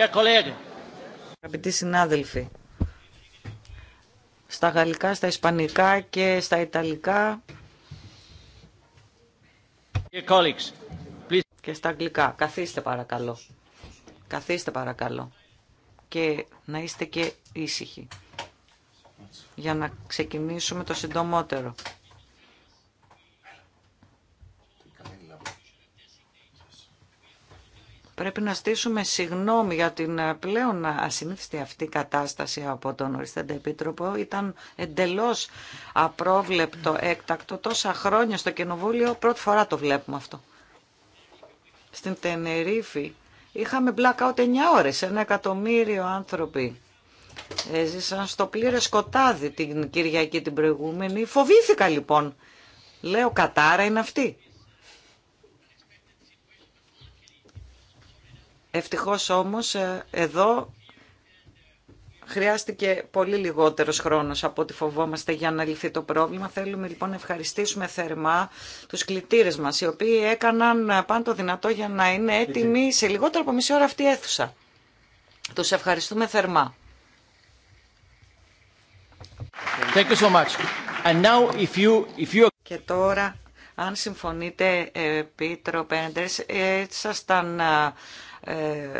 Αγαπητοί συνάδελφοι, στα γαλλικά, στα ισπανικά και στα ιταλικά και στα αγγλικά. Καθίστε παρακαλώ. Καθίστε παρακαλώ. Και να είστε και ήσυχοι. Για να ξεκινήσουμε το συντομότερο. Πρέπει να στήσουμε συγνώμη για την ε, πλέον ασυνήθιστη αυτή κατάσταση από τον οριστέντα επίτροπο. Ήταν εντελώς απρόβλεπτο, έκτακτο. Τόσα χρόνια στο κοινοβούλιο πρώτη φορά το βλέπουμε αυτό. Στην Τενερίφη είχαμε μπλάκα ούτε 9 ώρες. Ένα εκατομμύριο άνθρωποι έζησαν στο πλήρε σκοτάδι την Κυριακή την προηγούμενη. Φοβήθηκα λοιπόν. Λέω κατάρα είναι αυτή. Ευτυχώς όμως ε, εδώ χρειάστηκε πολύ λιγότερος χρόνος από ό,τι φοβόμαστε για να λυθεί το πρόβλημα. Θέλουμε λοιπόν να ευχαριστήσουμε θερμά τους κλητήρες μας, οι οποίοι έκαναν πάντο δυνατό για να είναι έτοιμοι σε λιγότερο από μισή ώρα αυτή η αίθουσα. Τους ευχαριστούμε θερμά. so And now if you, if you... Και τώρα, αν συμφωνείτε, Πίτρο ε,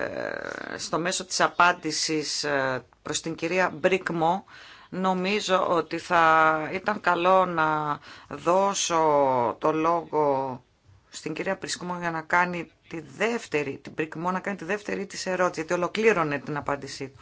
στο μέσο της απάντησης ε, προς την κυρία Μπρίκμο νομίζω ότι θα ήταν καλό να δώσω το λόγο στην κυρία Πρισκμό για να κάνει τη δεύτερη, την Μπρικμό να κάνει τη δεύτερη της ερώτηση, γιατί ολοκλήρωνε την απάντησή του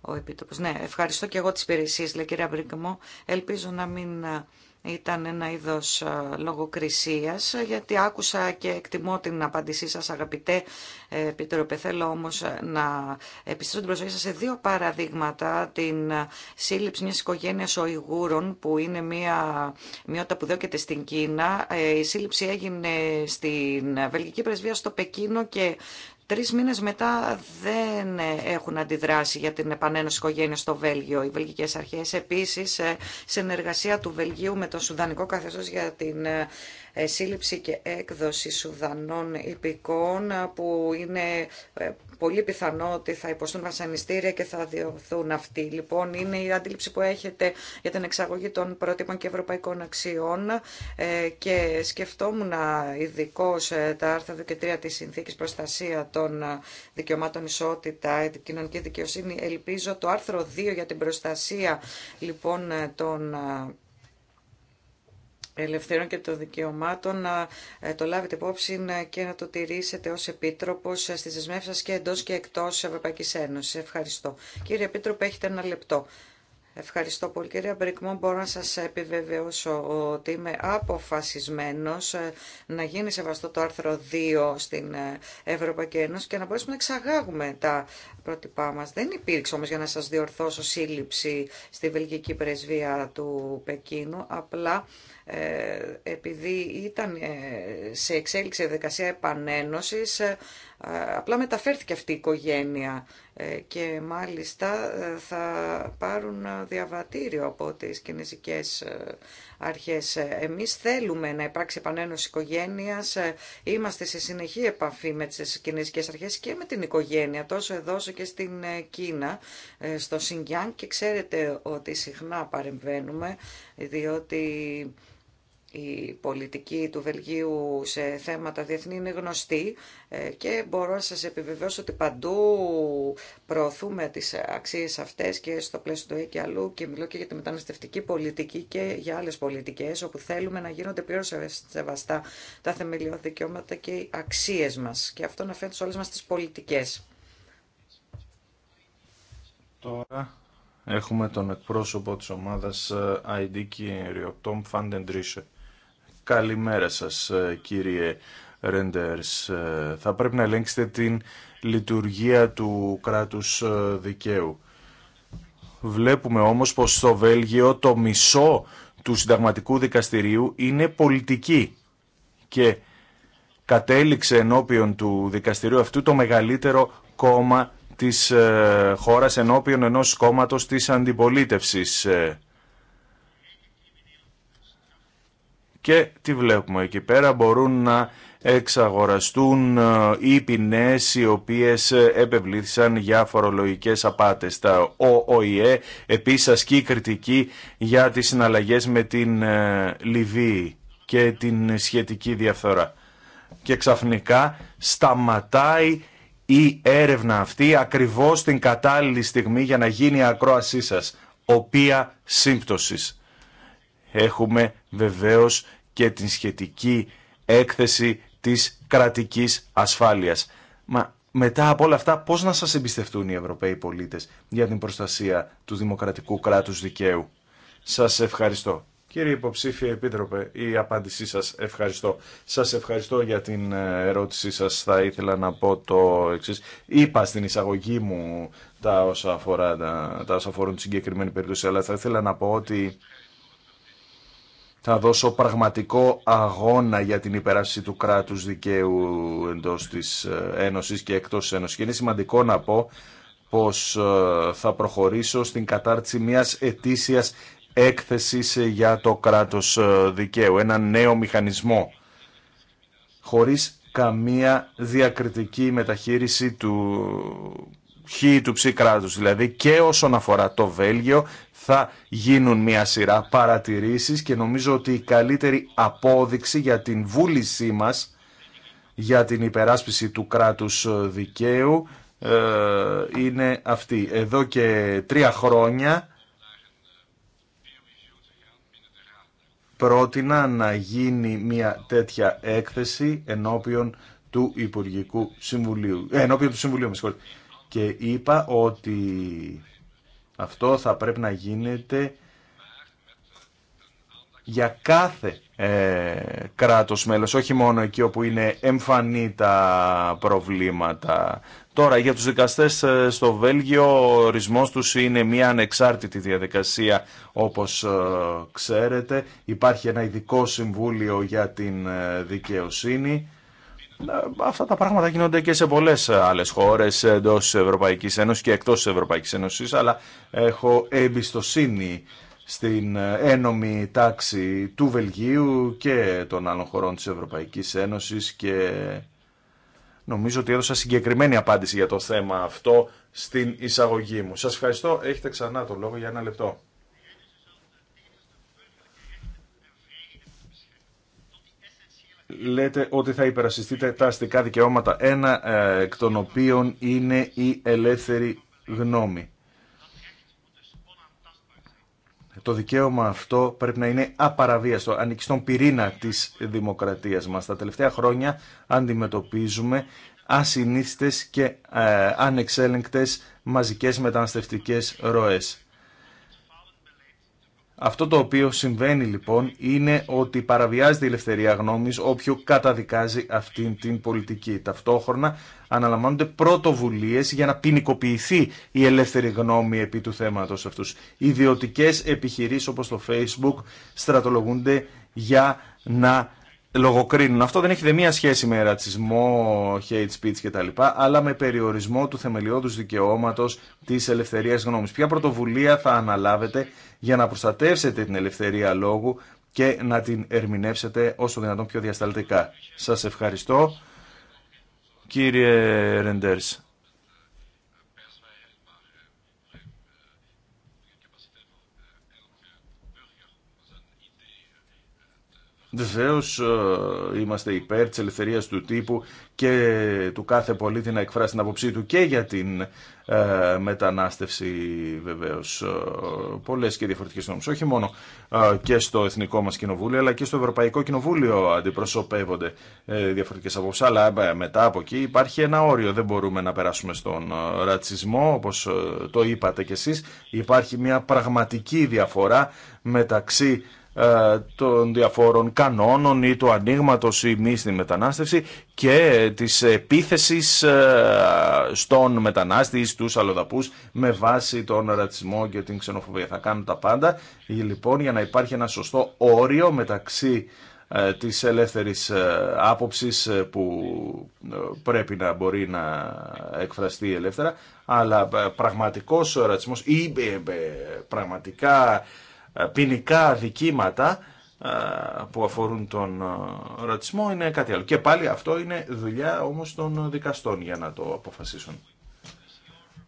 ο Επίτροπος. Ναι, ευχαριστώ και εγώ τις υπηρεσίες, λέει κυρία Μπρικμό. Ελπίζω να μην ε, ήταν ένα είδος λογοκρισίας, γιατί άκουσα και εκτιμώ την απάντησή σας αγαπητέ ε, Πίτερο Θέλω όμως ε, να επιστρέψω την προσοχή σας σε δύο παραδείγματα. Την ε, σύλληψη μιας οικογένειας Οιγούρων, που είναι μια μειότητα που δέκεται στην Κίνα. Η σύλληψη έγινε στην Βελγική Πρεσβεία στο Πεκίνο και Τρει μήνε μετά δεν ε, έχουν αντιδράσει για την επανένωση οικογένεια στο Βέλγιο. Οι βελγικέ αρχέ επίση, ε, συνεργασία του Βελγίου με το Σουδανικό καθεστώ για την ε, σύλληψη και έκδοση Σουδανών υπηκών που είναι πολύ πιθανό ότι θα υποστούν βασανιστήρια και θα διωθούν αυτοί. Λοιπόν, είναι η αντίληψη που έχετε για την εξαγωγή των πρότυπων και ευρωπαϊκών αξιών ε, και σκεφτόμουν ειδικώ ε, τα άρθρα 2 και 3 της Συνθήκης Προστασία των ε, Δικαιωμάτων Ισότητα, Κοινωνική Δικαιοσύνη. Ελπίζω το άρθρο 2 για την προστασία λοιπόν των ελευθερών και των δικαιωμάτων να ε, το λάβετε υπόψη ε, και να το τηρήσετε ως Επίτροπος ε, στις δεσμεύσεις σας και εντός και εκτός Ευρωπαϊκής Ένωσης. Ευχαριστώ. Κύριε Επίτροπε, έχετε ένα λεπτό. Ευχαριστώ πολύ Κύριε Μπρικμό. Μπορώ να σας επιβεβαιώσω ότι είμαι αποφασισμένος να γίνει σεβαστό το άρθρο 2 στην Ευρωπαϊκή Ένωση και να μπορέσουμε να εξαγάγουμε τα πρότυπά μας. Δεν υπήρξε όμως για να σας διορθώσω σύλληψη στη Βελγική Πρεσβεία του Πεκίνου. Απλά ε, επειδή ήταν ε, σε εξέλιξη διαδικασία επανένωσης, ε, απλά μεταφέρθηκε αυτή η οικογένεια και μάλιστα θα πάρουν διαβατήριο από τις κινέζικες αρχές. Εμείς θέλουμε να υπάρξει επανένωση οικογένειας, είμαστε σε συνεχή επαφή με τις κινέζικες αρχές και με την οικογένεια, τόσο εδώ όσο και στην Κίνα, στο Σινγκιάν και ξέρετε ότι συχνά παρεμβαίνουμε, διότι η πολιτική του Βελγίου σε θέματα διεθνή είναι γνωστή ε, και μπορώ να σας επιβεβαιώσω ότι παντού προωθούμε τις αξίες αυτές και στο πλαίσιο του ΕΕ και αλλού και μιλώ και για τη μεταναστευτική πολιτική και για άλλες πολιτικές όπου θέλουμε να γίνονται πλήρω σεβαστά τα θεμελιώδη δικαιώματα και οι αξίες μας και αυτό να φαίνεται σε όλες μας τις πολιτικές. Τώρα έχουμε τον εκπρόσωπο της ομάδας ID, ε, κύριο Τόμ Φαντεντρίσε. Καλημέρα σας ε, κύριε Ρέντερς. Ε, θα πρέπει να ελέγξετε την λειτουργία του κράτους ε, δικαίου. Βλέπουμε όμως πως στο Βέλγιο το μισό του συνταγματικού δικαστηρίου είναι πολιτική και κατέληξε ενώπιον του δικαστηρίου αυτού το μεγαλύτερο κόμμα της χώρας ενώπιον ενός κόμματος της αντιπολίτευσης. Και τι βλέπουμε εκεί πέρα, μπορούν να εξαγοραστούν ε, οι ποινές οι οποίες επευλήθησαν για φορολογικές απάτες. Τα ΟΟΗΕ επίσης ασκεί κριτική για τις συναλλαγές με την ε, Λιβύη και την σχετική διαφθορά. Και ξαφνικά σταματάει η έρευνα αυτή ακριβώς την κατάλληλη στιγμή για να γίνει η ακρόασή σας, οποία σύμπτωσης. Έχουμε βεβαίως και την σχετική έκθεση της κρατικής ασφάλειας. Μα μετά από όλα αυτά πώς να σας εμπιστευτούν οι Ευρωπαίοι πολίτες για την προστασία του δημοκρατικού κράτους δικαίου. Σας ευχαριστώ. Κύριε Υποψήφιε Επίτροπε, η απάντησή σας ευχαριστώ. Σας ευχαριστώ για την ε, ερώτησή σας. Θα ήθελα να πω το εξή. Είπα στην εισαγωγή μου τα όσα, αφορά, τα, τα όσα αφορούν τη συγκεκριμένη περίπτωση, αλλά θα ήθελα να πω ότι θα δώσω πραγματικό αγώνα για την υπεράσπιση του κράτους δικαίου εντός της ε, Ένωσης και εκτός της Ένωσης. Και είναι σημαντικό να πω πως ε, θα προχωρήσω στην κατάρτιση μιας ετήσιας έκθεσης για το κράτος ε, δικαίου, ένα νέο μηχανισμό, χωρίς καμία διακριτική μεταχείριση του χ του Δηλαδή και όσον αφορά το Βέλγιο θα γίνουν μια σειρά παρατηρήσεις και νομίζω ότι η καλύτερη απόδειξη για την βούλησή μας για την υπεράσπιση του κράτους δικαίου ε, είναι αυτή. Εδώ και τρία χρόνια πρότεινα να γίνει μια τέτοια έκθεση ενώπιον του Υπουργικού Συμβουλίου. Ε, ενώπιον του Συμβουλίου, με και είπα ότι αυτό θα πρέπει να γίνεται για κάθε ε, κράτος μέλος, όχι μόνο εκεί όπου είναι εμφανή τα προβλήματα. Τώρα, για τους δικαστές ε, στο Βέλγιο, ο ορισμός τους είναι μια ανεξάρτητη διαδικασία, όπως ε, ξέρετε. Υπάρχει ένα ειδικό συμβούλιο για την δικαιοσύνη Αυτά τα πράγματα γίνονται και σε πολλέ ε, άλλε χώρε εντό Ευρωπαϊκή Ένωση και εκτό Ευρωπαϊκή Ένωση, αλλά έχω εμπιστοσύνη στην ε, ένομη τάξη του Βελγίου και των άλλων χωρών της Ευρωπαϊκής Ένωσης και νομίζω ότι έδωσα συγκεκριμένη απάντηση για το θέμα αυτό στην εισαγωγή μου. Σας ευχαριστώ. Έχετε ξανά το λόγο για ένα λεπτό. λέτε ότι θα υπερασυστείτε τα αστικά δικαιώματα, ένα ε, εκ των οποίων είναι η ελεύθερη γνώμη. Το δικαίωμα αυτό πρέπει να είναι απαραβίαστο, ανήκει στον πυρήνα της δημοκρατίας μας. Τα τελευταία χρόνια αντιμετωπίζουμε ασυνήθιστες και ε, ανεξέλεγκτες μαζικές μεταναστευτικές ροές. Αυτό το οποίο συμβαίνει λοιπόν είναι ότι παραβιάζεται η ελευθερία γνώμης όποιου καταδικάζει αυτήν την πολιτική. Ταυτόχρονα αναλαμβάνονται πρωτοβουλίε για να ποινικοποιηθεί η ελεύθερη γνώμη επί του θέματος αυτούς. Ιδιωτικές επιχειρήσεις όπως το Facebook στρατολογούνται για να λογοκρίνουν. Αυτό δεν έχει δε μία σχέση με ρατσισμό, hate speech κτλ. αλλά με περιορισμό του θεμελιώδους δικαιώματος της ελευθερίας γνώμης. Ποια πρωτοβουλία θα αναλάβετε για να προστατεύσετε την ελευθερία λόγου και να την ερμηνεύσετε όσο δυνατόν πιο διασταλτικά. Σας ευχαριστώ. Κύριε Ρεντέρς, Βεβαίω ε, είμαστε υπέρ τη ελευθερία του τύπου και του κάθε πολίτη να εκφράσει την άποψή του και για την ε, μετανάστευση βεβαίω. Ε, Πολλέ και διαφορετικέ νόμου. Όχι μόνο και στο Εθνικό μα Κοινοβούλιο αλλά και στο Ευρωπαϊκό Κοινοβούλιο αντιπροσωπεύονται ε, διαφορετικέ απόψει. Αλλά μετά από εκεί υπάρχει ένα όριο. Δεν μπορούμε να περάσουμε στον ρατσισμό όπω το είπατε κι εσεί. Υπάρχει μια πραγματική διαφορά μεταξύ ε, των διαφόρων κανόνων ή του ανοίγματο ή μη στη μετανάστευση και της επίθεσης ε, στον μετανάστη ή στους αλλοδαπούς με βάση τον ρατσισμό και την ξενοφοβία. Θα κάνουν τα πάντα λοιπόν για να υπάρχει ένα σωστό όριο μεταξύ ε, της ελεύθερης άποψης που πρέπει να μπορεί να εκφραστεί ελεύθερα αλλά πραγματικός ρατσισμός ή πραγματικά ε, ποινικά δικήματα ε, που αφορούν τον ε, ρατσισμό είναι κάτι άλλο. Και πάλι αυτό είναι δουλειά όμως των δικαστών για να το αποφασίσουν.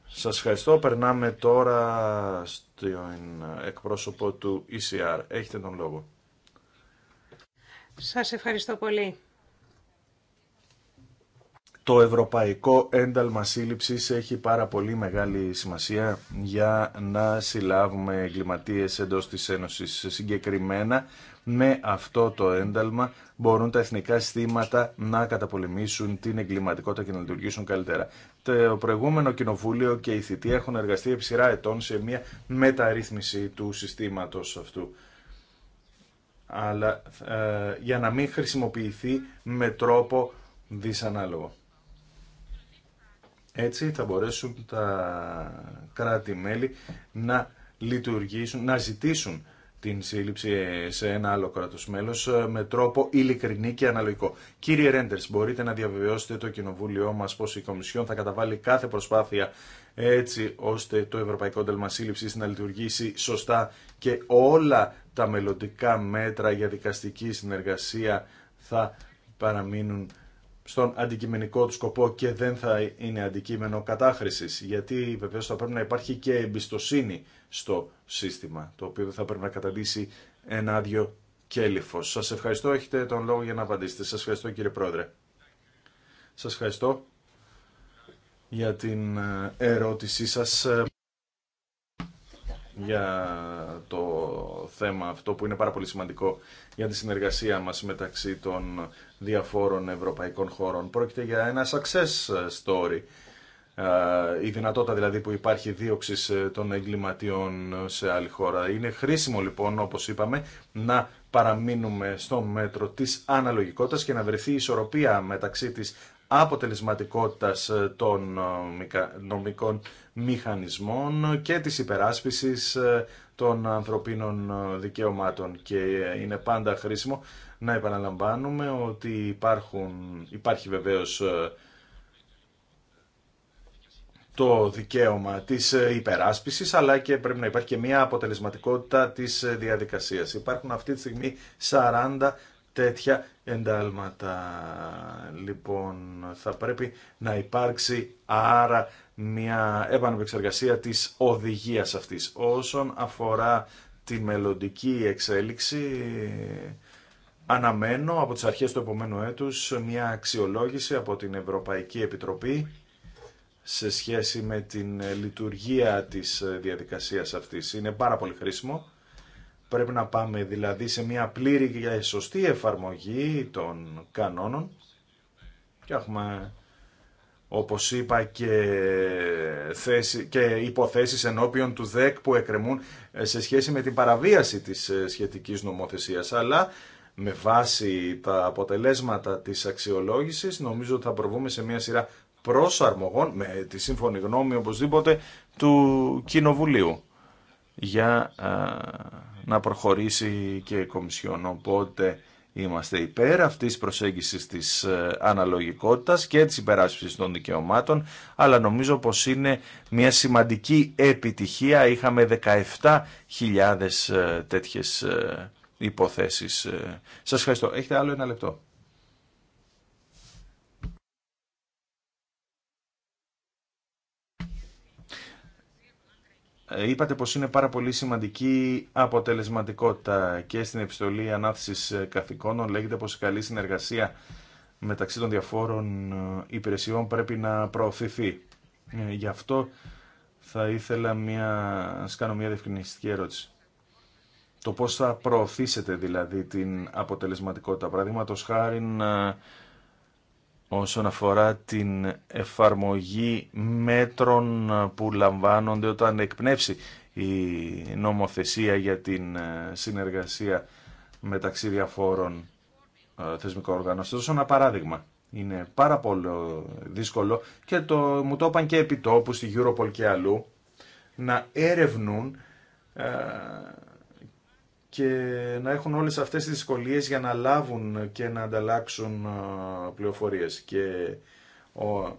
Σας ευχαριστώ. Περνάμε τώρα στον εκπρόσωπο του ECR. Έχετε τον λόγο. Σας ευχαριστώ πολύ το ευρωπαϊκό ένταλμα σύλληψης έχει πάρα πολύ μεγάλη σημασία για να συλλάβουμε εγκληματίες εντός της Ένωσης. Συγκεκριμένα με αυτό το ένταλμα μπορούν τα εθνικά συστήματα να καταπολεμήσουν την εγκληματικότητα και να λειτουργήσουν καλύτερα. Το προηγούμενο κοινοβούλιο και η θητεία έχουν εργαστεί επί ετών σε μια μεταρρύθμιση του συστήματος αυτού αλλά ε, για να μην χρησιμοποιηθεί με τρόπο δυσανάλογο. Έτσι θα μπορέσουν τα κράτη-μέλη να λειτουργήσουν, να ζητήσουν την σύλληψη σε ένα άλλο κράτος μέλος ε, με τρόπο ειλικρινή και αναλογικό. Κύριε Ρέντερς, μπορείτε να διαβεβαιώσετε το κοινοβούλιο μας πως η Κομισιόν θα καταβάλει κάθε προσπάθεια έτσι ώστε το Ευρωπαϊκό Τέλμα Σύλληψης να λειτουργήσει σωστά και όλα τα μελλοντικά μέτρα για δικαστική συνεργασία θα παραμείνουν στον αντικειμενικό του σκοπό και δεν θα είναι αντικείμενο κατάχρησης, γιατί βεβαίως θα πρέπει να υπάρχει και εμπιστοσύνη στο σύστημα, το οποίο θα πρέπει να καταλύσει ένα άδειο κέλυφος. Σας ευχαριστώ, έχετε τον λόγο για να απαντήσετε. Σας ευχαριστώ κύριε Πρόεδρε. Σας ευχαριστώ για την ε, ερώτησή σας ε, για το θέμα αυτό που είναι πάρα πολύ σημαντικό για τη συνεργασία μας μεταξύ των διαφόρων ευρωπαϊκών χωρών. Πρόκειται για ένα success story. Ε, η δυνατότητα δηλαδή που υπάρχει δίωξη των εγκληματιών σε άλλη χώρα. Είναι χρήσιμο λοιπόν, όπως είπαμε, να παραμείνουμε στο μέτρο της αναλογικότητας και να βρεθεί ισορροπία μεταξύ της αποτελεσματικότητας των ε, νομικών μηχανισμών και της υπεράσπισης ε, των ανθρωπίνων δικαιωμάτων και είναι πάντα χρήσιμο να επαναλαμβάνουμε ότι υπάρχουν, υπάρχει βεβαίως ε, το δικαίωμα της ε, υπεράσπισης αλλά και πρέπει να υπάρχει και μια αποτελεσματικότητα της ε, διαδικασίας. Υπάρχουν αυτή τη στιγμή 40 τέτοια εντάλματα. Λοιπόν, θα πρέπει να υπάρξει άρα μια επανεπεξεργασία της οδηγίας αυτής. Όσον αφορά τη μελλοντική εξέλιξη, Αναμένω από τις αρχές του επομένου έτους μια αξιολόγηση από την Ευρωπαϊκή Επιτροπή σε σχέση με την λειτουργία της διαδικασίας αυτής. Είναι πάρα πολύ χρήσιμο. Πρέπει να πάμε δηλαδή σε μια πλήρη και σωστή εφαρμογή των κανόνων και έχουμε όπως είπα και, θέση, και υποθέσεις ενώπιον του ΔΕΚ που εκκρεμούν σε σχέση με την παραβίαση της σχετικής νομοθεσίας. Αλλά με βάση τα αποτελέσματα της αξιολόγησης νομίζω ότι θα προβούμε σε μια σειρά προσαρμογών με τη σύμφωνη γνώμη οπωσδήποτε του Κοινοβουλίου για να προχωρήσει και η Κομισιόν. Οπότε είμαστε υπέρ αυτής της προσέγγισης της ε, αναλογικότητας και της υπεράσπισης των δικαιωμάτων, αλλά νομίζω πως είναι μια σημαντική επιτυχία. Είχαμε 17.000 ε, τέτοιες ε, υποθέσεις. Ε, σας ευχαριστώ. Έχετε άλλο ένα λεπτό. Ε, είπατε πως είναι πάρα πολύ σημαντική αποτελεσματικότητα και στην επιστολή ανάθεσης ε, καθηκόνων λέγεται πως η καλή συνεργασία μεταξύ των διαφόρων υπηρεσιών πρέπει να προωθηθεί. Γι' αυτό θα ήθελα μια, να σας κάνω μια διευκρινιστική ερώτηση. Το πώς θα προωθήσετε δηλαδή την αποτελεσματικότητα. Παραδείγματο χάρη ε, όσον αφορά την εφαρμογή μέτρων ε, που λαμβάνονται όταν εκπνεύσει η νομοθεσία για την ε, συνεργασία μεταξύ διαφόρων θεσμικών οργάνων. Θα ένα παράδειγμα. Είναι πάρα πολύ δύσκολο και το, μου το είπαν και επιτόπου στη Europol και αλλού να έρευνουν και να έχουν όλες αυτές τις δυσκολίες για να λάβουν και να ανταλλάξουν πληροφορίες. Και ο...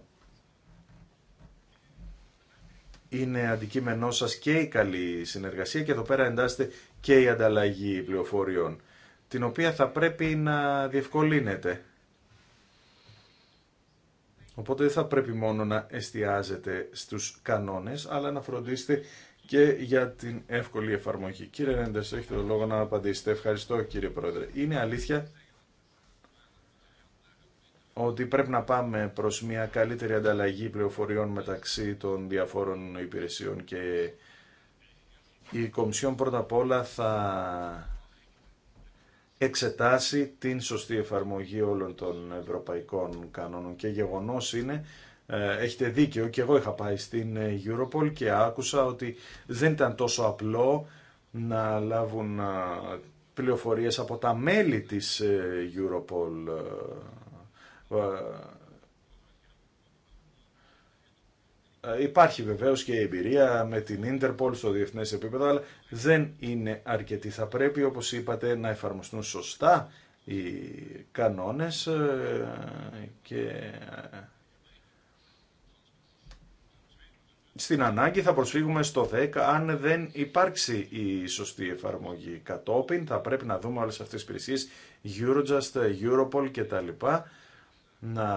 είναι αντικείμενό σας και η καλή συνεργασία και εδώ πέρα εντάσσεται και η ανταλλαγή πληροφοριών, την οποία θα πρέπει να διευκολύνεται. Οπότε δεν θα πρέπει μόνο να εστιάζετε στους κανόνες, αλλά να φροντίσετε και για την εύκολη εφαρμογή. Κύριε Ρέντερς, έχετε το λόγο να απαντήσετε. Ευχαριστώ κύριε Πρόεδρε. Είναι αλήθεια ότι πρέπει να πάμε προς μια καλύτερη ανταλλαγή πληροφοριών μεταξύ των διαφόρων υπηρεσιών και η Κομισιόν πρώτα απ' όλα θα εξετάσει την σωστή εφαρμογή όλων των ευρωπαϊκών κανόνων και γεγονός είναι ε, έχετε δίκιο και εγώ είχα πάει στην ε, Europol και άκουσα ότι δεν ήταν τόσο απλό να λάβουν ε, πληροφορίες από τα μέλη της Europol Υπάρχει βεβαίως και η εμπειρία με την Interpol στο διεθνές επίπεδο, αλλά δεν είναι αρκετή. Θα πρέπει, όπως είπατε, να εφαρμοστούν σωστά οι κανόνες και στην ανάγκη θα προσφύγουμε στο 10 αν δεν υπάρξει η σωστή εφαρμογή. Κατόπιν θα πρέπει να δούμε όλες αυτές τις υπηρεσίες, Eurojust, Europol κτλ. Να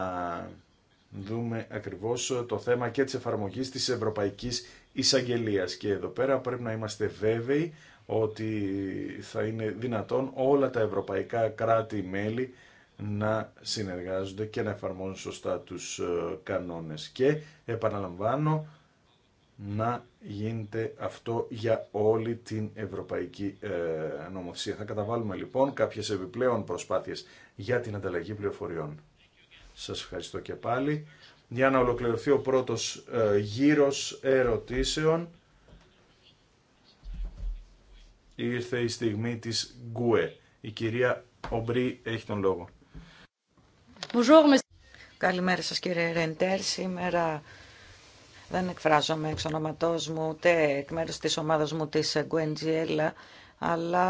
δούμε ακριβώς το θέμα και της εφαρμογής της Ευρωπαϊκής Εισαγγελίας. Και εδώ πέρα πρέπει να είμαστε βέβαιοι ότι θα είναι δυνατόν όλα τα ευρωπαϊκά κράτη-μέλη να συνεργάζονται και να εφαρμόζουν σωστά τους ε, κανόνες. Και επαναλαμβάνω, να γίνεται αυτό για όλη την ευρωπαϊκή ε, νομοθεσία. Θα καταβάλουμε λοιπόν κάποιες επιπλέον προσπάθειες για την ανταλλαγή πληροφοριών. Σας ευχαριστώ και πάλι. Για να ολοκληρωθεί ο πρώτος ε, γύρος ερωτήσεων, ήρθε η στιγμή της Γκουε. Η κυρία Ομπρί έχει τον λόγο. Καλημέρα σας κύριε Ρεντέρ. Σήμερα δεν εκφράζομαι εξ ονοματός μου ούτε εκ μέρους της ομάδας μου της Γκουεντζιέλα αλλά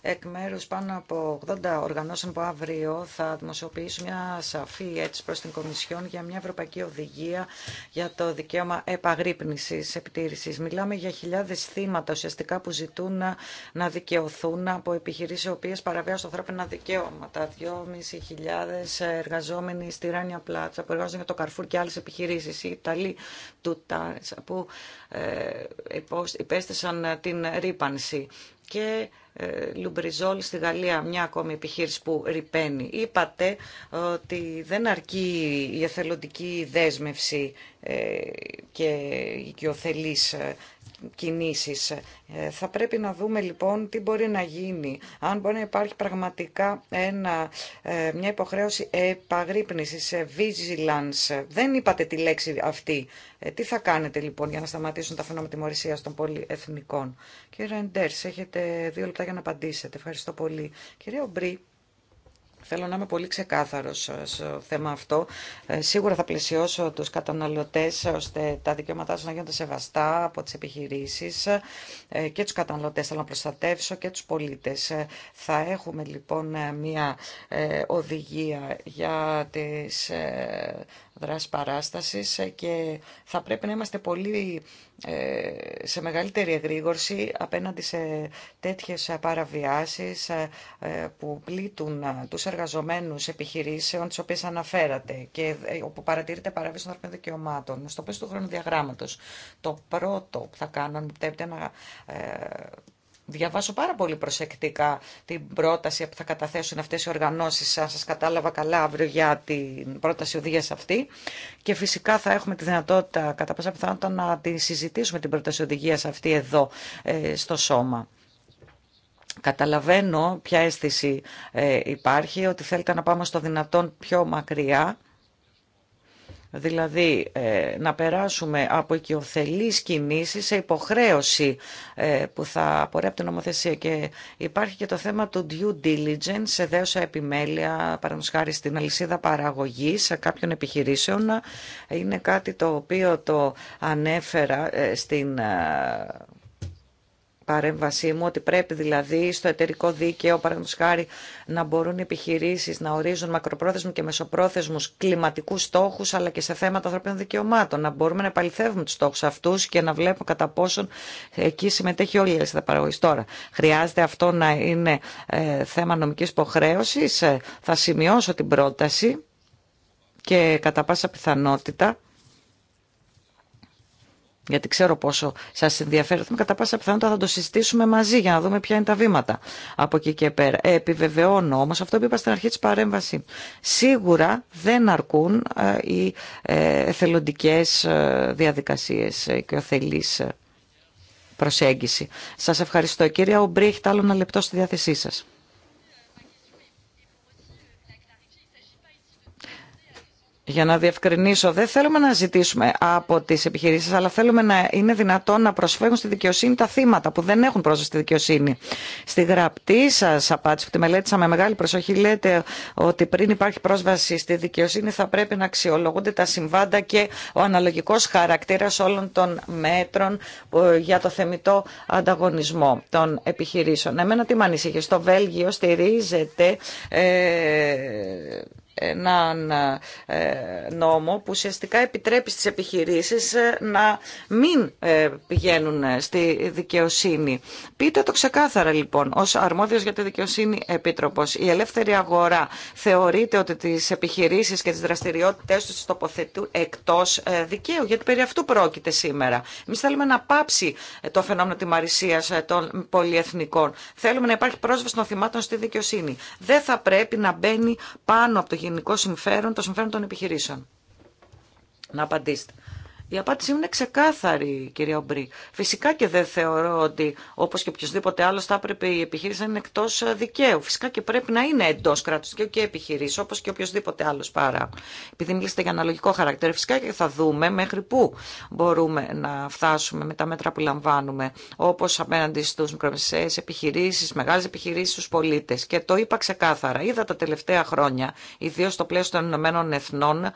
εκ μέρους πάνω από 80 οργανώσεων που αύριο θα δημοσιοποιήσουν μια σαφή έτσι προς την Κομισιόν για μια ευρωπαϊκή οδηγία για το δικαίωμα επαγρύπνησης, επιτήρησης. Μιλάμε για χιλιάδες θύματα ουσιαστικά που ζητούν να, να δικαιωθούν από επιχειρήσεις οι οποίες παραβιάζουν ανθρώπινα δικαιώματα. 2.500 εργαζόμενοι στη Ράνια Πλάτσα που εργάζονται για το Καρφούρ και άλλες επιχειρήσεις. Οι Ιταλοί του Τάρες που ε, υπέστησαν την ρήπανση και ε, Λουμπριζόλ στη Γαλλία, μια ακόμη επιχείρηση που ρηπαίνει. Είπατε ότι δεν αρκεί η εθελοντική δέσμευση ε, και η ε, κινήσεις. Ε, θα πρέπει να δούμε λοιπόν τι μπορεί να γίνει, αν μπορεί να υπάρχει πραγματικά ένα, ε, μια υποχρέωση επαγρύπνησης, ε, vigilance. Δεν είπατε τη λέξη αυτή. Τι θα κάνετε λοιπόν για να σταματήσουν τα φαινόμενα τιμωρησίας των πολυεθνικών. Κύριε Εντέρς, έχετε δύο λεπτά για να απαντήσετε. Ευχαριστώ πολύ. Κύριε Ομπρί, Θέλω να είμαι πολύ ξεκάθαρος ε, στο θέμα αυτό. Ε, σίγουρα θα πλαισιώσω τους καταναλωτές ώστε τα δικαιώματά τους να γίνονται σεβαστά από τις επιχειρήσεις ε, και τους καταναλωτές. Θέλω να προστατεύσω και τους πολίτες. Θα έχουμε λοιπόν μια οδηγία για τις δράση παράστασης ε, και θα πρέπει να είμαστε πολύ ε, σε μεγαλύτερη εγρήγορση απέναντι σε τέτοιες παραβιάσεις ε, που πλήττουν τους εργαζομένους επιχειρήσεων τις οποίες αναφέρατε και όπου παρατηρείται παραβίαση των ανθρωπίνων δικαιωμάτων. Στο πλαίσιο του χρονοδιαγράμματος, το πρώτο που θα κάνω, αν πρέπει να διαβάσω πάρα πολύ προσεκτικά την πρόταση που θα καταθέσουν αυτές οι οργανώσεις, αν σας κατάλαβα καλά αύριο για την πρόταση οδηγίας αυτή. Και φυσικά θα έχουμε τη δυνατότητα κατά πάσα πιθανότητα να τη συζητήσουμε την πρόταση οδηγίας αυτή εδώ ε, στο σώμα. Καταλαβαίνω ποια αίσθηση ε, υπάρχει, ότι θέλετε να πάμε στο δυνατόν πιο μακριά Δηλαδή ε, να περάσουμε από οικειοθελείς κινήσεις σε υποχρέωση ε, που θα την νομοθεσία και υπάρχει και το θέμα του due diligence σε δέωσα επιμέλεια παραδείγματος στην αλυσίδα παραγωγής κάποιων επιχειρήσεων είναι κάτι το οποίο το ανέφερα ε, στην παρέμβασή μου ότι πρέπει δηλαδή στο εταιρικό δίκαιο, παραδείγματο χάρη, να μπορούν οι επιχειρήσει να ορίζουν μακροπρόθεσμου και μεσοπρόθεσμου κλιματικού στόχου, αλλά και σε θέματα ανθρωπίνων δικαιωμάτων. Να μπορούμε να επαληθεύουμε του στόχου αυτού και να βλέπουμε κατά πόσον εκεί συμμετέχει όλη η αλυσίδα παραγωγή. Τώρα, χρειάζεται αυτό να είναι ε, θέμα νομική υποχρέωση. Ε, θα σημειώσω την πρόταση και κατά πάσα πιθανότητα γιατί ξέρω πόσο σας ενδιαφέρει, κατά πάσα πιθανότητα θα το συστήσουμε μαζί για να δούμε ποια είναι τα βήματα από εκεί και πέρα. Ε, επιβεβαιώνω όμως αυτό που είπα στην αρχή τη παρέμβαση. Σίγουρα δεν αρκούν ε, οι ε, εθελοντικές διαδικασίες και ο θελής προσέγγιση. Σας ευχαριστώ. κύριε Ομπρή, άλλο ένα λεπτό στη διάθεσή σα. για να διευκρινίσω, δεν θέλουμε να ζητήσουμε από τι επιχειρήσει, αλλά θέλουμε να είναι δυνατόν να προσφέρουν στη δικαιοσύνη τα θύματα που δεν έχουν πρόσβαση στη δικαιοσύνη. Στη γραπτή σα απάντηση που τη μελέτησα με μεγάλη προσοχή λέτε ότι πριν υπάρχει πρόσβαση στη δικαιοσύνη θα πρέπει να αξιολογούνται τα συμβάντα και ο αναλογικό χαρακτήρα όλων των μέτρων ε, για το θεμητό ανταγωνισμό των επιχειρήσεων. Εμένα τι με ανησυχεί. Στο Βέλγιο στηρίζεται... Ε, έναν ε, νόμο που ουσιαστικά επιτρέπει στις επιχειρήσεις ε, να μην ε, πηγαίνουν στη δικαιοσύνη. Πείτε το ξεκάθαρα λοιπόν, ως αρμόδιος για τη δικαιοσύνη επίτροπος, η ελεύθερη αγορά θεωρείται ότι τις επιχειρήσεις και τις δραστηριότητες τους τοποθετούν εκτός δικαίου, γιατί περί αυτού πρόκειται σήμερα. Εμείς θέλουμε να πάψει το φαινόμενο της μαρισίας των πολιεθνικών. Θέλουμε να υπάρχει πρόσβαση των θυμάτων στη δικαιοσύνη. Δεν θα πρέπει να μπαίνει πάνω από το κοινικό συμφέρον, το συμφέρον των επιχειρήσεων. Να απαντήσετε. Η απάντησή μου είναι ξεκάθαρη, κυρία Ομπρή. Φυσικά και δεν θεωρώ ότι όπω και οποιοδήποτε άλλο θα έπρεπε η επιχείρηση να είναι εκτό δικαίου. Φυσικά και πρέπει να είναι εντό κράτου δικαίου και επιχειρήσει, όπω και οποιοδήποτε άλλο παρά. Επειδή μιλήσετε για αναλογικό χαρακτήρα, φυσικά και θα δούμε μέχρι πού μπορούμε να φτάσουμε με τα μέτρα που λαμβάνουμε, όπω απέναντι στου μικρομεσαίε επιχειρήσει, μεγάλε επιχειρήσει, στου πολίτε. Και το είπα ξεκάθαρα. Είδα τα τελευταία χρόνια, ιδίω στο πλαίσιο των Ηνωμένων Εθνών,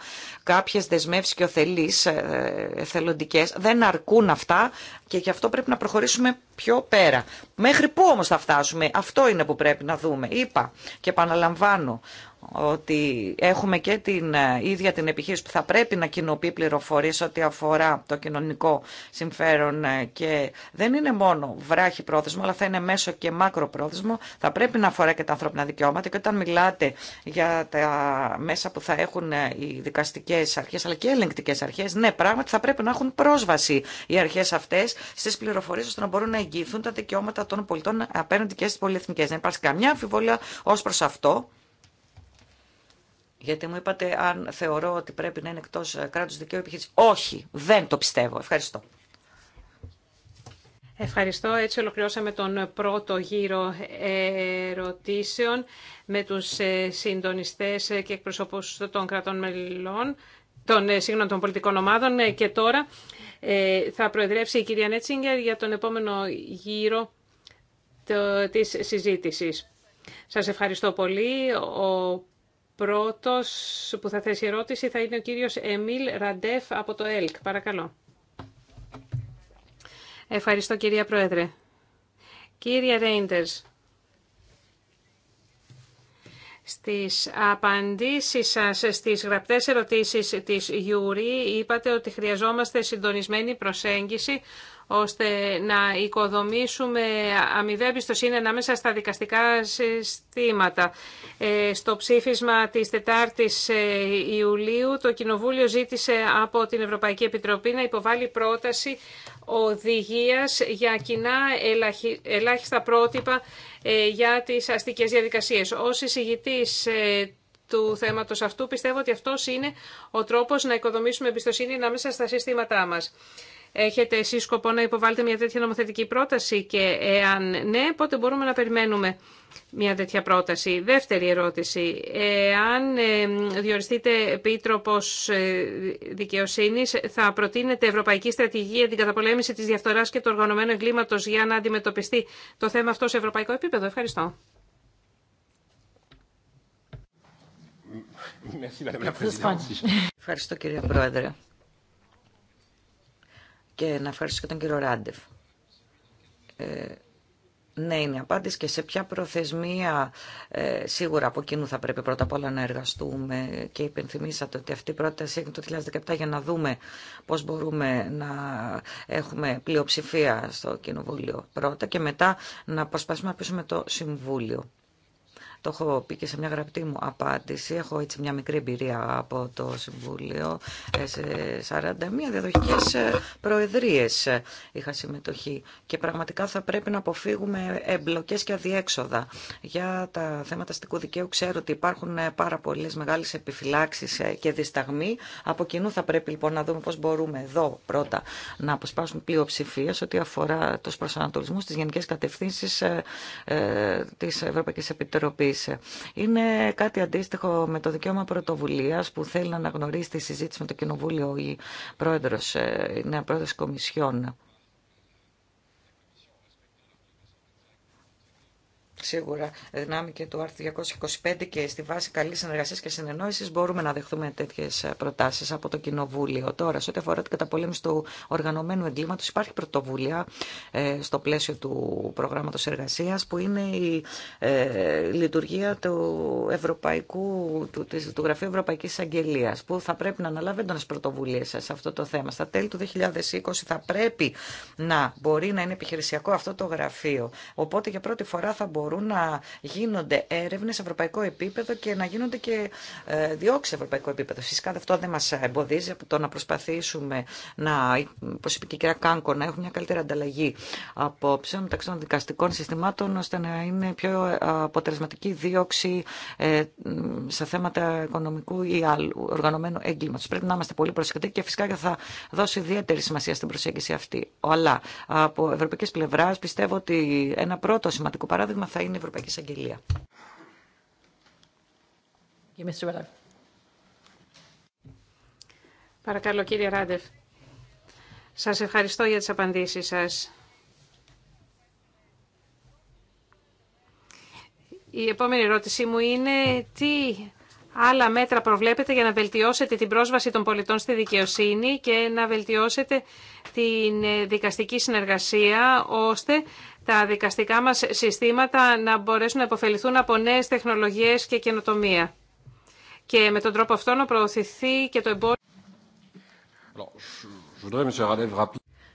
κάποιε δεσμεύσει και οθελεί ε, εθελοντικές. Δεν αρκούν αυτά και γι' αυτό πρέπει να προχωρήσουμε πιο πέρα. Μέχρι πού όμως θα φτάσουμε, αυτό είναι που πρέπει να δούμε. Είπα και επαναλαμβάνω ότι έχουμε και την ε, ίδια την επιχείρηση που θα πρέπει να κοινοποιεί πληροφορίες ό,τι αφορά το κοινωνικό συμφέρον ε, και δεν είναι μόνο βράχη πρόθεσμο, αλλά θα είναι μέσο και μάκρο πρόθεσμο. Θα πρέπει να αφορά και τα ανθρώπινα δικαιώματα και όταν μιλάτε για τα μέσα που θα έχουν ε, οι δικαστικές αρχές αλλά και οι ελεγκτικές αρχές, ναι, πράγματι θα πρέπει να έχουν πρόσβαση οι αρχές αυτές στις πληροφορίες ώστε να μπορούν να εγγυηθούν τα δικαιώματα των πολιτών απέναντι και στις πολυεθνικές. Δεν υπάρχει καμιά αμφιβολία ως προς αυτό. Γιατί μου είπατε αν θεωρώ ότι πρέπει να είναι εκτός ε, κράτους δικαίου επιχείρηση. Όχι, δεν το πιστεύω. Ευχαριστώ. Ευχαριστώ. Έτσι ολοκληρώσαμε τον πρώτο γύρο ε, ερωτήσεων με τους ε, συντονιστές και εκπροσώπους των κρατών μελών, των, σύγχρονων των πολιτικών ομάδων. Και τώρα θα προεδρεύσει η κυρία Νέτσιγκερ για τον επόμενο γύρο της συζήτησης. Σας ευχαριστώ πολύ. Πρώτος που θα θέσει ερώτηση θα είναι ο κύριος Εμίλ Ραντεφ από το ΕΛΚ. Παρακαλώ. Ευχαριστώ κυρία Πρόεδρε. Κύριε Ρέιντερς, στις απαντήσεις σας στις γραπτές ερωτήσεις της Γιούρη είπατε ότι χρειαζόμαστε συντονισμένη προσέγγιση ώστε να οικοδομήσουμε αμοιβαία εμπιστοσύνη ανάμεσα στα δικαστικά συστήματα. Ε, στο ψήφισμα της 4ης ε, Ιουλίου το Κοινοβούλιο ζήτησε από την Ευρωπαϊκή Επιτροπή να υποβάλει πρόταση οδηγίας για κοινά ελάχιστα πρότυπα ε, για τις αστικές διαδικασίες. Ως εισηγητής του θέματος αυτού πιστεύω ότι αυτός είναι ο τρόπος να οικοδομήσουμε εμπιστοσύνη ανάμεσα στα συστήματά μας. Έχετε εσεί σκοπό να υποβάλλετε μια τέτοια νομοθετική πρόταση και εάν ναι, πότε μπορούμε να περιμένουμε μια τέτοια πρόταση. Δεύτερη ερώτηση. Εάν ε, διοριστείτε επίτροπος ε, δικαιοσύνη, θα προτείνετε ευρωπαϊκή στρατηγία για την καταπολέμηση της διαφθοράς και του οργανωμένου εγκλήματος για να αντιμετωπιστεί το θέμα αυτό σε ευρωπαϊκό επίπεδο. Ευχαριστώ. Ευχαριστώ κύριε Πρόεδρε και να ευχαριστήσω και τον κύριο Ράντεφ. Ε, ναι, είναι η απάντηση και σε ποια προθεσμία ε, σίγουρα από κοινού θα πρέπει πρώτα απ' όλα να εργαστούμε και υπενθυμίσατε ότι αυτή η πρόταση έγινε το 2017 για να δούμε πώς μπορούμε να έχουμε πλειοψηφία στο Κοινοβούλιο πρώτα και μετά να προσπαθήσουμε να πείσουμε το Συμβούλιο. Το έχω πει και σε μια γραπτή μου απάντηση. Έχω έτσι μια μικρή εμπειρία από το Συμβούλιο. Ε, σε 41 διαδοχικές ε, προεδρίες ε, είχα συμμετοχή και πραγματικά θα πρέπει να αποφύγουμε εμπλοκές και αδιέξοδα. Για τα θέματα αστικού δικαίου ξέρω ότι υπάρχουν πάρα πολλέ μεγάλες επιφυλάξεις και δισταγμοί. Από κοινού θα πρέπει λοιπόν να δούμε πώς μπορούμε εδώ πρώτα να αποσπάσουμε πλειοψηφία ό,τι αφορά τους προσανατολισμούς, στις γενικές κατευθύνσει της Ευρωπαϊκής Επιτροπής είναι κάτι αντίστοιχο με το δικαίωμα πρωτοβουλία που θέλει να αναγνωρίσει τη συζήτηση με το Κοινοβούλιο η, πρόεδρος, ε, η νέα πρόεδρος Κομισιόν. Σίγουρα, δυνάμει και του άρθρου 225 και στη βάση καλή συνεργασία και συνεννόηση μπορούμε να δεχτούμε τέτοιε προτάσει από το Κοινοβούλιο. Τώρα, σε ό,τι αφορά την καταπολέμηση του οργανωμένου εγκλήματο, υπάρχει πρωτοβουλία ε, στο πλαίσιο του προγράμματο εργασία που είναι η ε, λειτουργία του, Ευρωπαϊκού, του, της, του Γραφείου Ευρωπαϊκή Αγγελία, που θα πρέπει να αναλάβει έντονε πρωτοβουλίε σε αυτό το θέμα. Στα τέλη του 2020 θα πρέπει να μπορεί να είναι επιχειρησιακό αυτό το γραφείο. Οπότε για πρώτη φορά θα μπορούμε να γίνονται έρευνε σε ευρωπαϊκό επίπεδο και να γίνονται και ε, διώξει σε ευρωπαϊκό επίπεδο. Φυσικά αυτό δεν μα εμποδίζει από το να προσπαθήσουμε να, όπω είπε και η κυρία Κάνκο, να έχουμε μια καλύτερη ανταλλαγή απόψεων μεταξύ των δικαστικών συστημάτων, ώστε να είναι πιο ε, αποτελεσματική δίωξη ε, σε θέματα οικονομικού ή άλλου οργανωμένου έγκληματο. Πρέπει να είμαστε πολύ προσεκτικοί και φυσικά θα δώσει ιδιαίτερη σημασία στην προσέγγιση αυτή. Αλλά από ευρωπαϊκή πλευρά πιστεύω ότι ένα πρώτο σημαντικό παράδειγμα είναι η Ευρωπαϊκή Εισαγγελία. Παρακαλώ κύριε Ράντεφ. Σας ευχαριστώ για τις απαντήσεις σας. Η επόμενη ερώτησή μου είναι τι άλλα μέτρα προβλέπετε για να βελτιώσετε την πρόσβαση των πολιτών στη δικαιοσύνη και να βελτιώσετε την δικαστική συνεργασία ώστε τα δικαστικά μας συστήματα να μπορέσουν να υποφεληθούν από νέες τεχνολογίες και καινοτομία. Και με τον τρόπο αυτό να προωθηθεί και το εμπόριο.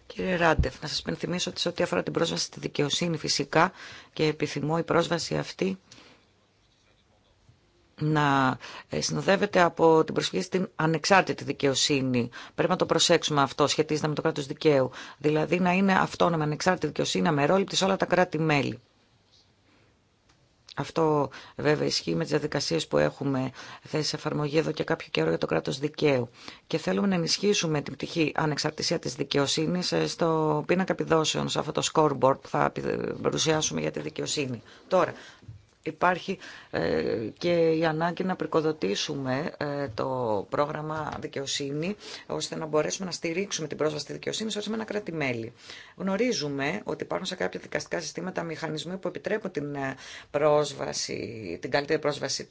Κύριε Ράντεφ, να σας πενθυμίσω ότι σε ό,τι αφορά την πρόσβαση στη δικαιοσύνη φυσικά και επιθυμώ η πρόσβαση αυτή να ε, συνοδεύεται από την προσφυγή στην ανεξάρτητη δικαιοσύνη. Πρέπει να το προσέξουμε αυτό, σχετίζεται με το κράτος δικαίου. Δηλαδή να είναι αυτόνομη, ανεξάρτητη δικαιοσύνη, αμερόληπτη σε όλα τα κράτη-μέλη. Αυτό βέβαια ισχύει με τις διαδικασίες που έχουμε θέσει σε εφαρμογή εδώ και κάποιο καιρό για το κράτος δικαίου. Και θέλουμε να ενισχύσουμε την πτυχή ανεξαρτησία της δικαιοσύνης ε, στο πίνακα επιδόσεων, σε αυτό το scoreboard που θα παρουσιάσουμε για τη δικαιοσύνη. Τώρα, υπάρχει ε, και η ανάγκη να πρικοδοτήσουμε ε, το πρόγραμμα δικαιοσύνη, ώστε να μπορέσουμε να στηρίξουμε την πρόσβαση στη δικαιοσύνη σε ορισμένα κράτη-μέλη. Γνωρίζουμε ότι υπάρχουν σε κάποια δικαστικά συστήματα μηχανισμοί που επιτρέπουν την, ε, πρόσβαση, την καλύτερη πρόσβαση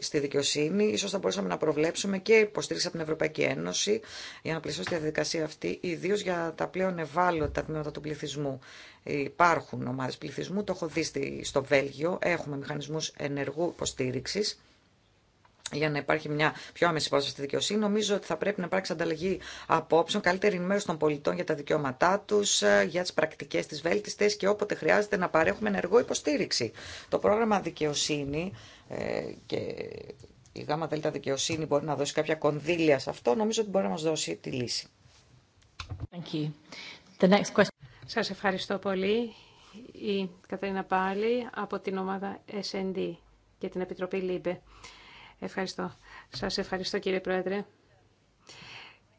στη δικαιοσύνη. Ίσως θα μπορούσαμε να προβλέψουμε και υποστήριξη από την Ευρωπαϊκή Ένωση για να πλησιώσει τη διαδικασία αυτή, ιδίω για τα πλέον ευάλωτα τμήματα του πληθυσμού υπάρχουν ομάδες πληθυσμού, το έχω δει στο Βέλγιο, έχουμε μηχανισμούς ενεργού υποστήριξη για να υπάρχει μια πιο άμεση πρόσβαση στη δικαιοσύνη. Νομίζω ότι θα πρέπει να υπάρξει ανταλλαγή απόψεων, καλύτερη ενημέρωση των πολιτών για τα δικαιώματά του, για τι πρακτικέ τη βέλτιστε και όποτε χρειάζεται να παρέχουμε ενεργό υποστήριξη. Το πρόγραμμα Δικαιοσύνη ε, και η ΓΑΜΑ Δικαιοσύνη μπορεί να δώσει κάποια κονδύλια σε αυτό. Νομίζω ότι μπορεί να μα δώσει τη λύση. Thank you. The next question... Σας ευχαριστώ πολύ. Η Καταρίνα Πάλη, από την ομάδα SND και την Επιτροπή ΛΥΜΠΕ. Ευχαριστώ. Σας ευχαριστώ κύριε Πρόεδρε.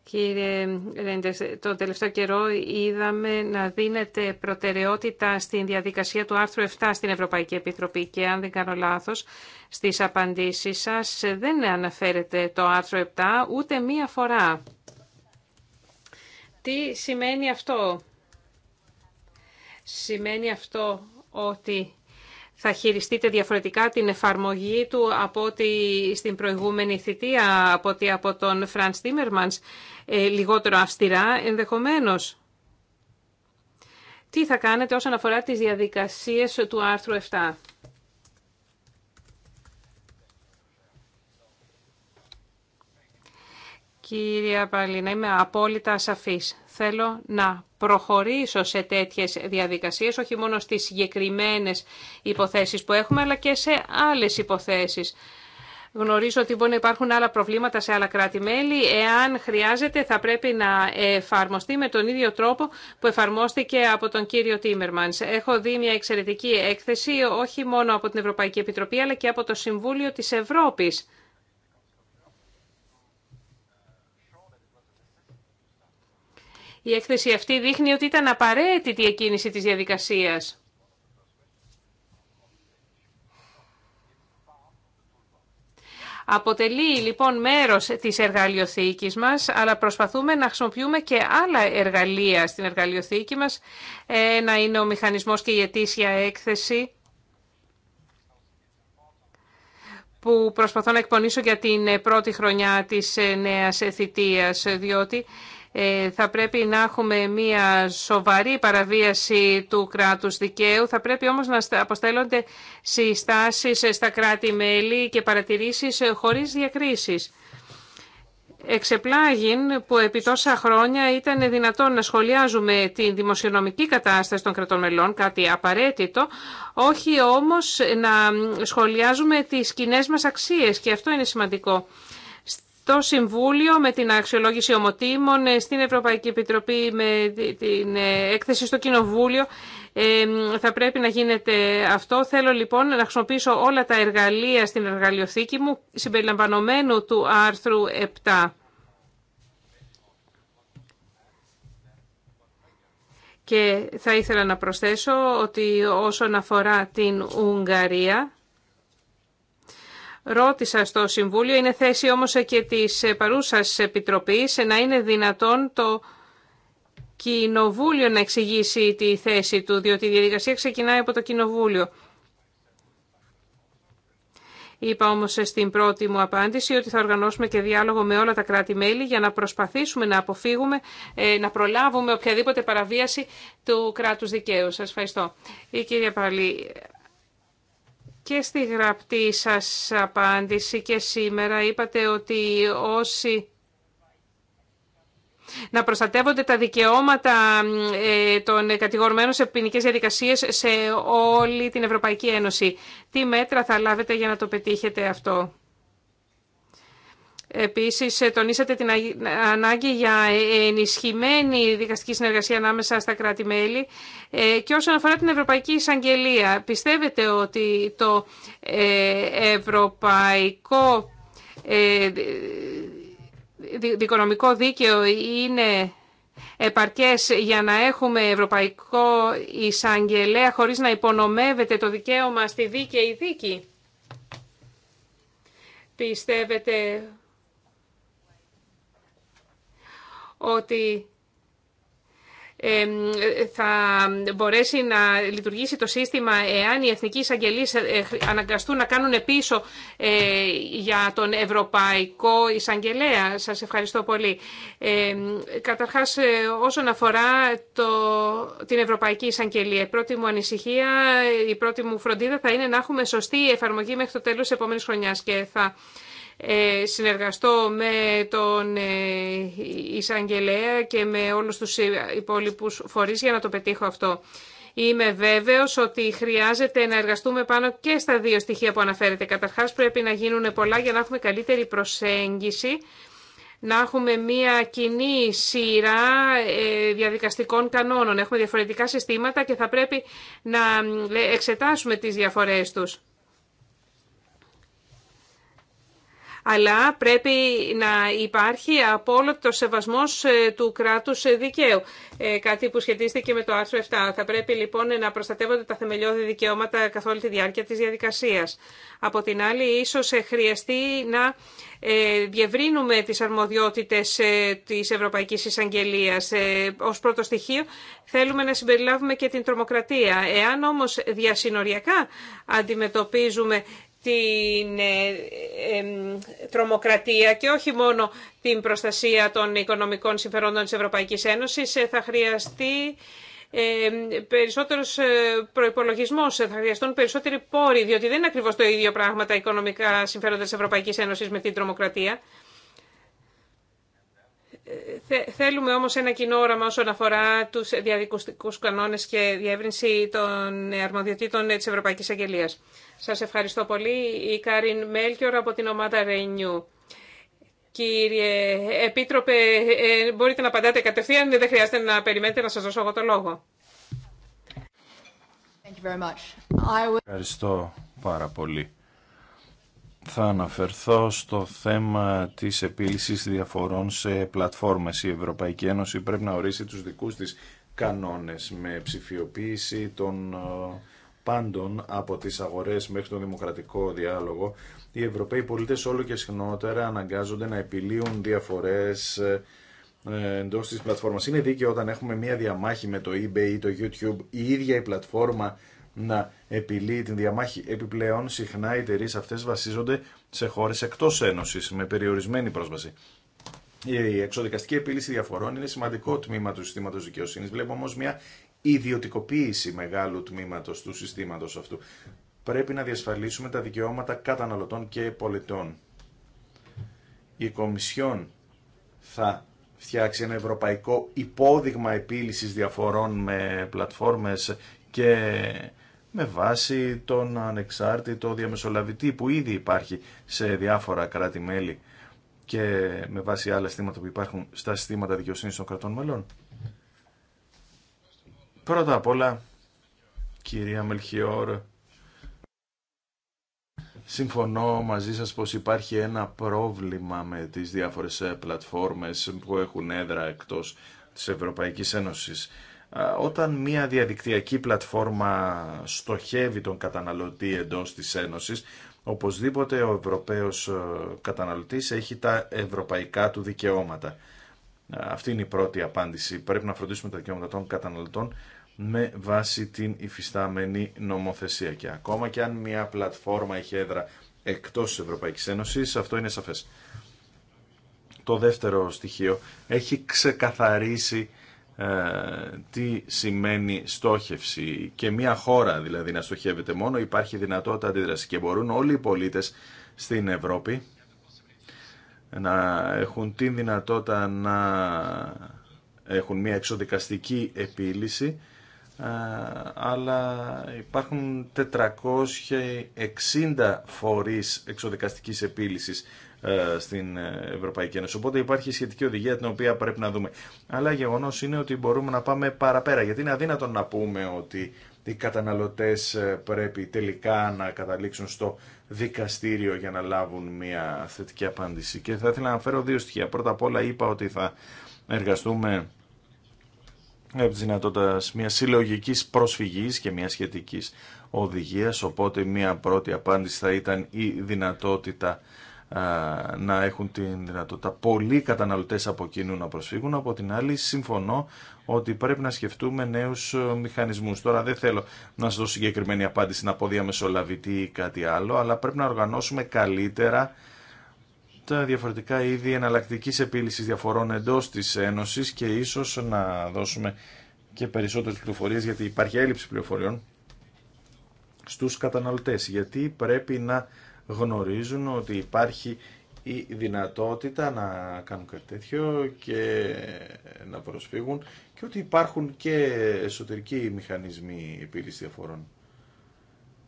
Κύριε Ρέντερ, τον τελευταίο καιρό είδαμε να δίνετε προτεραιότητα στην διαδικασία του άρθρου 7 στην Ευρωπαϊκή Επιτροπή και αν δεν κάνω λάθος, στις απαντήσεις σας δεν αναφέρεται το άρθρο 7 ούτε μία φορά. Τι σημαίνει αυτό. Σημαίνει αυτό ότι θα χειριστείτε διαφορετικά την εφαρμογή του από ότι στην προηγούμενη θητεία, από ότι από τον Φραντ Τίμερμανς, ε, λιγότερο αυστηρά ενδεχομένως. Τι θα κάνετε όσον αφορά τις διαδικασίες του άρθρου 7. Κύριε Παλίνα, είμαι απόλυτα σαφής θέλω να προχωρήσω σε τέτοιες διαδικασίες, όχι μόνο στις συγκεκριμένε υποθέσεις που έχουμε, αλλά και σε άλλες υποθέσεις. Γνωρίζω ότι μπορεί να υπάρχουν άλλα προβλήματα σε άλλα κράτη-μέλη. Εάν χρειάζεται, θα πρέπει να εφαρμοστεί με τον ίδιο τρόπο που εφαρμόστηκε από τον κύριο Τίμερμαν. Έχω δει μια εξαιρετική έκθεση, όχι μόνο από την Ευρωπαϊκή Επιτροπή, αλλά και από το Συμβούλιο της Ευρώπης Η έκθεση αυτή δείχνει ότι ήταν απαραίτητη η εκκίνηση της διαδικασίας. Αποτελεί λοιπόν μέρος της εργαλειοθήκης μας, αλλά προσπαθούμε να χρησιμοποιούμε και άλλα εργαλεία στην εργαλειοθήκη μας, να είναι ο μηχανισμός και η ετήσια έκθεση, που προσπαθώ να εκπονήσω για την πρώτη χρονιά της ε, νέας θητείας, διότι ε, θα πρέπει να έχουμε μία σοβαρή παραβίαση του κράτους δικαίου. Θα πρέπει όμως να αποστέλλονται συστάσεις στα κράτη-μέλη και παρατηρήσεις χωρίς διακρίσεις. Εξεπλάγει που επί τόσα χρόνια ήταν δυνατόν να σχολιάζουμε την δημοσιονομική κατάσταση των κρατών μελών, κάτι απαραίτητο, όχι όμως να σχολιάζουμε τις κοινέ μας αξίες και αυτό είναι σημαντικό στο Συμβούλιο με την αξιολόγηση ομοτήμων, ε, στην Ευρωπαϊκή Επιτροπή με την ε, έκθεση στο Κοινοβούλιο. Ε, θα πρέπει να γίνεται αυτό. Θέλω λοιπόν να χρησιμοποιήσω όλα τα εργαλεία στην εργαλειοθήκη μου, συμπεριλαμβανομένου του άρθρου 7. Και θα ήθελα να προσθέσω ότι όσον αφορά την Ουγγαρία, Ρώτησα στο Συμβούλιο, είναι θέση όμως και της παρούσας Επιτροπής να είναι δυνατόν το Κοινοβούλιο να εξηγήσει τη θέση του, διότι η διαδικασία ξεκινάει από το Κοινοβούλιο. Είπα όμως στην πρώτη μου απάντηση ότι θα οργανώσουμε και διάλογο με όλα τα κράτη-μέλη για να προσπαθήσουμε να αποφύγουμε, ε, να προλάβουμε οποιαδήποτε παραβίαση του κράτους δικαίου. Σας ευχαριστώ. Η κυρία Παλή, και στη γραπτή σας απάντηση και σήμερα είπατε ότι όσοι να προστατεύονται τα δικαιώματα ε, των κατηγορουμένων σε ποινικέ διαδικασίες σε όλη την Ευρωπαϊκή Ένωση. Τι μέτρα θα λάβετε για να το πετύχετε αυτό. Επίσης, ε, τονίσατε την ανάγκη για ε, ενισχυμένη δικαστική συνεργασία ανάμεσα στα κράτη-μέλη ε, και όσον αφορά την Ευρωπαϊκή Εισαγγελία. Πιστεύετε ότι το Ευρωπαϊκό Δικονομικό Δίκαιο είναι επαρκές για να έχουμε Ευρωπαϊκό Εισαγγελέα χωρίς να υπονομεύεται το δικαίωμα στη δίκαιη δίκη. Πιστεύετε ότι θα μπορέσει να λειτουργήσει το σύστημα εάν οι εθνικοί εισαγγελείς ε, ε, αναγκαστούν να κάνουν πίσω ε, για τον Ευρωπαϊκό Εισαγγελέα. Σας ευχαριστώ πολύ. Καταρχάς, όσον αφορά την Ευρωπαϊκή Εισαγγελία, η πρώτη μου ανησυχία, η πρώτη μου φροντίδα θα είναι να έχουμε σωστή εφαρμογή μέχρι το τέλος της επόμενης χρονιάς ε, συνεργαστώ με τον ε, Ισαγγελέα και με όλους τους υπόλοιπους φορείς για να το πετύχω αυτό. Είμαι βέβαιος ότι χρειάζεται να εργαστούμε πάνω και στα δύο στοιχεία που αναφέρετε. Καταρχάς πρέπει να γίνουν πολλά για να έχουμε καλύτερη προσέγγιση, να έχουμε μία κοινή σειρά ε, διαδικαστικών κανόνων. Έχουμε διαφορετικά συστήματα και θα πρέπει να εξετάσουμε τις διαφορές τους. αλλά πρέπει να υπάρχει απόλυτο σεβασμός ε, του κράτους ε, δικαίου, ε, κάτι που σχετίστηκε και με το άρθρο 7. Θα πρέπει λοιπόν να προστατεύονται τα θεμελιώδη δικαιώματα καθ' όλη τη διάρκεια της διαδικασίας. Από την άλλη, ίσως χρειαστεί να διευρύνουμε τις αρμοδιότητες της Ευρωπαϊκής Εισαγγελίας. Ως πρώτο στοιχείο θέλουμε να συμπεριλάβουμε και την τρομοκρατία. Εάν όμως διασυνοριακά αντιμετωπίζουμε την ε, τρομοκρατία και όχι μόνο την προστασία των οικονομικών συμφερόντων της Ευρωπαϊκής Ένωσης. Ε, θα χρειαστεί περισσότερος ε, προϋπολογισμός, θα χρειαστούν περισσότεροι πόροι, διότι δεν είναι ακριβώς το ίδιο πράγμα τα οικονομικά συμφέροντα της Ευρωπαϊκής Ένωσης με την τρομοκρατία. Θέλουμε όμως ένα κοινό όραμα όσον αφορά τους διαδικουστικούς κανόνες και διεύρυνση των αρμοδιοτήτων της Ευρωπαϊκής Αγγελίας. Σας ευχαριστώ πολύ. Η Κάριν Μέλκιορ από την ομάδα Ρενιού. Κύριε Επίτροπε, ε, μπορείτε να απαντάτε κατευθείαν, δεν χρειάζεται να περιμένετε να σας δώσω εγώ το λόγο. Ευχαριστώ πάρα πολύ. Θα αναφερθώ στο θέμα της επίλυσης διαφορών σε πλατφόρμες. Η Ευρωπαϊκή Ένωση πρέπει να ορίσει τους δικούς της κανόνες με ψηφιοποίηση των ε, πάντων από τις αγορές μέχρι τον δημοκρατικό διάλογο, οι Ευρωπαίοι πολίτες όλο και συχνότερα αναγκάζονται να επιλύουν διαφορές ε, εντό τη πλατφόρμα. Είναι δίκαιο όταν έχουμε μία διαμάχη με το eBay ή το YouTube, η ίδια η πλατφόρμα να επιλύει την διαμάχη. Επιπλέον, συχνά οι εταιρείε αυτέ βασίζονται σε χώρε εκτό Ένωση με περιορισμένη πρόσβαση. Η εξοδικαστική επίλυση διαφορών είναι σημαντικό τμήμα του συστήματο δικαιοσύνη. Βλέπουμε όμω μια ιδιωτικοποίηση μεγάλου τμήματος του συστήματος αυτού. Πρέπει να διασφαλίσουμε τα δικαιώματα καταναλωτών και πολιτών. Η Κομισιόν θα φτιάξει ένα ευρωπαϊκό υπόδειγμα επίλυσης διαφορών με πλατφόρμες και με βάση τον ανεξάρτητο διαμεσολαβητή που ήδη υπάρχει σε διάφορα κράτη-μέλη και με βάση άλλα στήματα που υπάρχουν στα συστήματα δικαιοσύνης των κρατών μελών. Πρώτα απ' όλα, κυρία Μελχιόρ, συμφωνώ μαζί σας πως υπάρχει ένα πρόβλημα με τις διάφορες ε, πλατφόρμες που έχουν έδρα εκτός της Ευρωπαϊκής Ένωσης. Όταν μια διαδικτυακή πλατφόρμα στοχεύει τον καταναλωτή εντός της Ένωσης, οπωσδήποτε ο Ευρωπαίος ε, καταναλωτής έχει τα ευρωπαϊκά του δικαιώματα. Αυτή είναι η πρώτη απάντηση. Πρέπει να φροντίσουμε τα δικαιώματα των καταναλωτών με βάση την υφιστάμενη νομοθεσία. Και ακόμα και αν μια πλατφόρμα έχει έδρα εκτός της Ευρωπαϊκής Ένωσης, αυτό είναι σαφές. Το δεύτερο στοιχείο έχει ξεκαθαρίσει ε, τι σημαίνει στόχευση και μια χώρα δηλαδή να στοχεύεται μόνο υπάρχει δυνατότητα αντίδραση και μπορούν όλοι οι πολίτες στην Ευρώπη να έχουν την δυνατότητα να έχουν μια εξοδικαστική επίλυση ε, αλλά υπάρχουν 460 φορείς εξοδικαστικής επίλυσης ε, στην ε, Ευρωπαϊκή Ένωση. Οπότε υπάρχει σχετική οδηγία την οποία πρέπει να δούμε. Αλλά γεγονό είναι ότι μπορούμε να πάμε παραπέρα. Γιατί είναι αδύνατο να πούμε ότι οι καταναλωτές πρέπει τελικά να καταλήξουν στο δικαστήριο για να λάβουν μια θετική απάντηση. Και θα ήθελα να αναφέρω δύο στοιχεία. Πρώτα απ' όλα είπα ότι θα εργαστούμε τη δυνατότητα μια συλλογική προσφυγής και μια σχετική οδηγίας, οπότε μια πρώτη απάντηση θα ήταν η δυνατότητα να έχουν την δυνατότητα πολλοί καταναλωτές από κοινού να προσφύγουν. Από την άλλη, συμφωνώ ότι πρέπει να σκεφτούμε νέους ε, μηχανισμούς. Τώρα δεν θέλω να σα δώσω συγκεκριμένη απάντηση να πω διαμεσολαβητή ή κάτι άλλο, αλλά πρέπει να οργανώσουμε καλύτερα τα διαφορετικά είδη εναλλακτική επίλυση διαφορών εντό τη Ένωση και ίσω να δώσουμε και περισσότερε πληροφορίε γιατί υπάρχει έλλειψη πληροφοριών στου καταναλωτέ. Γιατί πρέπει να γνωρίζουν ότι υπάρχει η δυνατότητα να κάνουν κάτι τέτοιο και να προσφύγουν και ότι υπάρχουν και εσωτερικοί μηχανισμοί επίλυση διαφορών.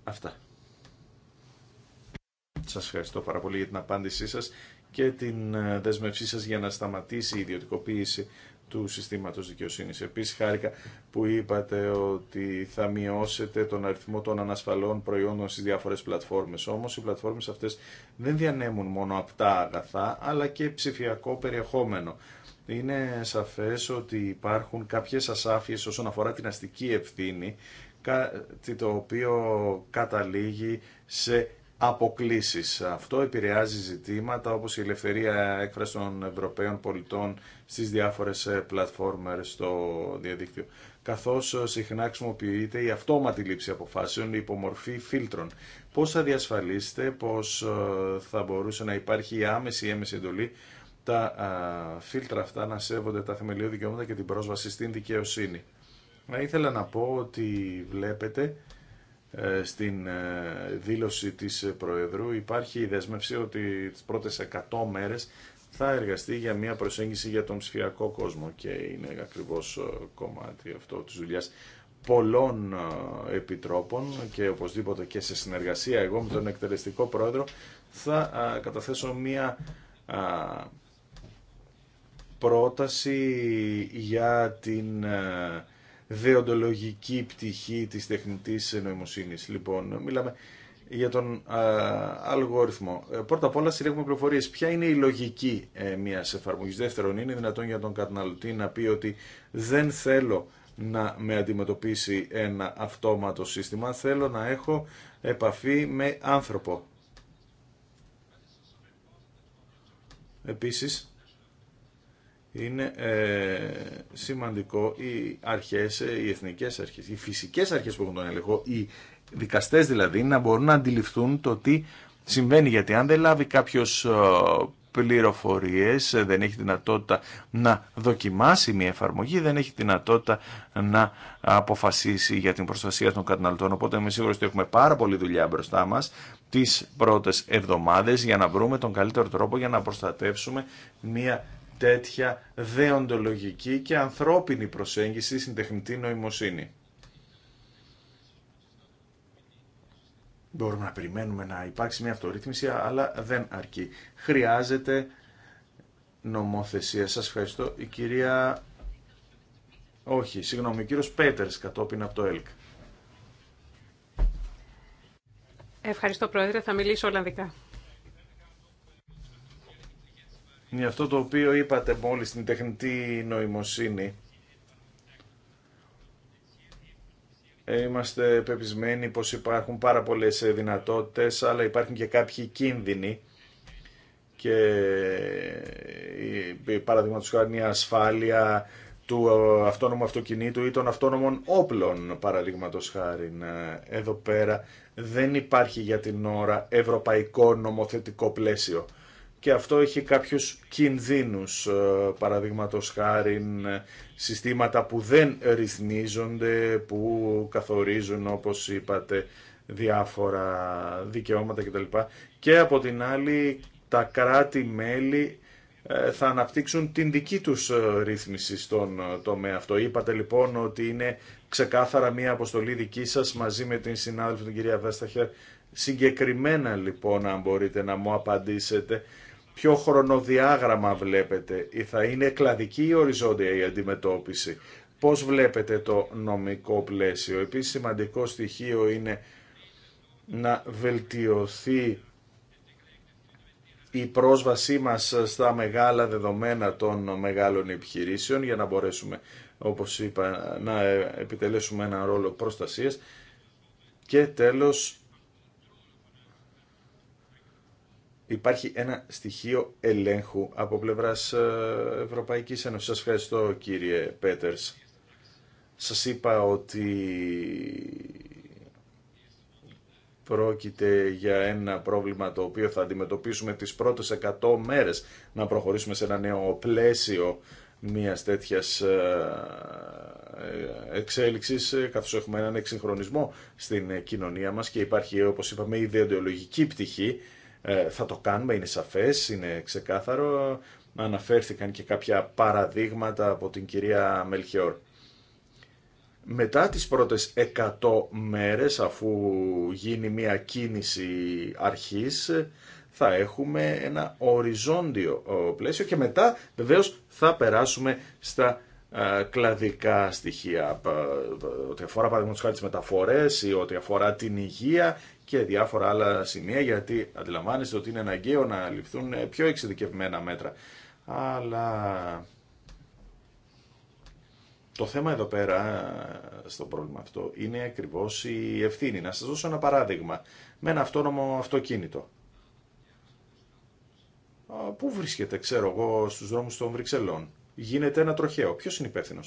Αυτά. Σας ευχαριστώ πάρα πολύ για την απάντησή σας και την ε, δέσμευσή σας για να σταματήσει η ιδιωτικοποίηση του συστήματος δικαιοσύνης. Επίσης χάρηκα που είπατε ότι θα μειώσετε τον αριθμό των ανασφαλών προϊόντων στις διάφορες πλατφόρμες. Όμως οι πλατφόρμες αυτές δεν διανέμουν μόνο απτά αγαθά αλλά και ψηφιακό περιεχόμενο. Είναι σαφές ότι υπάρχουν κάποιες ασάφειες όσον αφορά την αστική ευθύνη κάτι το οποίο καταλήγει σε Αποκλήσει. Αυτό επηρεάζει ζητήματα όπω η ελευθερία έκφραση των Ευρωπαίων πολιτών στι διάφορε πλατφόρμερ στο διαδίκτυο, Καθώ ε, συχνά χρησιμοποιείται η αυτόματη λήψη αποφάσεων υπομορφή φίλτρων. Πώς θα διασφαλίσετε πως ε, θα διασφαλισετε πώ θα μπορουσε να υπάρχει η άμεση ή έμεση εντολή τα φίλτρα αυτά να σέβονται τα θεμελιώδη δικαιώματα και την πρόσβαση στην δικαιοσύνη. Να ήθελα να πω ότι βλέπετε ε, στην ε, δήλωση της Προεδρού υπάρχει η δέσμευση ότι τις πρώτες 100 μέρες θα εργαστεί για μια προσέγγιση για τον ψηφιακό κόσμο και είναι ακριβώς ε, κομμάτι αυτό της δουλειά πολλών επιτρόπων και οπωσδήποτε και σε συνεργασία εγώ με τον εκτελεστικό πρόεδρο θα καταθέσω μια πρόταση για την δεοντολογική πτυχή της τεχνητής νοημοσύνης. Λοιπόν, μιλάμε για τον αλγόριθμο. Ε, πρώτα απ' όλα συλλέγουμε πληροφορίε. Ποια είναι η λογική ε, μια εφαρμογή. Δεύτερον, είναι δυνατόν για τον καταναλωτή να πει ότι δεν θέλω να με αντιμετωπίσει ένα αυτόματο σύστημα. Θέλω να έχω επαφή με άνθρωπο. Επίσης, είναι ε, σημαντικό οι αρχές, ε, οι εθνικές αρχές, οι φυσικές αρχές που έχουν τον έλεγχο, οι δικαστές δηλαδή, να μπορούν να αντιληφθούν το τι συμβαίνει. Γιατί αν δεν λάβει κάποιος ε, πληροφορίες, ε, δεν έχει δυνατότητα να δοκιμάσει μια εφαρμογή, δεν έχει δυνατότητα να αποφασίσει για την προστασία των καταναλωτών. Οπότε είμαι σίγουρος ότι έχουμε πάρα πολλή δουλειά μπροστά μας τις πρώτες εβδομάδες για να βρούμε τον καλύτερο τρόπο για να προστατεύσουμε μια τέτοια δεοντολογική και ανθρώπινη προσέγγιση στην τεχνητή νοημοσύνη. Μπορούμε να περιμένουμε να υπάρξει μια αυτορύθμιση, αλλά δεν αρκεί. Χρειάζεται νομοθεσία. Σας ευχαριστώ. Η κυρία... Όχι, συγγνώμη, ο κύριος Πέτερς κατόπιν από το ΕΛΚ. Ευχαριστώ, Πρόεδρε. Θα μιλήσω Ολλανδικά είναι αυτό το οποίο είπατε μόλις στην τεχνητή νοημοσύνη. Ε, είμαστε πεπισμένοι πως υπάρχουν πάρα πολλές δυνατότητες, αλλά υπάρχουν και κάποιοι κίνδυνοι και ε, παραδείγμα χάρη η ασφάλεια του ε, αυτόνομου αυτοκινήτου ή των αυτόνομων όπλων παραδείγματο χάρη. Εδώ πέρα δεν υπάρχει για την ώρα ευρωπαϊκό νομοθετικό πλαίσιο και αυτό έχει κάποιους κινδύνους, ε, παραδείγματο χάρη ε, συστήματα που δεν ρυθμίζονται, που καθορίζουν όπως είπατε διάφορα δικαιώματα κτλ. Και από την άλλη τα κράτη-μέλη ε, θα αναπτύξουν την δική τους ρύθμιση στον τομέα αυτό. Είπατε λοιπόν ότι είναι ξεκάθαρα μία αποστολή δική σας μαζί με την συνάδελφη την κυρία Βέσταχερ. Συγκεκριμένα λοιπόν αν μπορείτε να μου απαντήσετε ποιο χρονοδιάγραμμα βλέπετε ή θα είναι κλαδική ή οριζόντια η αντιμετώπιση. Πώς βλέπετε το νομικό πλαίσιο. Επίσης σημαντικό στοιχείο είναι να βελτιωθεί η πρόσβασή μας στα μεγάλα δεδομένα των μεγάλων επιχειρήσεων για να μπορέσουμε, όπως είπα, να επιτελέσουμε ένα ρόλο προστασίας. Και τέλος, υπάρχει ένα στοιχείο ελέγχου από πλευράς ε, Ευρωπαϊκής Ένωσης. Σας ευχαριστώ κύριε Πέτερς. Σας είπα ότι πρόκειται για ένα πρόβλημα το οποίο θα αντιμετωπίσουμε τις πρώτες 100 μέρες να προχωρήσουμε σε ένα νέο πλαίσιο μιας τέτοιας ε, ε, εξέλιξης καθώς έχουμε έναν εξυγχρονισμό στην κοινωνία μας και υπάρχει όπως είπαμε ιδεολογική πτυχή ε, θα το κάνουμε, είναι σαφές, είναι ξεκάθαρο. Αναφέρθηκαν και κάποια παραδείγματα από την κυρία Μελχιόρ. Μετά τις πρώτες 100 μέρες, αφού γίνει μια κίνηση αρχής, θα έχουμε ένα οριζόντιο πλαίσιο και μετά βεβαίως θα περάσουμε στα κλαδικά στοιχεία. Ό,τι αφορά παραδείγματος χάρη τις μεταφορές ή ό,τι αφορά την υγεία και διάφορα άλλα σημεία γιατί αντιλαμβάνεστε ότι είναι αναγκαίο να ληφθούν ε, πιο εξειδικευμένα μέτρα. Αλλά το θέμα εδώ πέρα ε, στο πρόβλημα αυτό είναι ακριβώς η ευθύνη. Να σας δώσω ένα παράδειγμα με ένα αυτόνομο αυτοκίνητο. Πού βρίσκεται, ξέρω εγώ, στους δρόμους των Βρυξελών. Γίνεται ένα τροχαίο. Ποιος είναι υπεύθυνο.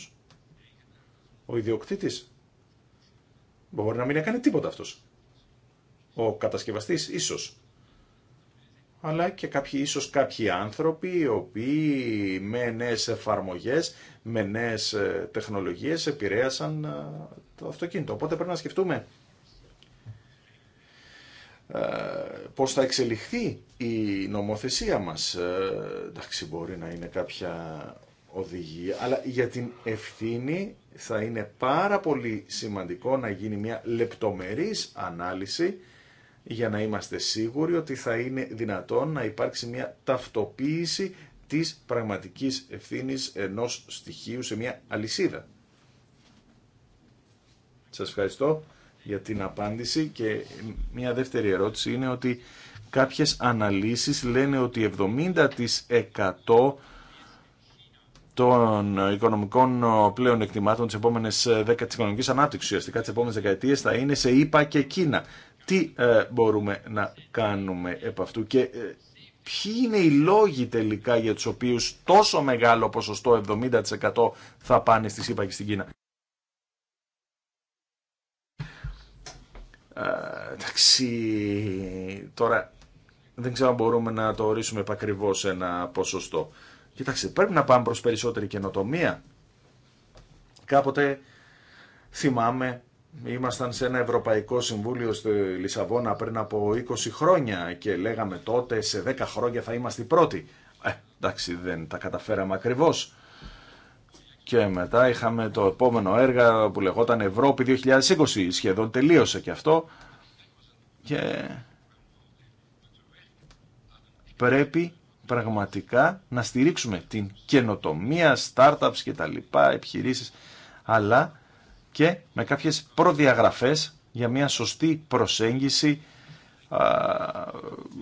Ο ιδιοκτήτης. Μπορεί να μην έκανε τίποτα αυτός ο κατασκευαστής ίσως. Αλλά και κάποιοι, ίσως κάποιοι άνθρωποι οι οποίοι με νέες εφαρμογές, με νέες ε, τεχνολογίες επηρέασαν ε, το αυτοκίνητο. Οπότε πρέπει να σκεφτούμε ε, πώς θα εξελιχθεί η νομοθεσία μας. Εντάξει, μπορεί να είναι κάποια οδηγία, αλλά για την ευθύνη θα είναι πάρα πολύ σημαντικό να γίνει μια λεπτομερής ανάλυση για να είμαστε σίγουροι ότι θα είναι δυνατόν να υπάρξει μια ταυτοποίηση της πραγματικής ευθύνης ενός στοιχείου σε μια αλυσίδα. Σας ευχαριστώ για την απάντηση και μια δεύτερη ερώτηση είναι ότι κάποιες αναλύσεις λένε ότι 70% των οικονομικών πλέον εκτιμάτων της επόμενης της οικονομικής ανάπτυξης ουσιαστικά της επόμενης δεκαετίας θα είναι σε ΙΠΑ και Κίνα τι ε, μπορούμε να κάνουμε επ' αυτού και ε, ποιοι είναι οι λόγοι τελικά για τους οποίους τόσο μεγάλο ποσοστό 70% θα πάνε στη ΣΥΠΑ και στην Κίνα. Ε, εντάξει, τώρα δεν ξέρω αν μπορούμε να το ορίσουμε επακριβώς ένα ποσοστό. Κοιτάξτε, πρέπει να πάμε προς περισσότερη καινοτομία. Κάποτε θυμάμαι Ήμασταν σε ένα Ευρωπαϊκό Συμβούλιο στη Λισαβόνα πριν από 20 χρόνια και λέγαμε τότε σε 10 χρόνια θα είμαστε οι πρώτοι. Ε, εντάξει δεν τα καταφέραμε ακριβώς. Και μετά είχαμε το επόμενο έργα που λεγόταν Ευρώπη 2020. Σχεδόν τελείωσε και αυτό. Και πρέπει πραγματικά να στηρίξουμε την καινοτομία, startups και τα λοιπά, επιχειρήσεις. Αλλά και με κάποιες προδιαγραφές για μια σωστή προσέγγιση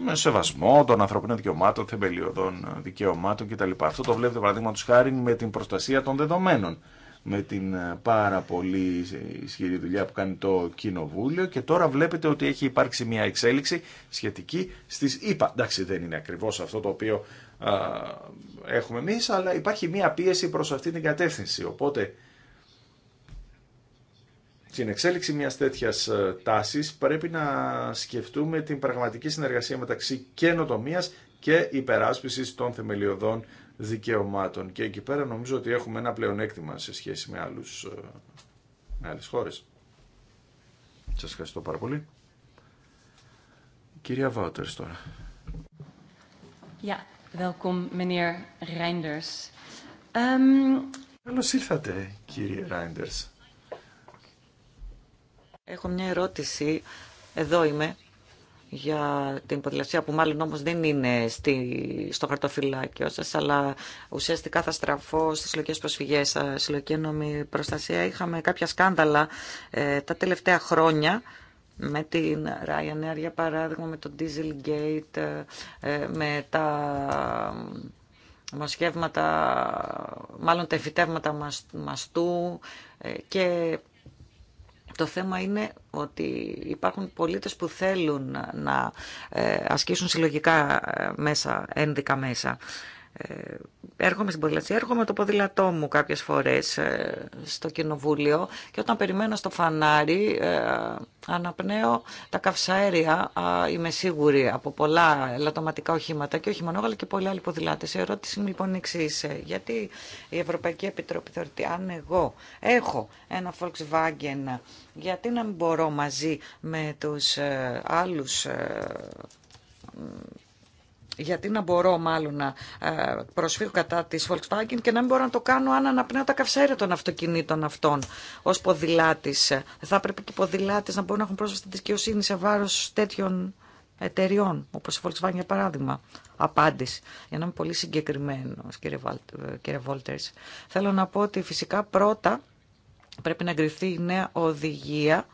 με σεβασμό των ανθρωπίνων δικαιωμάτων, θεμελιωδών δικαιωμάτων κτλ. Αυτό το βλέπετε παραδείγματο χάρη με την προστασία των δεδομένων. Με την ε, πάρα πολύ ισχυρή δουλειά που κάνει το Κοινοβούλιο και τώρα βλέπετε ότι έχει υπάρξει μια εξέλιξη σχετική στις ΗΠΑ. Εντάξει δεν είναι ακριβώς αυτό το οποίο α, έχουμε εμείς, αλλά υπάρχει μια πίεση προς αυτή την κατεύθυνση. Οπότε στην εξέλιξη μιας τέτοιας ε, τάσης πρέπει να σκεφτούμε την πραγματική συνεργασία μεταξύ καινοτομίας και υπεράσπισης των θεμελιωδών δικαιωμάτων. Και εκεί πέρα νομίζω ότι έχουμε ένα πλεονέκτημα σε σχέση με, άλλους, ε, με άλλες χώρες. Σας ευχαριστώ πάρα πολύ. Κυρία Βάουτερς τώρα. Ja, ehm, Καλώς ήρθατε κύριε Reinders. Έχω μια ερώτηση. Εδώ είμαι για την υποδηλασία που μάλλον όμως δεν είναι στη, στο χαρτοφυλάκιο σας αλλά ουσιαστικά θα στραφώ στις συλλογικές προσφυγές, συλλογική νομή προστασία. Είχαμε κάποια σκάνδαλα ε, τα τελευταία χρόνια με την Ryanair για παράδειγμα, με το Dieselgate, ε, με τα ε, μασχεύματα, μάλλον τα εφητεύματα μαστού ε, και το θέμα είναι ότι υπάρχουν πολίτες που θέλουν να ε, ασκήσουν συλλογικά ε, μέσα, ένδικα μέσα. Ε, έρχομαι στην ποδηλασία, έρχομαι το ποδηλατό μου κάποιες φορές ε, στο κοινοβούλιο και όταν περιμένω στο φανάρι ε, αναπνέω τα καυσαέρια, είμαι σίγουρη, από πολλά ελαττωματικά οχήματα και όχι μόνο, αλλά και πολλοί άλλοι ποδηλάτες. Η ερώτηση μου λοιπόν εξή. γιατί η Ευρωπαϊκή Επιτροπή θεωρεί αν εγώ έχω ένα Volkswagen, γιατί να μην μπορώ μαζί με τους άλλους γιατί να μπορώ μάλλον να ε, προσφύγω κατά της Volkswagen και να μην μπορώ να το κάνω αν αναπνέω τα καυσαέρια των αυτοκινήτων αυτών ως ποδηλάτης. Θα έπρεπε και οι ποδηλάτες να μπορούν να έχουν πρόσβαση στη δικαιοσύνη σε βάρος τέτοιων εταιριών, όπως η Volkswagen για παράδειγμα. Απάντηση, για να είμαι πολύ συγκεκριμένο, ε, κύριε Βόλτερς. Θέλω να πω ότι φυσικά πρώτα πρέπει να εγκριθεί η νέα οδηγία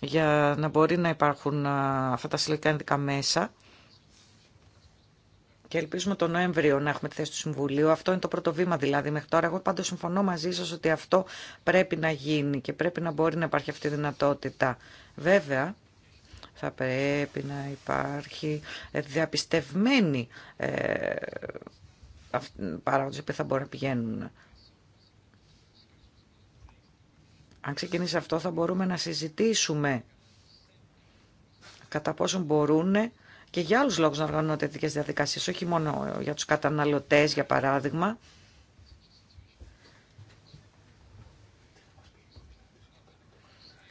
για να μπορεί να υπάρχουν ε, αυτά τα συλλογικά ενδικά μέσα και ελπίζουμε τον Νοέμβριο να έχουμε τη θέση του Συμβουλίου. Αυτό είναι το πρώτο βήμα δηλαδή μέχρι τώρα. Εγώ πάντως συμφωνώ μαζί σας ότι αυτό πρέπει να γίνει και πρέπει να μπορεί να υπάρχει αυτή η δυνατότητα. Βέβαια, θα πρέπει να υπάρχει διαπιστευμένη ε, παράγοντες που θα μπορούν να πηγαίνουν. Αν ξεκινήσει αυτό θα μπορούμε να συζητήσουμε κατά πόσο μπορούν και για άλλους λόγους να οργανώνονται τέτοιε διαδικασίες, όχι μόνο για τους καταναλωτές, για παράδειγμα.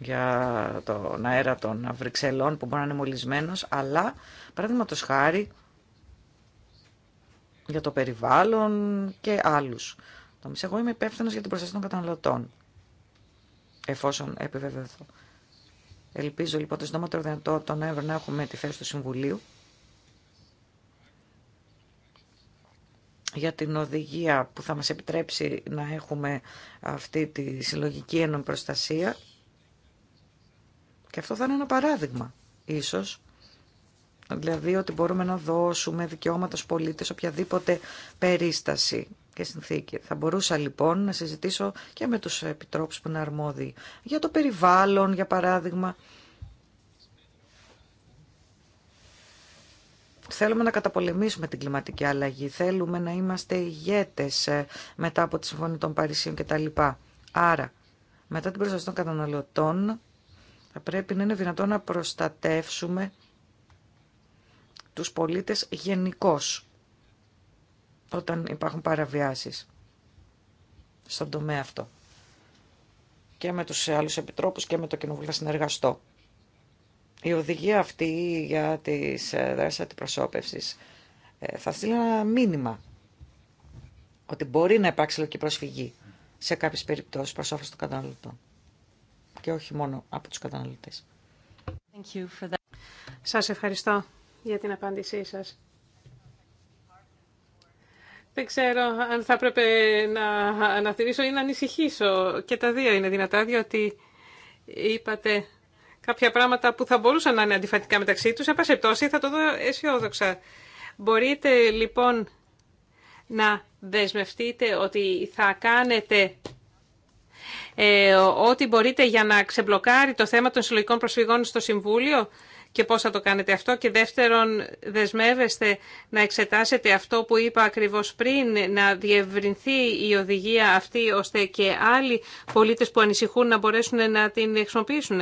για τον αέρα των Βρυξελών που μπορεί να είναι μολυσμένος, αλλά παραδείγματο χάρη για το περιβάλλον και άλλους. Εγώ είμαι υπεύθυνο για την προστασία των καταναλωτών, εφόσον επιβεβαιωθώ. Ελπίζω λοιπόν το συντομότερο δυνατό τον Νοέμβριο να έχουμε τη θέση του Συμβουλίου. για την οδηγία που θα μας επιτρέψει να έχουμε αυτή τη συλλογική ένωμη προστασία. Και αυτό θα είναι ένα παράδειγμα, ίσως. Δηλαδή ότι μπορούμε να δώσουμε δικαιώματα στους πολίτες οποιαδήποτε περίσταση. Θα μπορούσα λοιπόν να συζητήσω και με τους επιτρόπους που είναι αρμόδιοι. Για το περιβάλλον, για παράδειγμα. Θέλουμε να καταπολεμήσουμε την κλιματική αλλαγή. Θέλουμε να είμαστε ηγέτες ε, μετά από τη Συμφωνία των Παρισίων κτλ. Άρα, μετά την προστασία των καταναλωτών, θα πρέπει να είναι δυνατόν να προστατεύσουμε τους πολίτες γενικώς όταν υπάρχουν παραβιάσεις στον τομέα αυτό. Και με τους άλλους επιτρόπους και με το κοινοβούλιο θα συνεργαστώ. Η οδηγία αυτή για τις ε, δράσεις αντιπροσώπευσης ε, θα στείλει ένα μήνυμα ότι μπορεί να υπάρξει λογική προσφυγή σε κάποιες περιπτώσεις προς των καταναλωτών και όχι μόνο από τους καταναλωτές. Σα Σας ευχαριστώ για την απάντησή σας. Δεν ξέρω αν θα έπρεπε να αναθυμίσω ή να ανησυχήσω. Και τα δύο είναι δυνατά, διότι είπατε κάποια πράγματα που θα μπορούσαν να είναι αντιφατικά μεταξύ τους. Έπασε πτώση, θα το δω αισιόδοξα. Μπορείτε λοιπόν να δεσμευτείτε ότι θα κάνετε ε, ό,τι μπορείτε για να ξεμπλοκάρει το θέμα των συλλογικών προσφυγών στο Συμβούλιο και πώς θα το κάνετε αυτό και δεύτερον δεσμεύεστε να εξετάσετε αυτό που είπα ακριβώς πριν, να διευρυνθεί η οδηγία αυτή ώστε και άλλοι πολίτες που ανησυχούν να μπορέσουν να την χρησιμοποιήσουν.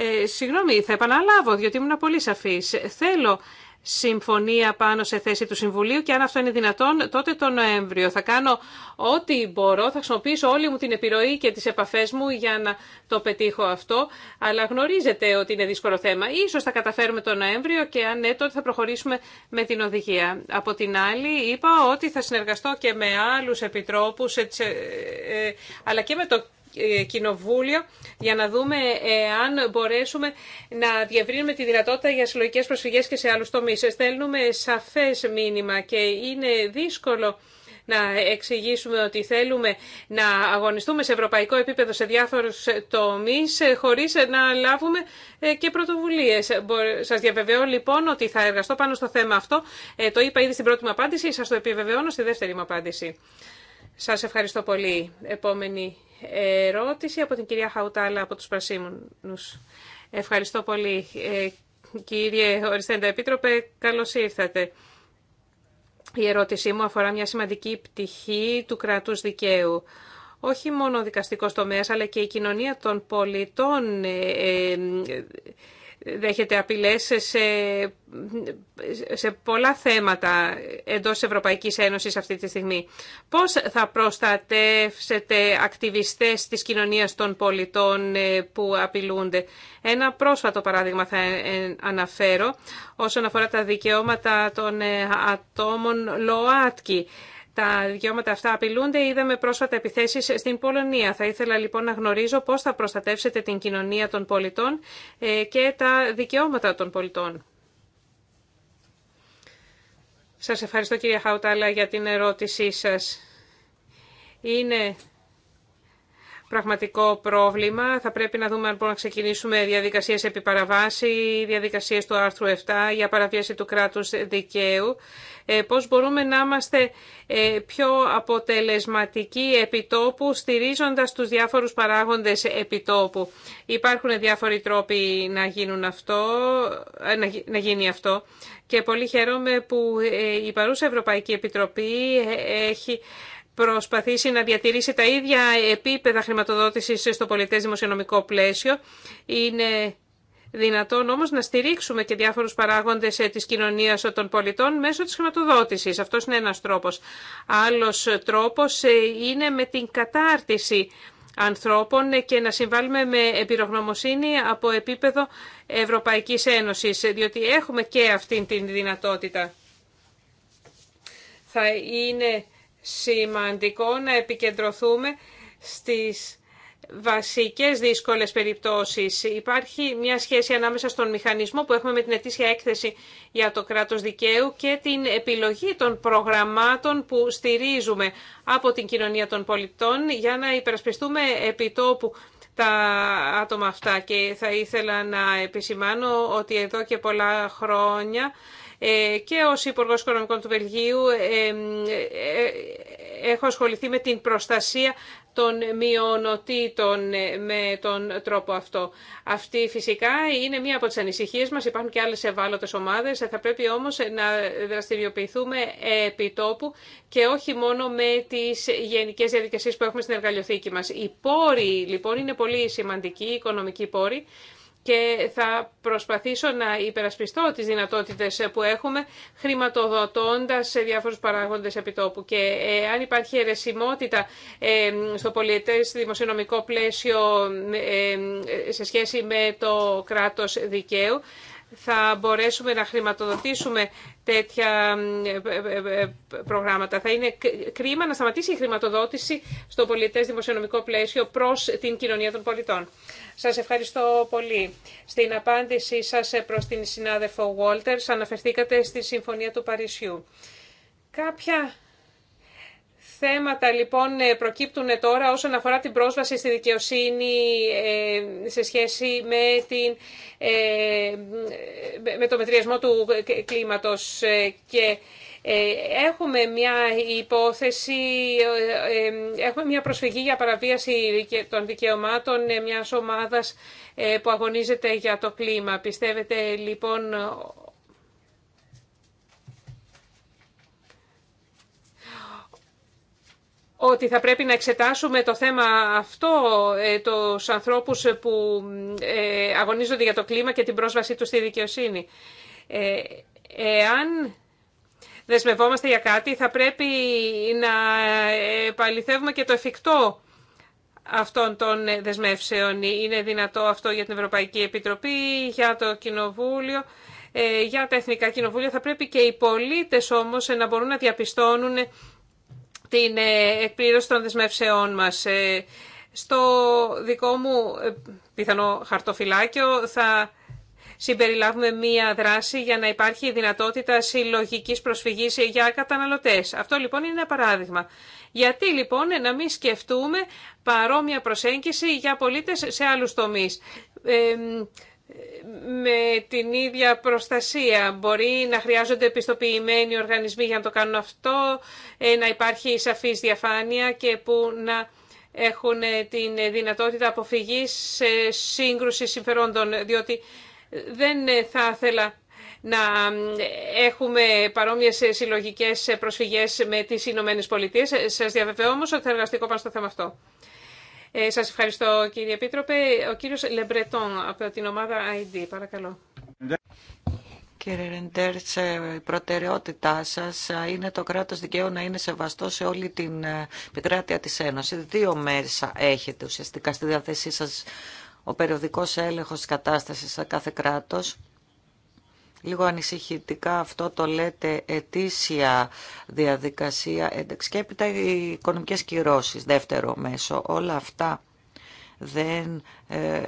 Ε, συγγνώμη, θα επαναλάβω, διότι ήμουν πολύ σαφής. Θέλω συμφωνία πάνω σε θέση του Συμβουλίου και αν αυτό είναι δυνατόν τότε τον Νοέμβριο. Θα κάνω ό,τι μπορώ, θα χρησιμοποιήσω όλη μου την επιρροή και τις επαφές μου για να το πετύχω αυτό, αλλά γνωρίζετε ότι είναι δύσκολο θέμα. Ίσως θα καταφέρουμε τον Νοέμβριο και αν ναι τότε θα προχωρήσουμε με την οδηγία. Από την άλλη είπα ότι θα συνεργαστώ και με άλλους επιτρόπους ε, ε, αλλά και με το ε, κοινοβούλιο για να δούμε αν μπορέσουμε να διευρύνουμε τη δυνατότητα για συλλογικές προσφυγές και σε άλλους τομείς. Στέλνουμε σαφές μήνυμα και είναι δύσκολο να εξηγήσουμε ότι θέλουμε να αγωνιστούμε σε ευρωπαϊκό επίπεδο σε διάφορους τομείς ε, χωρίς να λάβουμε ε, και πρωτοβουλίες. Σας διαβεβαιώ λοιπόν ότι θα εργαστώ πάνω στο θέμα αυτό. Το είπα ήδη στην πρώτη μου απάντηση, σας το επιβεβαιώνω στη δεύτερη μου απάντηση. Σας ευχαριστώ πολύ. Επόμενη ερώτηση από την κυρία Χαουτάλα από τους Πρασίμουνους. Ευχαριστώ πολύ. Ε, κύριε Οριστέντα Επίτροπε, καλώς ήρθατε. Η ερώτησή μου αφορά μια σημαντική πτυχή του κρατούς δικαίου. Όχι μόνο ο δικαστικός τομέας, αλλά και η κοινωνία των πολιτών ε, ε, δέχεται απειλές σε, σε πολλά θέματα εντός Ευρωπαϊκής Ένωσης αυτή τη στιγμή. Πώς θα προστατεύσετε ακτιβιστές της κοινωνίας των πολιτών ε, που απειλούνται. Ένα πρόσφατο παράδειγμα θα ε, αναφέρω όσον αφορά τα δικαιώματα των ε, ατόμων ΛΟΑΤΚΙ τα δικαιώματα αυτά απειλούνται. Είδαμε πρόσφατα επιθέσεις στην Πολωνία. Θα ήθελα λοιπόν να γνωρίζω πώς θα προστατεύσετε την κοινωνία των πολιτών ε, και τα δικαιώματα των πολιτών. Σας ευχαριστώ κυρία Χαουτάλα για την ερώτησή σας. Είναι πραγματικό πρόβλημα. Θα πρέπει να δούμε αν μπορούμε να ξεκινήσουμε διαδικασίες επί παραβάση, διαδικασίες του άρθρου 7 για παραβίαση του κράτους δικαίου. Ε, πώς μπορούμε να είμαστε ε, πιο αποτελεσματικοί επιτόπου, στηρίζοντας τους διάφορους παράγοντες επιτόπου. Υπάρχουν διάφοροι τρόποι να, γίνουν αυτό, ε, να γίνει αυτό. Και πολύ χαίρομαι που η παρούσα Ευρωπαϊκή Επιτροπή έχει προσπαθήσει να διατηρήσει τα ίδια επίπεδα χρηματοδότησης στο πολιτές δημοσιονομικό πλαίσιο. Είναι δυνατόν όμως να στηρίξουμε και διάφορους παράγοντες ε, της κοινωνίας των πολιτών μέσω της χρηματοδότησης. Αυτός είναι ένας τρόπος. Άλλος τρόπος ε, είναι με την κατάρτιση ανθρώπων ε, και να συμβάλλουμε με επιρογνωμοσύνη από επίπεδο Ευρωπαϊκής Ένωσης, διότι έχουμε και αυτή την δυνατότητα. Θα είναι σημαντικό να επικεντρωθούμε στις βασικές δύσκολες περιπτώσεις. Υπάρχει μια σχέση ανάμεσα στον μηχανισμό που έχουμε με την ετήσια έκθεση για το κράτος δικαίου και την επιλογή των προγραμμάτων που στηρίζουμε από την κοινωνία των πολιτών για να υπερασπιστούμε επιτόπου τα άτομα αυτά. Και θα ήθελα να επισημάνω ότι εδώ και πολλά χρόνια ε, και ως Υπουργό Οικονομικών του Βελγίου ε, ε, έχω ασχοληθεί με την προστασία των μειονοτήτων με τον τρόπο αυτό. Αυτή φυσικά είναι μία από τις ανησυχίες μας, υπάρχουν και άλλες ευάλωτες ομάδες, θα πρέπει όμως να δραστηριοποιηθούμε επί τόπου και όχι μόνο με τις γενικές διαδικασίες που έχουμε στην εργαλειοθήκη μας. Οι πόροι λοιπόν είναι πολύ σημαντικοί, οι οικονομικοί πόροι, και θα προσπαθήσω να υπερασπιστώ τις δυνατότητες που έχουμε χρηματοδοτώντας σε διάφορους παράγοντες επιτόπου. Και ε, αν υπάρχει αιρεσιμότητα ε, στο πολιετές δημοσιονομικό πλαίσιο ε, σε σχέση με το κράτος δικαίου, θα μπορέσουμε να χρηματοδοτήσουμε τέτοια προγράμματα. Θα είναι κρίμα να σταματήσει η χρηματοδότηση στο πολιτές δημοσιονομικό πλαίσιο προς την κοινωνία των πολιτών. Σας ευχαριστώ πολύ. Στην απάντησή σας προς την συνάδελφο Walters αναφερθήκατε στη Συμφωνία του Παρισιού. Κάποια θέματα λοιπόν προκύπτουν τώρα όσον αφορά την πρόσβαση στη δικαιοσύνη ε, σε σχέση με, την, ε, με το μετριασμό του κλίματος ε, και ε, έχουμε μια υπόθεση, ε, ε, έχουμε μια προσφυγή για παραβίαση των δικαιωμάτων μια ομάδας που αγωνίζεται για το κλίμα. Πιστεύετε λοιπόν ότι θα πρέπει να εξετάσουμε το θέμα αυτό, τους ανθρώπους που αγωνίζονται για το κλίμα και την πρόσβασή τους στη δικαιοσύνη. Εάν δεσμευόμαστε για κάτι, θα πρέπει να επαληθεύουμε και το εφικτό αυτών των δεσμεύσεων. Είναι δυνατό αυτό για την Ευρωπαϊκή Επιτροπή, για το Κοινοβούλιο, ε, για τα Εθνικά Κοινοβούλια. Θα πρέπει και οι πολίτες όμως να μπορούν να διαπιστώνουν την ε, εκπλήρωση των δεσμεύσεών μας. Ε, στο δικό μου πιθανό χαρτοφυλάκιο θα συμπεριλάβουμε μία δράση για να υπάρχει δυνατότητα συλλογική προσφυγή για καταναλωτέ. Αυτό λοιπόν είναι ένα παράδειγμα. Γιατί λοιπόν να μην σκεφτούμε παρόμοια προσέγγιση για πολίτε σε άλλου τομεί. με την ίδια προστασία. Μπορεί να χρειάζονται επιστοποιημένοι οργανισμοί για να το κάνουν αυτό, ε, να υπάρχει σαφής διαφάνεια και που να έχουν την δυνατότητα αποφυγής σύγκρουση συμφερόντων, διότι δεν ε, θα ήθελα να έχουμε παρόμοιες ε, συλλογικές ε, προσφυγές με τις Ηνωμένε Πολιτείε. Σας διαβεβαιώ όμως ότι θα εργαστικό πάνω στο θέμα αυτό. Ε, σας ευχαριστώ κύριε Επίτροπε. Ο κύριος Λεμπρετόν από την ομάδα ID. Παρακαλώ. Κύριε Ρεντέρ, η προτεραιότητά σας είναι το κράτος δικαίου να είναι σεβαστό σε όλη την επικράτεια της Ένωσης. Δύο μέρες έχετε ουσιαστικά στη διάθεσή σας ο περιοδικός έλεγχος της κατάστασης σε κάθε κράτος. Λίγο ανησυχητικά αυτό το λέτε ετήσια διαδικασία ένταξη και έπειτα οι οικονομικές κυρώσεις, δεύτερο μέσο. Όλα αυτά δεν ε,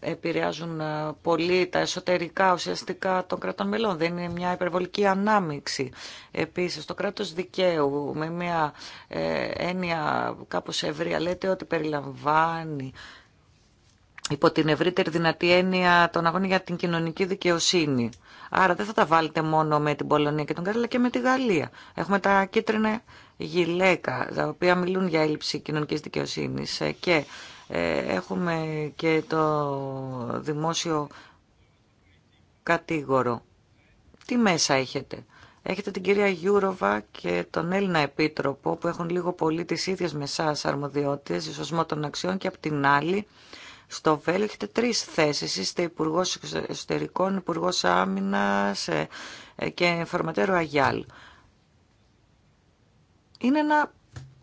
επηρεάζουν ε, πολύ τα εσωτερικά ουσιαστικά των κρατών μελών. Δεν είναι μια υπερβολική ανάμειξη. Επίσης, το κράτος δικαίου με μια ε, έννοια κάπως ευρία λέτε ότι περιλαμβάνει υπό την ευρύτερη δυνατή έννοια των αγώνων για την κοινωνική δικαιοσύνη. Άρα δεν θα τα βάλετε μόνο με την Πολωνία και τον Κάρλ, αλλά και με τη Γαλλία. Έχουμε τα κίτρινα γυλαίκα, τα οποία μιλούν για έλλειψη κοινωνικής δικαιοσύνης ε, και ε, έχουμε και το δημόσιο κατήγορο. Τι μέσα έχετε. Έχετε την κυρία Γιούροβα και τον Έλληνα Επίτροπο που έχουν λίγο πολύ τις ίδιες με εσάς αρμοδιότητες, ισοσμό των αξιών και από την άλλη στο ΒΕΛ έχετε τρεις θέσεις. Είστε υπουργό Εξωτερικών, υπουργό Άμυνα ε, ε, και φορματέρο Αγιάλ. Είναι ένα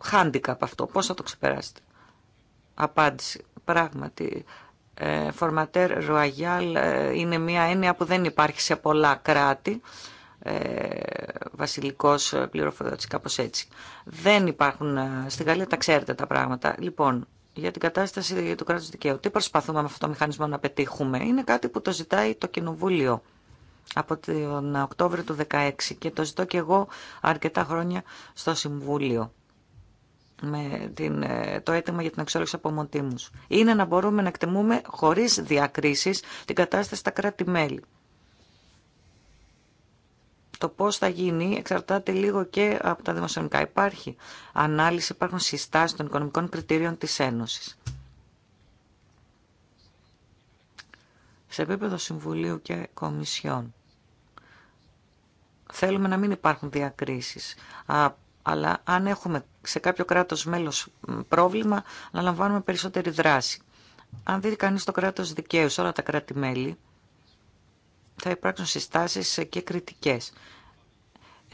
χάντικα αυτό. Πώς θα το ξεπεράσετε. Απάντηση. Πράγματι, ε, φορματέρ Ρουαγιάλ είναι μια έννοια που δεν υπάρχει σε πολλά κράτη βασιλικός πληροφοριώτης, κάπως έτσι. Δεν υπάρχουν, στην Γαλλία τα ξέρετε τα πράγματα. Λοιπόν, για την κατάσταση του κράτου δικαίου. Τι προσπαθούμε με αυτό το μηχανισμό να πετύχουμε. Είναι κάτι που το ζητάει το Κοινοβούλιο από τον Οκτώβριο του 2016 και το ζητώ και εγώ αρκετά χρόνια στο Συμβούλιο με την, ε, το αίτημα για την εξόριξη από μοντίμους. Είναι να μπορούμε να εκτιμούμε χωρίς διακρίσεις την κατάσταση στα κράτη-μέλη. Το πώς θα γίνει εξαρτάται λίγο και από τα δημοσιονομικά. Υπάρχει ανάλυση, υπάρχουν συστάσει των οικονομικών κριτήριων τη Ένωσης. Σε επίπεδο Συμβουλίου και Κομισιών. Θέλουμε να μην υπάρχουν διακρίσεις, αλλά αν έχουμε σε κάποιο κράτος μέλος πρόβλημα, να λαμβάνουμε περισσότερη δράση. Αν δει κανεί το κράτος δικαίου σε όλα τα κράτη-μέλη, θα υπάρξουν συστάσεις και κριτικές.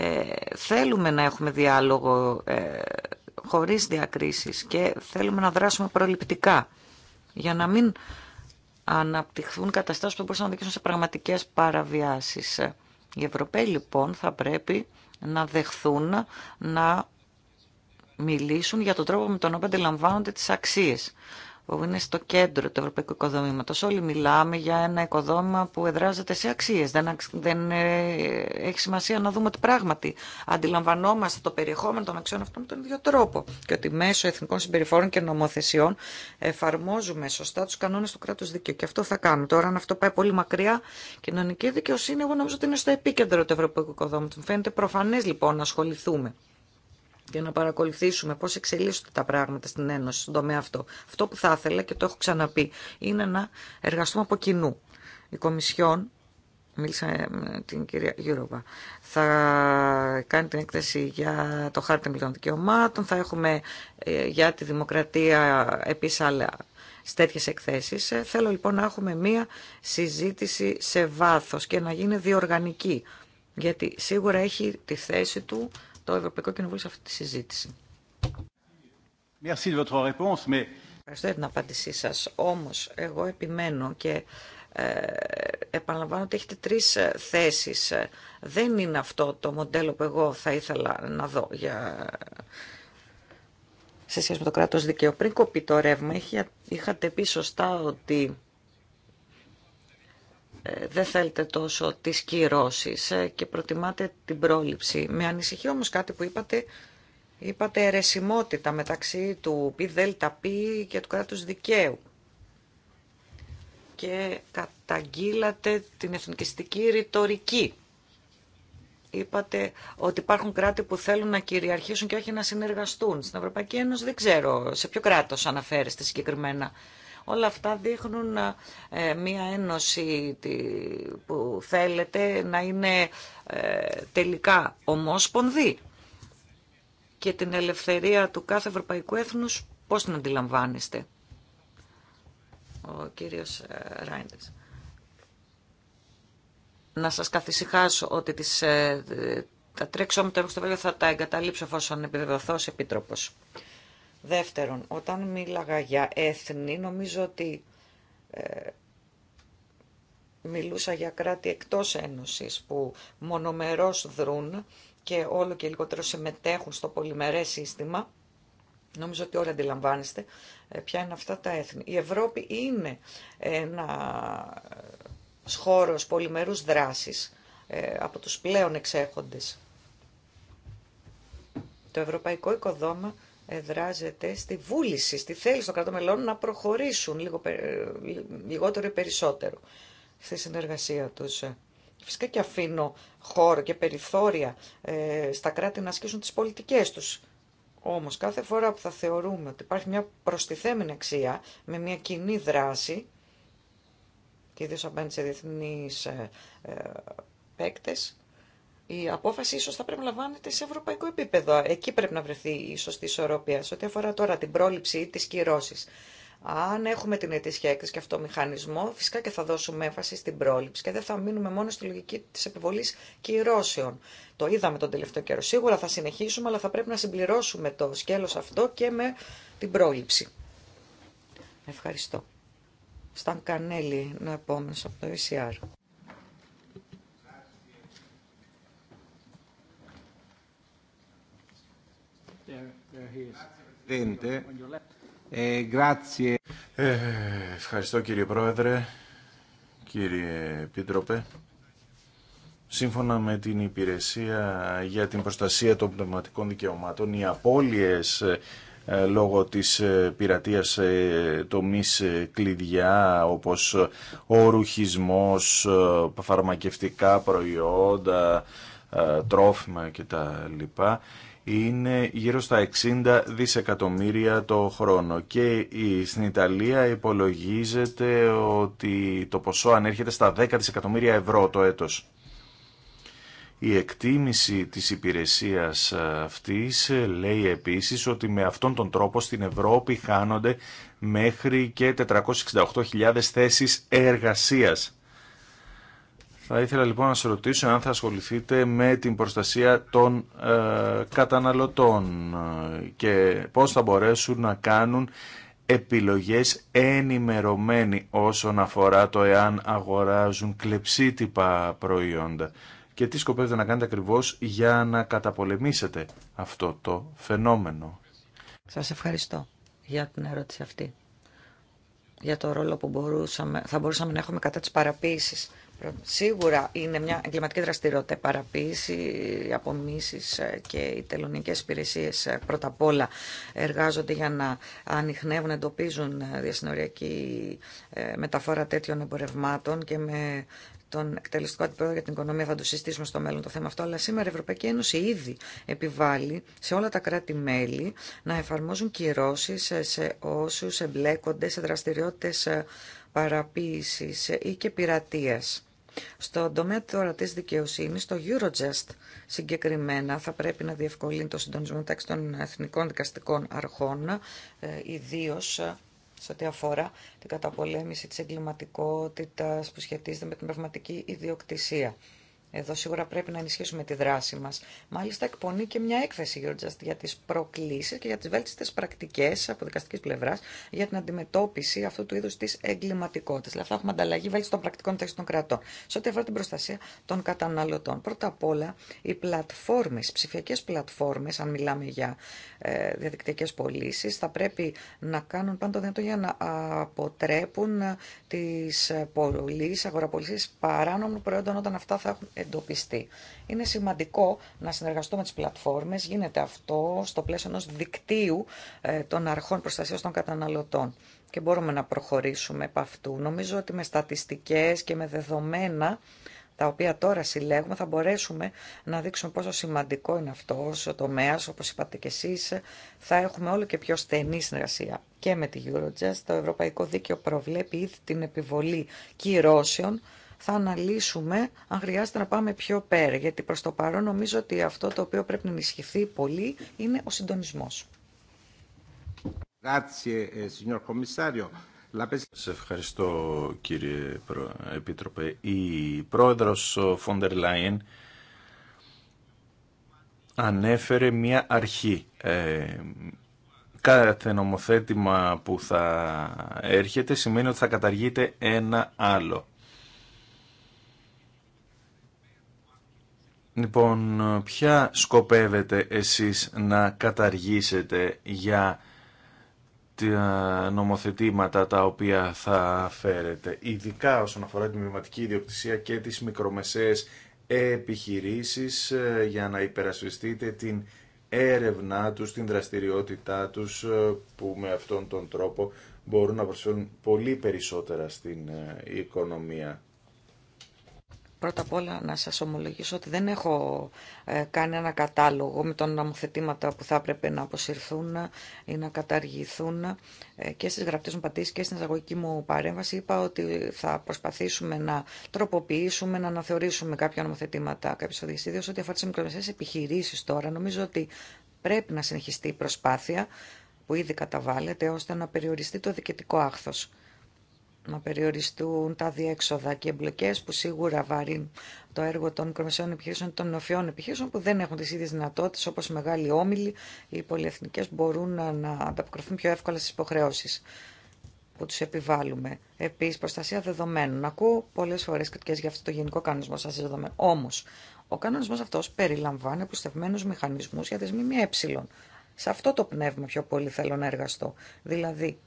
Ε, θέλουμε να έχουμε διάλογο ε, χωρίς διακρίσεις και θέλουμε να δράσουμε προληπτικά για να μην αναπτυχθούν καταστάσεις που μπορούσαν να δείξουν σε πραγματικές παραβιάσεις. Οι Ευρωπαίοι λοιπόν θα πρέπει να δεχθούν να μιλήσουν για τον τρόπο με τον οποίο αντιλαμβάνονται τις αξίες που είναι στο κέντρο του ευρωπαϊκού Οικοδομήματο. Όλοι μιλάμε για ένα οικοδόμημα που εδράζεται σε αξίε, Δεν, δεν ε, έχει σημασία να δούμε ότι πράγματι αντιλαμβανόμαστε το περιεχόμενο των αξιών αυτών με τον ίδιο τρόπο και ότι μέσω εθνικών συμπεριφορών και νομοθεσιών εφαρμόζουμε σωστά του κανόνε του κράτου δικαίου. Και αυτό θα κάνουμε. Τώρα αν αυτό πάει πολύ μακριά, κοινωνική δικαιοσύνη εγώ νομίζω ότι είναι στο επίκεντρο του ευρωπαϊκού οικοδόμηματος. Φαίνεται προφανέ λοιπόν να ασχοληθούμε για να παρακολουθήσουμε πώς εξελίσσονται τα πράγματα στην Ένωση στον τομέα αυτό. Αυτό που θα ήθελα και το έχω ξαναπεί είναι να εργαστούμε από κοινού. Η Κομισιόν, μίλησα με την κυρία Γιούροβα, θα κάνει την έκθεση για το χάρτη των δικαιωμάτων, θα έχουμε ε, για τη δημοκρατία επίσης άλλα σε τέτοιες εκθέσεις. Ε, θέλω λοιπόν να έχουμε μία συζήτηση σε βάθος και να γίνει διοργανική, γιατί σίγουρα έχει τη θέση του το Ευρωπαϊκό Κοινοβούλιο σε αυτή τη συζήτηση. Ευχαριστώ για την απάντησή σας. Όμως, εγώ επιμένω και ε, επαναλαμβάνω ότι έχετε τρεις ε, θέσεις. Δεν είναι αυτό το μοντέλο που εγώ θα ήθελα να δω για... σε σχέση με το κράτος δικαίου. Πριν κοπεί το ρεύμα, είχατε πει σωστά ότι ε, δεν θέλετε τόσο τις κυρώσεις ε, και προτιμάτε την πρόληψη. Με ανησυχεί όμως κάτι που είπατε, είπατε αιρεσιμότητα μεταξύ του πι δέλτα πι και του κράτους δικαίου. Και καταγγείλατε την εθνικιστική ρητορική. Είπατε ότι υπάρχουν κράτη που θέλουν να κυριαρχήσουν και όχι να συνεργαστούν. Στην Ευρωπαϊκή Ένωση δεν ξέρω σε ποιο κράτος αναφέρεστε συγκεκριμένα. Όλα αυτά δείχνουν ε, μία ένωση που θέλετε να είναι ε, τελικά ομόσπονδη και την ελευθερία του κάθε ευρωπαϊκού έθνους πώς την αντιλαμβάνεστε. Ο κύριος ε, Ράιντες. Να σας καθησυχάσω ότι τις, τα τρέξω με στο θα τα εγκαταλείψω εφόσον επιβεβαιωθώ ως Επίτροπος. Δεύτερον, όταν μίλαγα για έθνη, νομίζω ότι ε, μιλούσα για κράτη εκτός Ένωσης που μονομερός δρούν και όλο και λιγότερο συμμετέχουν στο πολυμερές σύστημα. Νομίζω ότι όλοι αντιλαμβάνεστε ε, ποια είναι αυτά τα έθνη. Η Ευρώπη είναι ένα χώρος πολυμερούς δράσης ε, από τους πλέον εξέχοντες. Το ευρωπαϊκό οικοδόμα εδράζεται στη βούληση, στη θέληση των κρατών μελών να προχωρήσουν λίγο, λιγότερο ή περισσότερο στη συνεργασία τους. Φυσικά και αφήνω χώρο και περιθώρια ε, στα κράτη να ασκήσουν τις πολιτικές τους. Όμως κάθε φορά που θα θεωρούμε ότι υπάρχει μια προστιθέμενη αξία με μια κοινή δράση και ιδίως απέναντι σε διεθνείς ε, ε η απόφαση ίσως θα πρέπει να λαμβάνεται σε ευρωπαϊκό επίπεδο. Εκεί πρέπει να βρεθεί η σωστή ισορροπία. Σε ό,τι αφορά τώρα την πρόληψη ή τις κυρώσεις. Αν έχουμε την αιτήσια έκθεση και αυτό μηχανισμό, φυσικά και θα δώσουμε έμφαση στην πρόληψη και δεν θα μείνουμε μόνο στη λογική τη επιβολή κυρώσεων. Το είδαμε τον τελευταίο καιρό. Σίγουρα θα συνεχίσουμε, αλλά θα πρέπει να συμπληρώσουμε το σκέλο αυτό και με την πρόληψη. Ευχαριστώ. Σταν Κανέλη, να επόμενο από το ECR. Eh, ε, ευχαριστώ κύριε Πρόεδρε, κύριε Επίτροπε. Σύμφωνα με την Υπηρεσία για την Προστασία των Πνευματικών Δικαιωμάτων, οι απώλειες ε, λόγω της ε, πειρατείας τομείς κλειδιά όπως ο ρουχισμός, φαρμακευτικά προϊόντα, τρόφιμα κτλ είναι γύρω στα 60 δισεκατομμύρια το χρόνο και στην Ιταλία υπολογίζεται ότι το ποσό ανέρχεται στα 10 δισεκατομμύρια ευρώ το έτος. Η εκτίμηση της υπηρεσίας αυτής λέει επίσης ότι με αυτόν τον τρόπο στην Ευρώπη χάνονται μέχρι και 468.000 θέσεις εργασίας. Θα ήθελα λοιπόν να σε ρωτήσω αν θα ασχοληθείτε με την προστασία των ε, καταναλωτών και πώς θα μπορέσουν να κάνουν επιλογές ενημερωμένοι όσον αφορά το εάν αγοράζουν κλεψίτυπα προϊόντα και τι σκοπεύετε να κάνετε ακριβώς για να καταπολεμήσετε αυτό το φαινόμενο. Σας ευχαριστώ για την ερώτηση αυτή για το ρόλο που μπορούσαμε, θα μπορούσαμε να έχουμε κατά τις παραποίησης Σίγουρα είναι μια εγκληματική δραστηριότητα η παραποίηση, οι ε, και οι τελωνικέ υπηρεσίε ε, πρώτα απ' όλα εργάζονται για να ανοιχνεύουν, εντοπίζουν ε, διασυνοριακή μεταφορά τέτοιων εμπορευμάτων και με τον εκτελεστικό αντιπρόεδρο για την οικονομία θα το συστήσουμε στο μέλλον το θέμα αυτό, αλλά σήμερα η Ευρωπαϊκή Ένωση ήδη επιβάλλει σε όλα τα κράτη-μέλη να εφαρμόζουν κυρώσει σε όσου εμπλέκονται σε δραστηριότητε παραποίηση ή και πειρατεία. Στον τομέα τώρα της δικαιοσύνη, το Eurojust συγκεκριμένα θα πρέπει να διευκολύνει το συντονισμό μεταξύ των εθνικών δικαστικών αρχών, ε, ιδίω ε, σε ό,τι αφορά την καταπολέμηση της εγκληματικότητας που σχετίζεται με την πραγματική ιδιοκτησία. Εδώ σίγουρα πρέπει να ενισχύσουμε τη δράση μας. Μάλιστα εκπονεί και μια έκθεση για τις προκλήσεις και για τις βέλτιστες πρακτικές από δικαστικής πλευράς για την αντιμετώπιση αυτού του είδους της εγκληματικότητας. Δηλαδή έχουμε ανταλλαγή βέλτιστων πρακτικών μεταξύ των κρατών. Σε ό,τι αφορά την προστασία των καταναλωτών. Πρώτα απ' όλα οι πλατφόρμες, οι ψηφιακές πλατφόρμες, αν μιλάμε για ε, διαδικτυακές πωλήσει, θα πρέπει να κάνουν πάντα δυνατό για να αποτρέπουν ε, τις ε, πωλήσει, αγοραπολισίες παράνομων προϊόντων όταν αυτά θα έχουν εντοπιστεί. Είναι σημαντικό να συνεργαστούμε με τις πλατφόρμες, γίνεται αυτό στο πλαίσιο ενός δικτύου ε, των αρχών προστασίας των καταναλωτών και μπορούμε να προχωρήσουμε από αυτού. Νομίζω ότι με στατιστικές και με δεδομένα τα οποία τώρα συλλέγουμε, θα μπορέσουμε να δείξουμε πόσο σημαντικό είναι αυτό ο τομέα. Όπω είπατε και εσεί, θα έχουμε όλο και πιο στενή συνεργασία και με τη Eurojust. Το Ευρωπαϊκό Δίκαιο προβλέπει ήδη την επιβολή κυρώσεων θα αναλύσουμε αν χρειάζεται να πάμε πιο πέρα. Γιατί προς το παρόν νομίζω ότι αυτό το οποίο πρέπει να ενισχυθεί πολύ είναι ο συντονισμός. Eh, Σε ευχαριστώ κύριε Επίτροπε. Η πρόεδρος Φόντερ Λάιεν ανέφερε μία αρχή. Ε, κάθε νομοθέτημα που θα έρχεται σημαίνει ότι θα καταργείται ένα άλλο. Λοιπόν, ε, ποια σκοπεύετε εσείς να καταργήσετε για τα νομοθετήματα τα οποία θα φέρετε, ειδικά όσον αφορά τη μηματική ιδιοκτησία και τις μικρομεσαίες επιχειρήσεις ε, για να υπερασπιστείτε την έρευνά τους, την δραστηριότητά τους ε, που με αυτόν τον τρόπο μπορούν να προσφέρουν πολύ περισσότερα στην οικονομία Πρώτα απ' όλα να σας ομολογήσω ότι δεν έχω ε, κάνει ένα κατάλογο με τον νομοθετήματα που θα έπρεπε να αποσυρθούν ή να καταργηθούν ε, και στις γραπτές μου πατήσεις και στην εισαγωγική μου παρέμβαση είπα ότι θα προσπαθήσουμε να τροποποιήσουμε, να αναθεωρήσουμε κάποια νομοθετήματα, κάποιε οδηγίες, ιδίως ότι αφορά τις μικρομεσαίες επιχειρήσεις τώρα. Νομίζω ότι πρέπει να συνεχιστεί η προσπάθεια που ήδη καταβάλλεται ώστε να περιοριστεί το διοικητικό άχθος να περιοριστούν τα διέξοδα και εμπλοκέ που σίγουρα βαρύν το έργο των μικρομεσαίων επιχειρήσεων, των νοφιών επιχειρήσεων που δεν έχουν τι ίδιε δυνατότητε, όπω οι μεγάλοι όμιλοι, ή οι πολυεθνικές μπορούν να, ανταποκριθούν πιο εύκολα στις υποχρεώσει που του επιβάλλουμε. Επίση, προστασία δεδομένων. Ακούω πολλέ φορέ κριτικέ για αυτό το γενικό κανονισμό σας δεδομένων. Όμως, ο κανονισμό αυτό περιλαμβάνει προστευμένους μηχανισμού για τις ΜΜΕ. Σε αυτό το πνεύμα πιο πολύ θέλω να εργαστώ. Δηλαδή,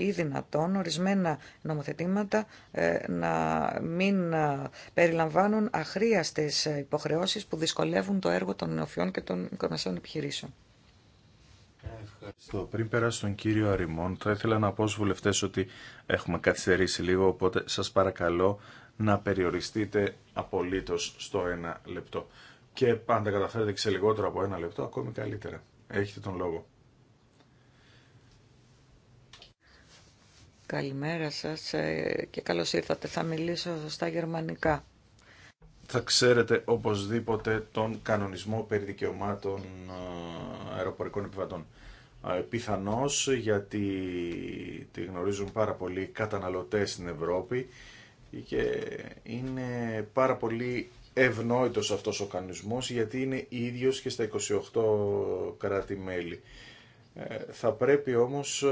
ή δυνατόν ορισμένα νομοθετήματα ε, να μην ε, περιλαμβάνουν αχρίαστες υποχρεώσεις που δυσκολεύουν το έργο των νεοφιών και των μικρομεσαίων επιχειρήσεων. Ευχαριστώ. Πριν περάσω στον κύριο Αριμών, θα ήθελα να πω στους βουλευτές ότι έχουμε καθυστερήσει λίγο, οπότε σας παρακαλώ να περιοριστείτε απολύτως στο ένα λεπτό. Και πάντα καταφέρετε και σε λιγότερο από ένα λεπτό, ακόμη καλύτερα. Έχετε τον λόγο. Καλημέρα σας ε, και καλώς ήρθατε. Θα μιλήσω στα γερμανικά. Θα ξέρετε οπωσδήποτε τον κανονισμό περί δικαιωμάτων ε, αεροπορικών επιβατών. Ε, πιθανώς γιατί τη γνωρίζουν πάρα πολλοί καταναλωτές στην Ευρώπη και είναι πάρα πολύ ευνόητος αυτός ο κανονισμός γιατί είναι ίδιος και στα 28 κράτη-μέλη. Ε, θα πρέπει όμως, ε,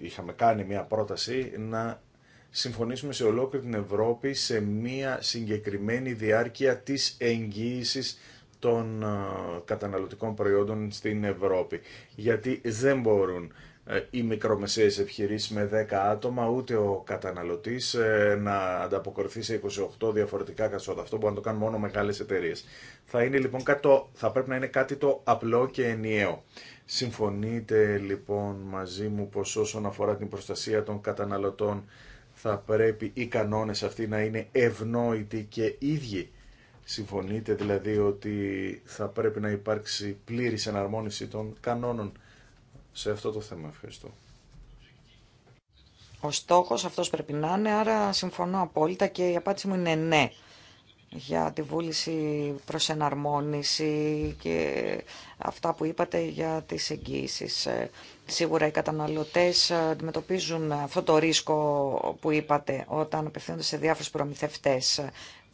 είχαμε κάνει μια πρόταση, να συμφωνήσουμε σε ολόκληρη την Ευρώπη σε μια συγκεκριμένη διάρκεια της εγγύησης των ε, καταναλωτικών προϊόντων στην Ευρώπη. Γιατί δεν μπορούν οι μικρομεσαίες επιχειρήσεις με 10 άτομα, ούτε ο καταναλωτής να ανταποκριθεί σε 28 διαφορετικά κασότα. Αυτό μπορεί να το κάνουν μόνο μεγάλες εταιρείες. Θα, λοιπόν, θα πρέπει να είναι κάτι το απλό και ενιαίο. Συμφωνείτε λοιπόν μαζί μου πως όσον αφορά την προστασία των καταναλωτών θα πρέπει οι κανόνες αυτοί να είναι ευνόητοι και ίδιοι. Συμφωνείτε δηλαδή ότι θα πρέπει να υπάρξει πλήρης εναρμόνιση των κανόνων σε αυτό το θέμα. Ευχαριστώ. Ο στόχος αυτός πρέπει να είναι, άρα συμφωνώ απόλυτα και η απάντηση μου είναι ναι για τη βούληση προς εναρμόνιση και αυτά που είπατε για τις εγγύησει. Ε, σίγουρα οι καταναλωτές αντιμετωπίζουν αυτό το ρίσκο που είπατε όταν απευθύνονται σε διάφορους προμηθευτές.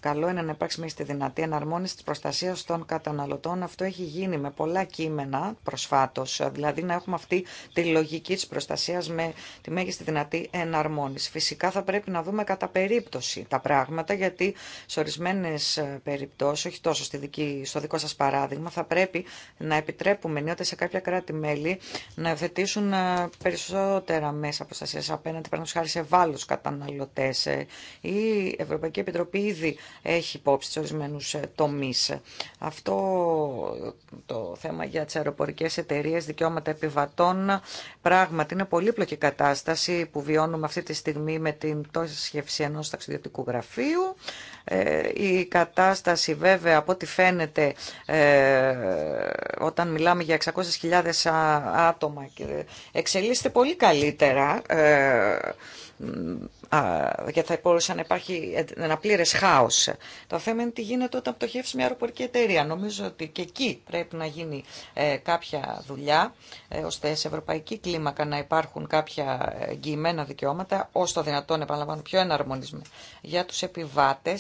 Καλό είναι να υπάρξει μέγιστη δυνατή εναρμόνιση τη προστασία των καταναλωτών. Αυτό έχει γίνει με πολλά κείμενα προσφάτω. Δηλαδή να έχουμε αυτή τη λογική τη προστασία με τη μέγιστη δυνατή εναρμόνιση. Φυσικά θα πρέπει να δούμε κατά περίπτωση τα πράγματα, γιατί σε ορισμένε περιπτώσει, όχι τόσο στη δική, στο δικό σα παράδειγμα, θα πρέπει να επιτρέπουμε νιώτε σε κάποια κράτη-μέλη να ευθετήσουν ε, περισσότερα μέσα προστασία απέναντι, παραδείγματο χάρη σε βάλου καταναλωτέ. Ε, η Ευρωπαϊκή Επιτροπή ήδη έχει υπόψη σε ορισμένου ε, τομεί. Αυτό το θέμα για τι αεροπορικέ εταιρείε, δικαιώματα επιβατών, πράγματι είναι πολύπλοκη κατάσταση που βιώνουμε αυτή τη στιγμή με την τόση σχέση ενό ταξιδιωτικού γραφείου. Ε, η κατάσταση βέβαια από ό,τι φαίνεται ε, όταν μιλάμε για 600.000 άτομα εξελίσσεται πολύ καλύτερα γιατί θα μπορούσε να υπάρχει ένα πλήρε χάο. Το θέμα είναι τι γίνεται όταν πτωχεύσει μια αεροπορική εταιρεία. Νομίζω ότι και εκεί πρέπει να γίνει ε, κάποια δουλειά, ε, ώστε σε ευρωπαϊκή κλίμακα να υπάρχουν κάποια εγγυημένα δικαιώματα, ώστε το δυνατόν, επαναλαμβάνω, πιο εναρμονισμένα για του επιβάτε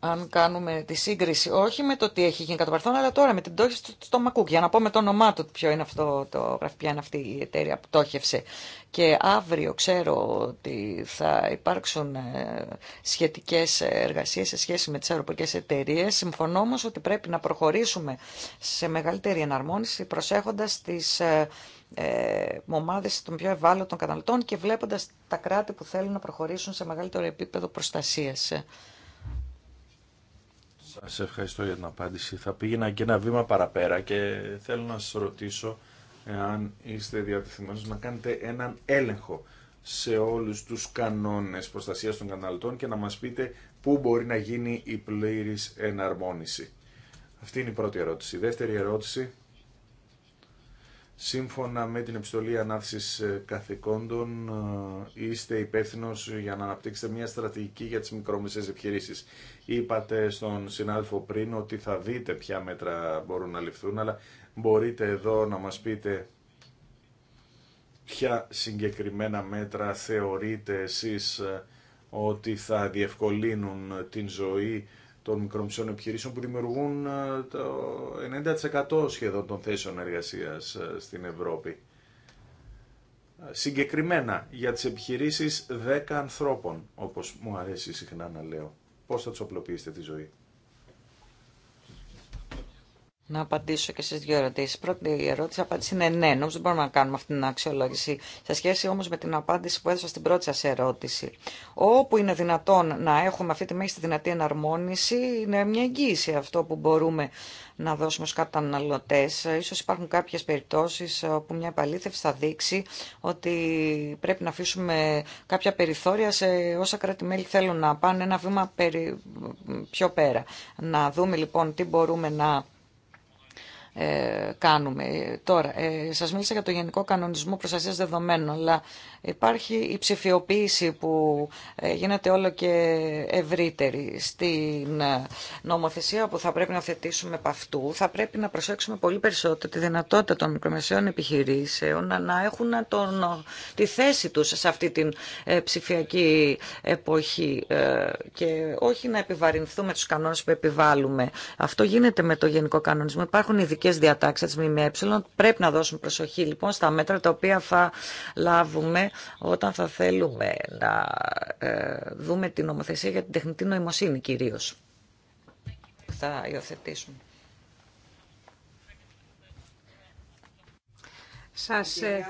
αν κάνουμε τη σύγκριση όχι με το τι έχει γίνει κατά παρελθόν, αλλά τώρα με την πτώχευση του στομακού, Για να πω με το όνομά του ποιο είναι αυτό, το, ποια είναι αυτή η εταιρεία που πτώχευσε. Και αύριο ξέρω ότι θα υπάρξουν ε, σχετικέ εργασίε σε σχέση με τι αεροπορικέ εταιρείε. Συμφωνώ όμω ότι πρέπει να προχωρήσουμε σε μεγαλύτερη εναρμόνιση προσέχοντα τι ομάδε ε, ομάδες των πιο ευάλωτων καταναλωτών και βλέποντας τα κράτη που θέλουν να προχωρήσουν σε μεγαλύτερο επίπεδο προστασίας. Σα ευχαριστώ για την απάντηση. Θα πήγαινα και ένα βήμα παραπέρα και θέλω να σα ρωτήσω εάν είστε διατεθειμένοι να κάνετε έναν έλεγχο σε όλους τους κανόνες προστασίας των καταναλωτών και να μας πείτε πού μπορεί να γίνει η πλήρης εναρμόνιση. Αυτή είναι η πρώτη ερώτηση. δεύτερη ερώτηση Σύμφωνα με την επιστολή ανάθεσης ε, καθηκόντων, ε, είστε υπεύθυνο για να αναπτύξετε μια στρατηγική για τις μικρομεσαίες επιχειρήσεις. Είπατε στον συνάδελφο πριν ότι θα δείτε ποια μέτρα μπορούν να ληφθούν, αλλά μπορείτε εδώ να μας πείτε ποια συγκεκριμένα μέτρα θεωρείτε εσείς ε, ότι θα διευκολύνουν την ζωή των μικρομισών επιχειρήσεων που δημιουργούν ε, το 90% σχεδόν των θέσεων εργασίας ε, στην Ευρώπη. Ε, συγκεκριμένα για τις επιχειρήσεις 10 ανθρώπων, όπως μου αρέσει συχνά να λέω. Πώς θα τους απλοποιήσετε τη ζωή να απαντήσω και στι δύο ερωτήσει. Πρώτη ερώτηση, απάντηση είναι ναι. Νομίζω δεν μπορούμε να κάνουμε αυτή την αξιολόγηση. Σε σχέση όμω με την απάντηση που έδωσα στην πρώτη σα ερώτηση, όπου είναι δυνατόν να έχουμε αυτή τη μέγιστη δυνατή εναρμόνιση, είναι μια εγγύηση αυτό που μπορούμε να δώσουμε στου καταναλωτέ. σω υπάρχουν κάποιε περιπτώσει όπου μια επαλήθευση θα δείξει ότι πρέπει να αφήσουμε κάποια περιθώρια σε όσα κράτη-μέλη θέλουν να πάνε ένα βήμα πιο πέρα. Να δούμε λοιπόν τι μπορούμε να ε, κάνουμε. Τώρα, ε, σας μίλησα για το Γενικό Κανονισμό Προστασίας Δεδομένων, αλλά υπάρχει η ψηφιοποίηση που ε, γίνεται όλο και ευρύτερη στην νομοθεσία που θα πρέπει να θετήσουμε από αυτού. Θα πρέπει να προσέξουμε πολύ περισσότερο τη δυνατότητα των μικρομεσαίων επιχειρήσεων να έχουν τον, τη θέση τους σε αυτή την ψηφιακή εποχή και όχι να επιβαρυνθούμε τους κανόνες που επιβάλλουμε. Αυτό γίνεται με το Γενικό Κανονισμό. Υπάρχουν ειδικοί στις διατάξεις της ΜΜΕ. Πρέπει να δώσουμε προσοχή λοιπόν στα μέτρα τα οποία θα λάβουμε όταν θα θέλουμε να ε, δούμε την νομοθεσία για την τεχνητή νοημοσύνη κυρίως. Θα υιοθετήσουμε. Σας... Η ε,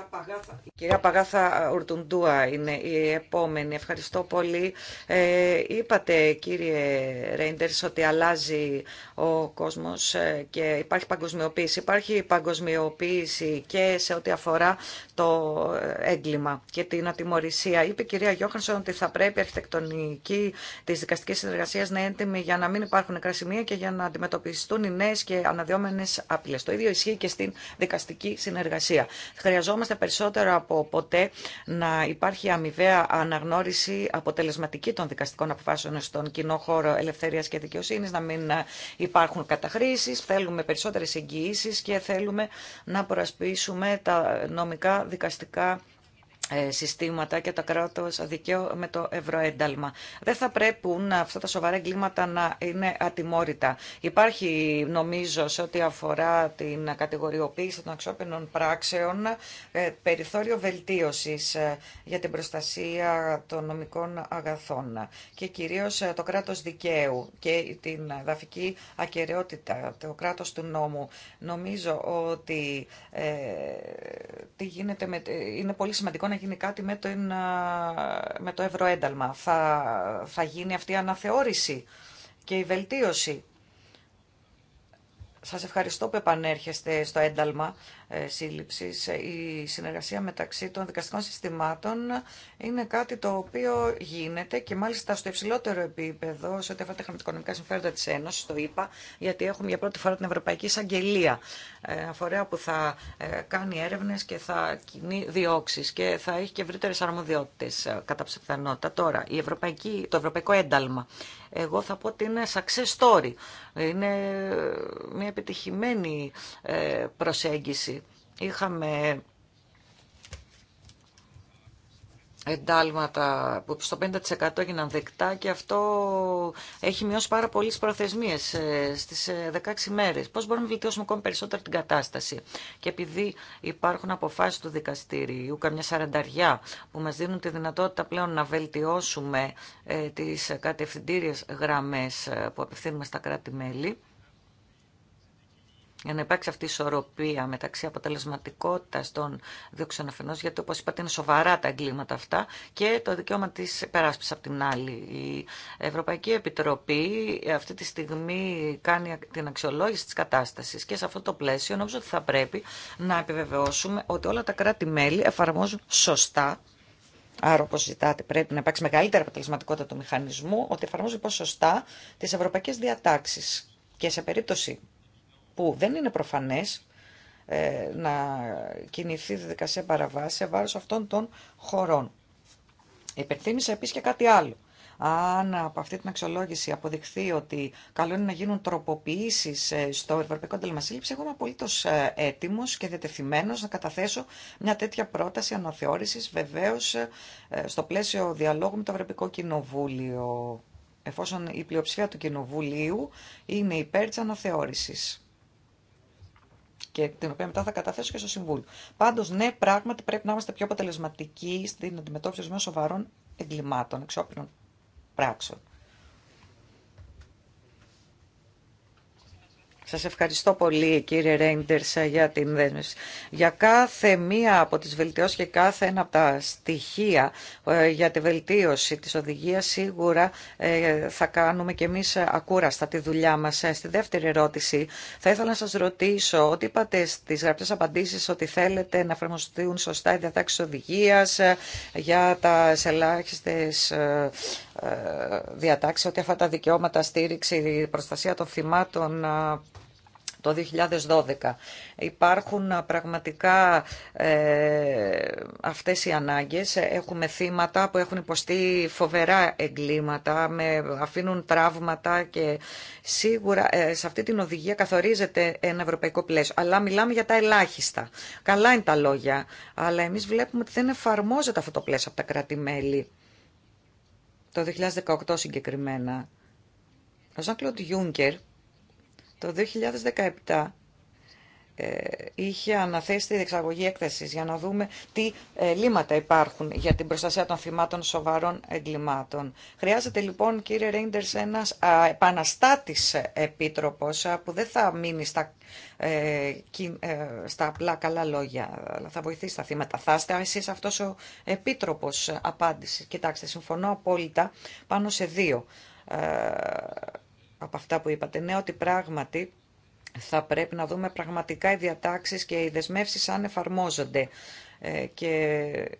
κυρία Παγάθα Ουρτουντούα είναι η επόμενη. Ευχαριστώ πολύ. Ε, είπατε κύριε Ρέιντερς ότι αλλάζει ο κόσμος ε, και υπάρχει παγκοσμιοποίηση. Υπάρχει παγκοσμιοποίηση και σε ό,τι αφορά το ε, έγκλημα και την ατιμορρησία. Είπε η κυρία Γιώχανσον ότι θα πρέπει η αρχιτεκτονική της δικαστικής συνεργασίας να είναι έντιμη για να μην υπάρχουν κρασιμία και για να αντιμετωπιστούν οι νέες και αναδυόμενες απειλές. Το ίδιο ισχύει και στην δικαστική συνεργασία. Χρειαζόμαστε περισσότερο από ποτέ να υπάρχει αμοιβαία αναγνώριση αποτελεσματική των δικαστικών αποφάσεων στον κοινό χώρο ελευθερία και δικαιοσύνη, να μην υπάρχουν καταχρήσει. Θέλουμε περισσότερε εγγυήσει και θέλουμε να προασπίσουμε τα νομικά δικαστικά ε, συστήματα και το κράτο δικαίου με το ευρωένταλμα. Δεν θα πρέπει αυτά τα σοβαρά εγκλήματα να είναι ατιμόρυτα. Υπάρχει νομίζω σε ό,τι αφορά την κατηγοριοποίηση των αξιόπινων πράξεων ε, περιθώριο βελτίωσης ε, για την προστασία των νομικών αγαθών και κυρίως το κράτος δικαίου και την δαφική ακαιρεότητα, το κράτο του νόμου. Νομίζω ότι τι με, είναι πολύ σημαντικό να γίνει κάτι με το, με το ευρωένταλμα. Θα, θα γίνει αυτή η αναθεώρηση και η βελτίωση. Σας ευχαριστώ που επανέρχεστε στο ένταλμα. Ε, σύλληψης. Ε, η συνεργασία μεταξύ των δικαστικών συστημάτων είναι κάτι το οποίο γίνεται και μάλιστα στο υψηλότερο επίπεδο, σε ό,τι αφορά τα χρηματοοικονομικά συμφέροντα τη Ένωση, το είπα, γιατί έχουμε για πρώτη φορά την Ευρωπαϊκή Εισαγγελία, ε, φορέα που θα κάνει έρευνε και θα κινεί διώξει και θα έχει και ευρύτερε αρμοδιότητες κατά πιθανότητα. Τώρα, η Ευρωπαϊκή, το Ευρωπαϊκό Ένταλμα εγώ θα πω ότι είναι success story. Είναι μια επιτυχημένη προσέγγιση είχαμε εντάλματα που στο 50% έγιναν δεκτά και αυτό έχει μειώσει πάρα πολλές προθεσμίες ε, στις 16 ε, μέρες. Πώς μπορούμε να βελτιώσουμε ακόμη περισσότερο την κατάσταση. Και επειδή υπάρχουν αποφάσεις του δικαστηρίου, καμιά σαρανταριά, που μας δίνουν τη δυνατότητα πλέον να βελτιώσουμε ε, τις κατευθυντήριες γραμμές που απευθύνουμε στα κράτη-μέλη, για να υπάρξει αυτή η ισορροπία μεταξύ αποτελεσματικότητας των διώξεων αφενός, γιατί όπως είπατε είναι σοβαρά τα εγκλήματα αυτά και το δικαίωμα της υπεράσπισης από την άλλη. Η Ευρωπαϊκή Επιτροπή αυτή τη στιγμή κάνει την αξιολόγηση της κατάστασης και σε αυτό το πλαίσιο νομίζω ότι θα πρέπει να επιβεβαιώσουμε ότι όλα τα κράτη-μέλη εφαρμόζουν σωστά Άρα, όπω ζητάτε, πρέπει να υπάρξει μεγαλύτερη αποτελεσματικότητα του μηχανισμού, ότι εφαρμόζει σωστά τι ευρωπαϊκέ διατάξει. Και σε περίπτωση που δεν είναι προφανές ε, να κινηθεί η δικασία παραβάση σε βάρος αυτών των χωρών. Υπερθύμησα επίσης και κάτι άλλο. Αν από αυτή την αξιολόγηση αποδειχθεί ότι καλό είναι να γίνουν τροποποιήσει ε, στο Ευρωπαϊκό Ένταλμα Σύλληψη, εγώ είμαι απολύτω ε, έτοιμο και διατεθειμένο να καταθέσω μια τέτοια πρόταση αναθεώρηση, βεβαίω στο πλαίσιο διαλόγου με το Ευρωπαϊκό Κοινοβούλιο, εφόσον η πλειοψηφία του Κοινοβουλίου είναι υπέρ τη αναθεώρηση και την οποία μετά θα καταθέσω και στο Συμβούλιο. Πάντω, ναι, πράγματι πρέπει να είμαστε πιο αποτελεσματικοί στην αντιμετώπιση ορισμένων σοβαρών εγκλημάτων, εξώπινων πράξεων. Σας ευχαριστώ πολύ κύριε Ρέιντερς για την δέσμευση. Για κάθε μία από τις βελτιώσεις και κάθε ένα από τα στοιχεία ε, για τη βελτίωση της οδηγίας σίγουρα ε, θα κάνουμε και εμείς ακούραστα τη δουλειά μας. Ε, στη δεύτερη ερώτηση θα ήθελα να σας ρωτήσω ότι είπατε στις γραπτές απαντήσεις ότι θέλετε να εφαρμοστούν σωστά οι διατάξεις οδηγίας για τα ελάχιστες διατάξει ότι αυτά τα δικαιώματα στήριξη, προστασία των θυμάτων το 2012. Υπάρχουν πραγματικά ε, αυτές οι ανάγκες. Έχουμε θύματα που έχουν υποστεί φοβερά εγκλήματα, με, αφήνουν τραύματα και σίγουρα ε, σε αυτή την οδηγία καθορίζεται ένα ευρωπαϊκό πλαίσιο. Αλλά μιλάμε για τα ελάχιστα. Καλά είναι τα λόγια, αλλά εμείς βλέπουμε ότι δεν εφαρμόζεται αυτό το πλαίσιο από τα κράτη-μέλη το 2018 συγκεκριμένα, ο Ζαν Κλοντ Γιούγκερ το 2017 ε, είχε αναθέσει τη διεξαγωγή έκθεση για να δούμε τι ε, λύματα υπάρχουν για την προστασία των θυμάτων σοβαρών εγκλημάτων. Χρειάζεται λοιπόν, κύριε Ρέιντερ, ένα επαναστάτη επίτροπο που δεν θα μείνει στα, ε, ε, στα απλά καλά λόγια, αλλά θα βοηθήσει τα θύματα. Θα είστε εσεί αυτό ο επίτροπο απάντηση. Κοιτάξτε, συμφωνώ απόλυτα πάνω σε δύο από αυτά που είπατε. Ναι, ότι πράγματι θα πρέπει να δούμε πραγματικά οι διατάξεις και οι δεσμεύσεις αν εφαρμόζονται. Ε, και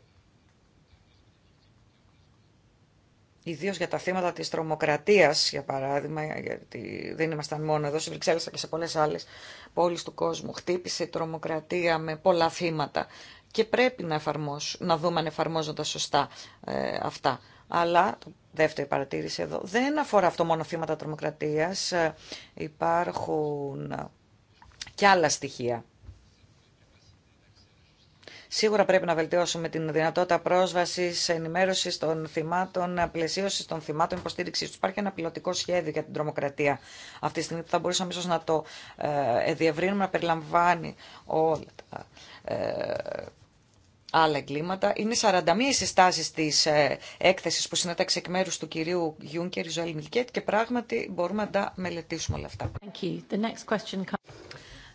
ιδίως για τα θύματα της τρομοκρατίας, για παράδειγμα, γιατί δεν ήμασταν μόνο εδώ, σε Βρυξέλλες και σε πολλές άλλες πόλεις του κόσμου, χτύπησε η τρομοκρατία με πολλά θύματα και πρέπει να, εφαρμοσ να δούμε αν εφαρμόζονται σωστά ε, αυτά. Αλλά δεύτερη παρατήρηση εδώ. Δεν αφορά αυτό μόνο θύματα τρομοκρατίας. Ε, υπάρχουν ε, και άλλα στοιχεία. Σίγουρα πρέπει να βελτιώσουμε την δυνατότητα πρόσβαση, ενημέρωση των θυμάτων, πλαισίωση των θυμάτων, υποστήριξή του. Υπάρχει ένα πιλωτικό σχέδιο για την τρομοκρατία αυτή τη στιγμή που θα μπορούσαμε ίσω να το ε, διευρύνουμε, να περιλαμβάνει όλα τα ε, άλλα εγκλήματα. Είναι 41 οι συστάσεις της ε, έκθεσης που συνέταξε εκ μέρους του κυρίου Γιούνκερ, η Μιλκέτ, και πράγματι μπορούμε να τα μελετήσουμε όλα αυτά. Σα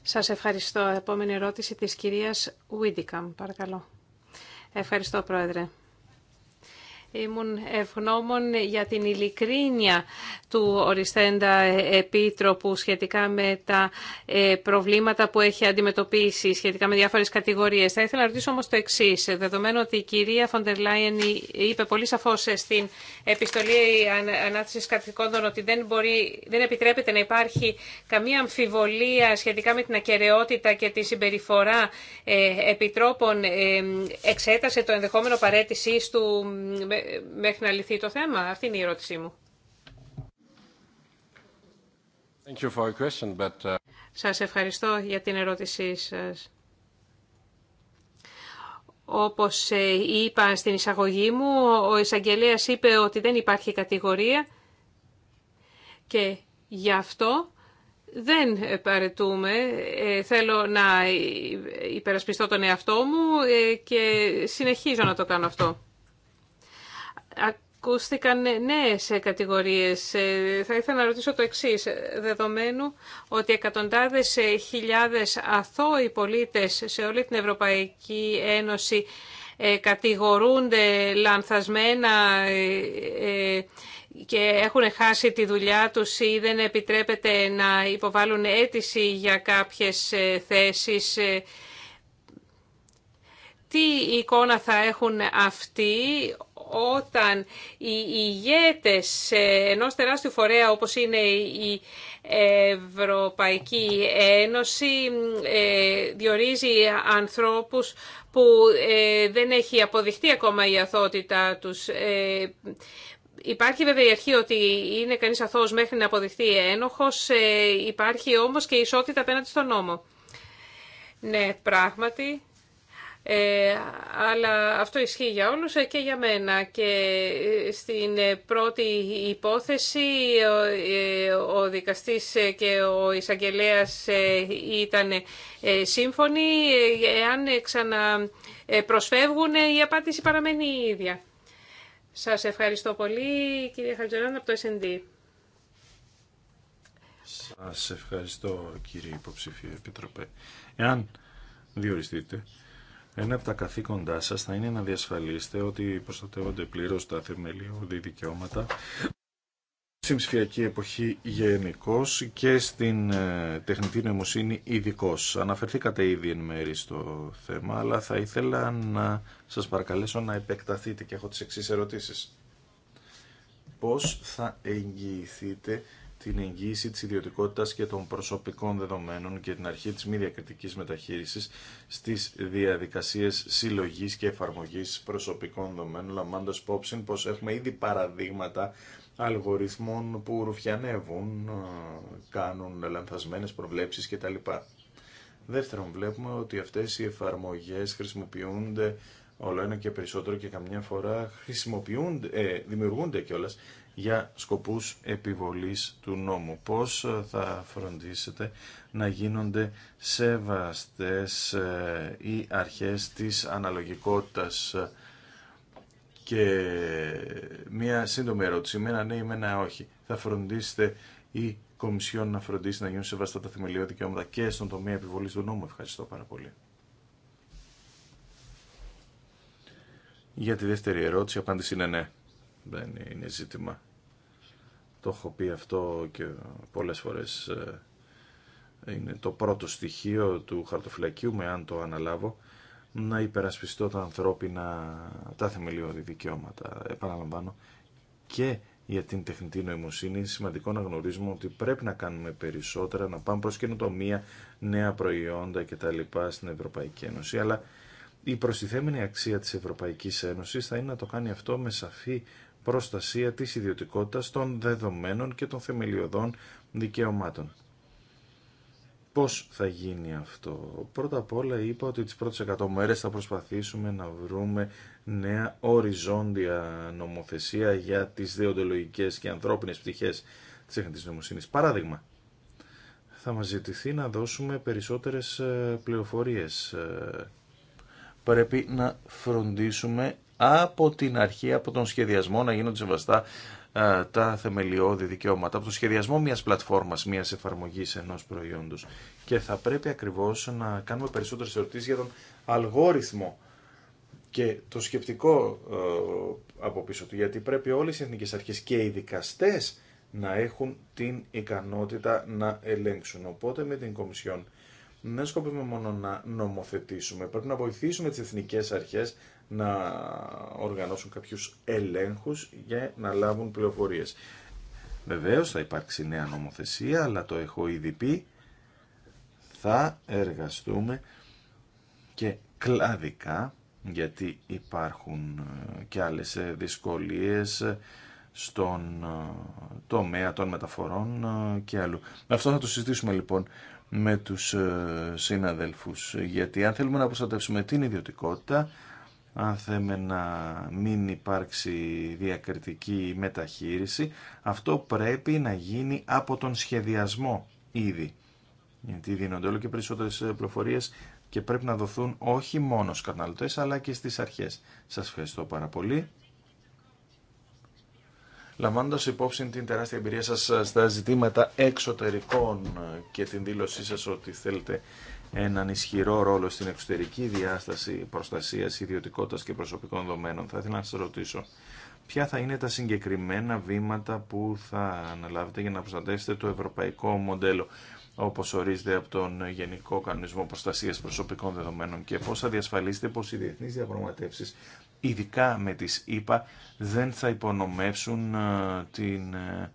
Σας ευχαριστώ. Επόμενη ερώτηση της κυρίας Βίντικαμ, παρακαλώ. Ευχαριστώ, Πρόεδρε. Ήμουν ευγνώμων για την ειλικρίνεια του οριστέντα επίτροπου σχετικά με τα ε, προβλήματα που έχει αντιμετωπίσει, σχετικά με διάφορες κατηγορίες. Θα ήθελα να ρωτήσω όμως το εξή. Δεδομένου ότι η κυρία Φοντερ Λάιεν είπε πολύ σαφώς στην επιστολή ανάθεση καθηκόντων ότι δεν, μπορεί, δεν επιτρέπεται να υπάρχει καμία αμφιβολία σχετικά με την ακαιρεότητα και τη συμπεριφορά ε, επιτρόπων, ε, εξέτασε το ενδεχόμενο παρέτησή του μέχρι να λυθεί το θέμα. Αυτή είναι η ερώτησή μου. Thank uh, Σας ευχαριστώ για την ερώτησή σας. Όπως ε, είπα στην εισαγωγή μου, ο εισαγγελέας είπε ότι δεν υπάρχει κατηγορία και γι' αυτό δεν παρετούμε. Ε, θέλω να υπερασπιστώ τον εαυτό μου ε, και συνεχίζω να το κάνω αυτό ακούστηκαν νέες ε, κατηγορίες. Ε, θα ήθελα να ρωτήσω το εξής. Δεδομένου ότι εκατοντάδες ε, χιλιάδες αθώοι πολίτες σε όλη την Ευρωπαϊκή Ένωση κατηγορούνται λανθασμένα και έχουν χάσει τη δουλειά τους ή δεν επιτρέπεται να υποβάλουν αίτηση για κάποιες θέσεις. Τι εικόνα θα έχουν αυτοί όταν οι ηγέτες ενός τεράστιου φορέα όπως είναι η Ευρωπαϊκή Ένωση ε, διορίζει ανθρώπους που ε, δεν έχει αποδειχτεί ακόμα η αθότητά τους. Ε, υπάρχει βέβαια η αρχή ότι είναι κανείς αθώος μέχρι να αποδειχτεί ένοχος, υπάρχει όμως και ισότητα απέναντι στον νόμο. Ναι, πράγματι, ε, αλλά αυτό ισχύει για όλους ε, και για μένα. Και ε, στην πρώτη υπόθεση ο, ο δικαστής και ο εισαγγελέας ήταν σύμφωνοι. Εάν ξαναπροσφεύγουν η απάντηση παραμένει η ίδια. Σας ευχαριστώ πολύ κύριε Χαλτζεράν από το S&D. Σας ευχαριστώ κύριε υποψήφιο επιτροπέ. Εάν διοριστείτε ένα από τα καθήκοντά σας θα είναι να διασφαλίσετε ότι προστατεύονται πλήρως τα θεμελιώδη δικαιώματα στην ψηφιακή εποχή γενικώ και στην ε, τεχνητή νοημοσύνη ειδικώ. Αναφερθήκατε ήδη εν μέρη στο θέμα, αλλά θα ήθελα να σας παρακαλέσω να επεκταθείτε και έχω τις εξής ερωτήσεις. Πώς θα εγγυηθείτε την εγγύηση της ιδιωτικότητας και των προσωπικών δεδομένων και την αρχή της μη διακριτικής μεταχείρισης στις διαδικασίες συλλογής και εφαρμογής προσωπικών δεδομένων, λαμβάνοντας υπόψη πως έχουμε ήδη παραδείγματα αλγοριθμών που ρουφιανεύουν, ε, κάνουν λανθασμένες προβλέψεις κτλ. Δεύτερον, βλέπουμε ότι αυτές οι εφαρμογές χρησιμοποιούνται όλο ένα και περισσότερο και καμιά φορά χρησιμοποιούνται, ε, δημιουργούνται κιόλας για σκοπούς επιβολής του νόμου. Πώς ε, θα φροντίσετε να γίνονται σεβαστές ε, οι αρχές της αναλογικότητας και μία σύντομη ερώτηση, με ναι ή με ένα όχι. Θα φροντίσετε η με οχι θα φροντισετε η κομισιον να φροντίσει να γίνουν σεβαστά τα θεμελιώδη δικαιώματα και στον τομέα επιβολής του νόμου. Ευχαριστώ πάρα πολύ. Για τη δεύτερη ερώτηση, η απάντηση είναι ναι. Δεν είναι ζήτημα το έχω πει αυτό και πολλές φορές ε, είναι το πρώτο στοιχείο του χαρτοφυλακίου με αν το αναλάβω να υπερασπιστώ τα ανθρώπινα, τα θεμελιώδη δικαιώματα. Επαναλαμβάνω και για την τεχνητή νοημοσύνη είναι σημαντικό να γνωρίζουμε ότι πρέπει να κάνουμε περισσότερα, να πάμε προς καινοτομία, νέα προϊόντα κτλ. στην Ευρωπαϊκή Ένωση, αλλά η προστιθέμενη αξία της Ευρωπαϊκής Ένωσης θα είναι να το κάνει αυτό με σαφή προστασία της ιδιωτικότητας των δεδομένων και των θεμελιωδών δικαιωμάτων. Πώς θα γίνει αυτό. Πρώτα απ' όλα είπα ότι τις πρώτες 100 μέρες θα προσπαθήσουμε να βρούμε νέα οριζόντια νομοθεσία για τις δεοντολογικές και ανθρώπινες πτυχές της έχνης νομοσύνης. Παράδειγμα, θα μας ζητηθεί να δώσουμε περισσότερες ε, πληροφορίες. Ε, πρέπει να φροντίσουμε από την αρχή, από τον σχεδιασμό να γίνονται σεβαστά ε, τα θεμελιώδη δικαιώματα, από τον σχεδιασμό μιας πλατφόρμας, μιας εφαρμογής ενός προϊόντος. Και θα πρέπει ακριβώς να κάνουμε περισσότερες ερωτήσεις για τον αλγόριθμο και το σκεπτικό ε, από πίσω του, γιατί πρέπει όλες οι εθνικές αρχές και οι δικαστές να έχουν την ικανότητα να ελέγξουν. Οπότε με την Κομισιόν δεν σκοπεύουμε μόνο να νομοθετήσουμε, πρέπει να βοηθήσουμε τις εθνικές αρχές να οργανώσουν κάποιους ελέγχους για να λάβουν πληροφορίες. Βεβαίως θα υπάρξει νέα νομοθεσία, αλλά το έχω ήδη πει, θα εργαστούμε και κλαδικά, γιατί υπάρχουν ε, και άλλες ε, δυσκολίες στον ε, τομέα των μεταφορών και αλλού. Αυτό θα το συζητήσουμε λοιπόν με τους συναδέλφους, γιατί αν θέλουμε να προστατεύσουμε την ιδιωτικότητα, αν θέμε να μην υπάρξει διακριτική μεταχείριση, αυτό πρέπει να γίνει από τον σχεδιασμό ήδη. Γιατί δίνονται όλο και περισσότερες ε, προφορίες και πρέπει να δοθούν όχι μόνο στους καταναλωτές αλλά και στις αρχές. Σας ευχαριστώ πάρα πολύ. Λαμβάνοντας υπόψη την τεράστια εμπειρία σας ε, στα ζητήματα εξωτερικών ε, και την δήλωσή σας ότι θέλετε έναν ισχυρό ρόλο στην εξωτερική διάσταση προστασίας ιδιωτικότητας και προσωπικών δεδομένων. Θα ήθελα να σας ρωτήσω, ποια θα είναι τα συγκεκριμένα βήματα που θα αναλάβετε για να προστατεύσετε το ευρωπαϊκό μοντέλο όπως ορίζεται από τον Γενικό Κανονισμό Προστασίας Προσωπικών Δεδομένων και πώς θα διασφαλίσετε πως οι διεθνείς διαπραγματεύσεις, ειδικά με τις ΗΠΑ, δεν θα υπονομεύσουν ε, την ε,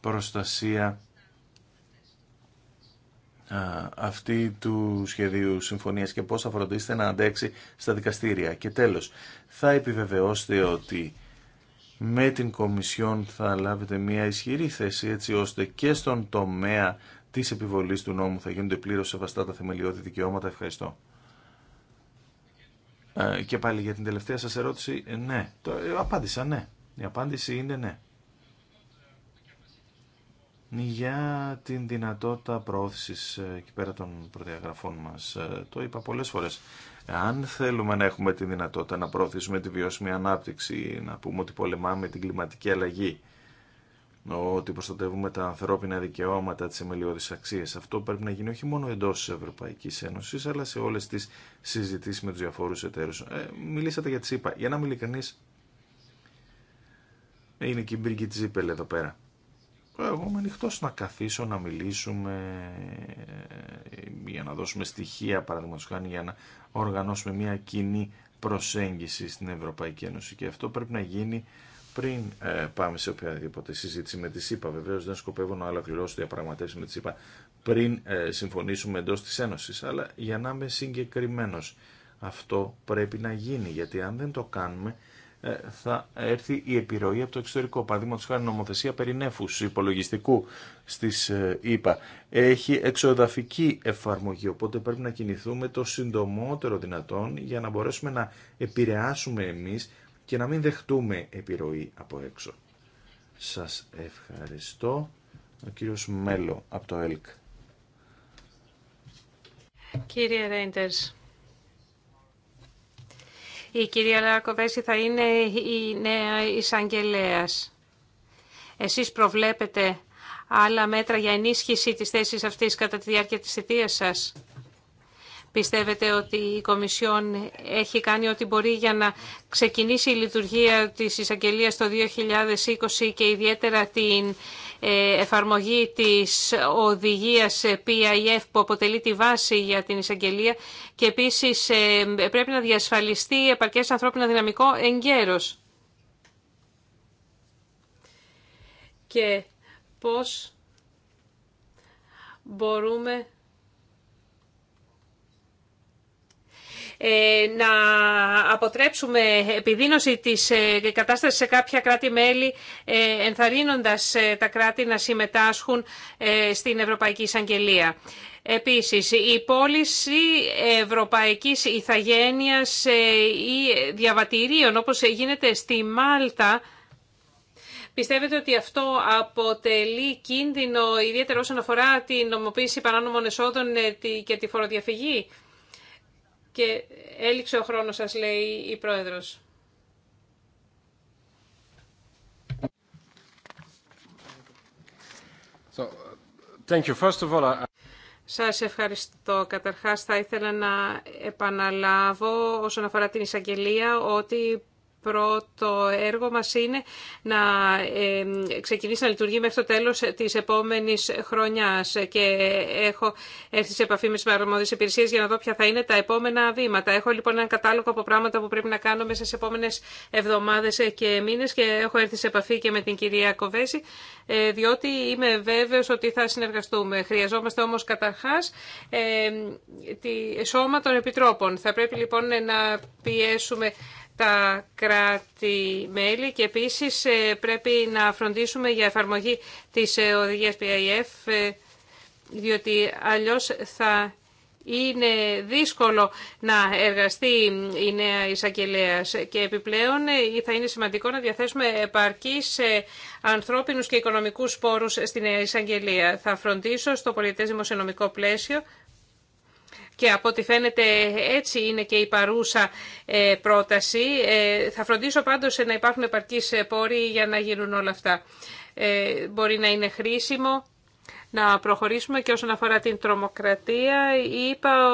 προστασία αυτή του σχεδίου συμφωνίας και πώς θα φροντίσετε να αντέξει στα δικαστήρια. Και τέλος, θα επιβεβαιώσετε ότι με την Κομισιόν θα λάβετε μια ισχυρή θέση έτσι ώστε και στον τομέα της επιβολής του νόμου θα γίνονται πλήρως σεβαστά τα θεμελιώδη δικαιώματα. Ευχαριστώ. Ε, και πάλι για την τελευταία σας ερώτηση, ε, ναι. Το, ε, απάντησα ναι. Η απάντηση είναι ναι για την δυνατότητα προώθησης ε, εκεί πέρα των προδιαγραφών μας. Ε, το είπα πολλές φορές. Αν θέλουμε να έχουμε τη δυνατότητα να προωθήσουμε τη βιώσιμη ανάπτυξη, να πούμε ότι πολεμάμε την κλιματική αλλαγή, ότι προστατεύουμε τα ανθρώπινα δικαιώματα, τις εμελιώδεις αξίες. Αυτό πρέπει να γίνει όχι μόνο εντός της Ευρωπαϊκής Ένωσης, αλλά σε όλες τις συζητήσεις με τους διαφόρους εταίρους. Ε, μιλήσατε για τι είπα, Για να είμαι ειλικρινής, είναι και η Μπρίγκη Τζίπελ εδώ πέρα. Ε, εγώ είμαι ανοιχτό να καθίσω, να μιλήσουμε ε, για να δώσουμε στοιχεία, παραδείγματος χάνει, για να οργανώσουμε μια κοινή προσέγγιση στην Ευρωπαϊκή Ένωση και αυτό πρέπει να γίνει πριν ε, πάμε σε οποιαδήποτε συζήτηση με τη ΣΥΠΑ. Βεβαίω δεν σκοπεύω να ολοκληρώσω διαπραγματεύσει με τη ΣΥΠΑ πριν συμφωνήσουμε εντό τη Ένωση. Αλλά για να είμαι συγκεκριμένο, αυτό πρέπει να γίνει. Γιατί αν δεν το κάνουμε, ε, θα έρθει η επιρροή από το εξωτερικό. Παραδείγματο χάρη νομοθεσία περί νέφου υπολογιστικού στις ε, ΗΠΑ. Έχει εξοδαφική εφαρμογή, οπότε πρέπει να κινηθούμε το συντομότερο δυνατόν για να μπορέσουμε να επηρεάσουμε εμείς και να μην δεχτούμε επιρροή από έξω. Σας ευχαριστώ. Ο κύριο Μέλο από το ΕΛΚ. Κύριε Ρέιντερς, η κυρία Λάκοβέση θα είναι η νέα εισαγγελέα. Εσείς προβλέπετε άλλα μέτρα για ενίσχυση της θέσης αυτής κατά τη διάρκεια της θητείας σας. Πιστεύετε ότι η Κομισιόν έχει κάνει ό,τι μπορεί για να ξεκινήσει η λειτουργία της εισαγγελία το 2020 και ιδιαίτερα την ε, εφαρμογή της οδηγίας PIF που αποτελεί τη βάση για την εισαγγελία και επίσης ε, πρέπει να διασφαλιστεί επαρκές ανθρώπινο δυναμικό εγκαίρος. Και πώς μπορούμε Ε, να αποτρέψουμε επιδείνωση της ε, κατάστασης σε κάποια κράτη-μέλη, ε, ενθαρρύνοντας τα κράτη να συμμετάσχουν στην Ευρωπαϊκή Εισαγγελία. Επίσης, η πώληση ευρωπαϊκής ηθαγένειας ή διαβατηρίων, όπως γίνεται στη Μάλτα, Πιστεύετε ότι αυτό αποτελεί κίνδυνο, ιδιαίτερα όσον αφορά την νομοποίηση παράνομων εσόδων και τη φοροδιαφυγή. Και έληξε ο χρόνος σας, λέει η Πρόεδρος. So, thank you. First of all, Σας ευχαριστώ. Καταρχάς θα ήθελα να επαναλάβω όσον αφορά την εισαγγελία ότι πρώτο έργο μας είναι να ξεκινήσει να λειτουργεί μέχρι το τέλος της επόμενης χρονιάς και έχω έρθει σε επαφή με τις παραμόδιες υπηρεσίες για να δω ποια θα είναι τα επόμενα βήματα. Έχω λοιπόν ένα κατάλογο από πράγματα που πρέπει να κάνω μέσα στις επόμενες εβδομάδες και μήνες και έχω έρθει σε επαφή και με την κυρία Κοβέση ε, διότι είμαι βέβαιος ότι θα συνεργαστούμε. Χρειαζόμαστε όμως καταρχάς ε, τη σώμα των επιτρόπων. Θα πρέπει λοιπόν να πιέσουμε τα κράτη-μέλη και επίσης ε, πρέπει να φροντίσουμε για εφαρμογή της ε, οδηγίας PIF ε, διότι αλλιώς θα είναι δύσκολο να εργαστεί η νέα εισαγγελέα και επιπλέον θα είναι σημαντικό να διαθέσουμε σε ανθρώπινους και οικονομικούς πόρους στη νέα εισαγγελία. Θα φροντίσω στο πολιτές δημοσιονομικό πλαίσιο και από ό,τι φαίνεται έτσι είναι και η παρούσα ε, πρόταση. Ε, θα φροντίσω πάντως να υπάρχουν επαρκείς ε, πόροι για να γίνουν όλα αυτά. Μπορεί να είναι χρήσιμο να προχωρήσουμε και όσον αφορά την τρομοκρατία είπα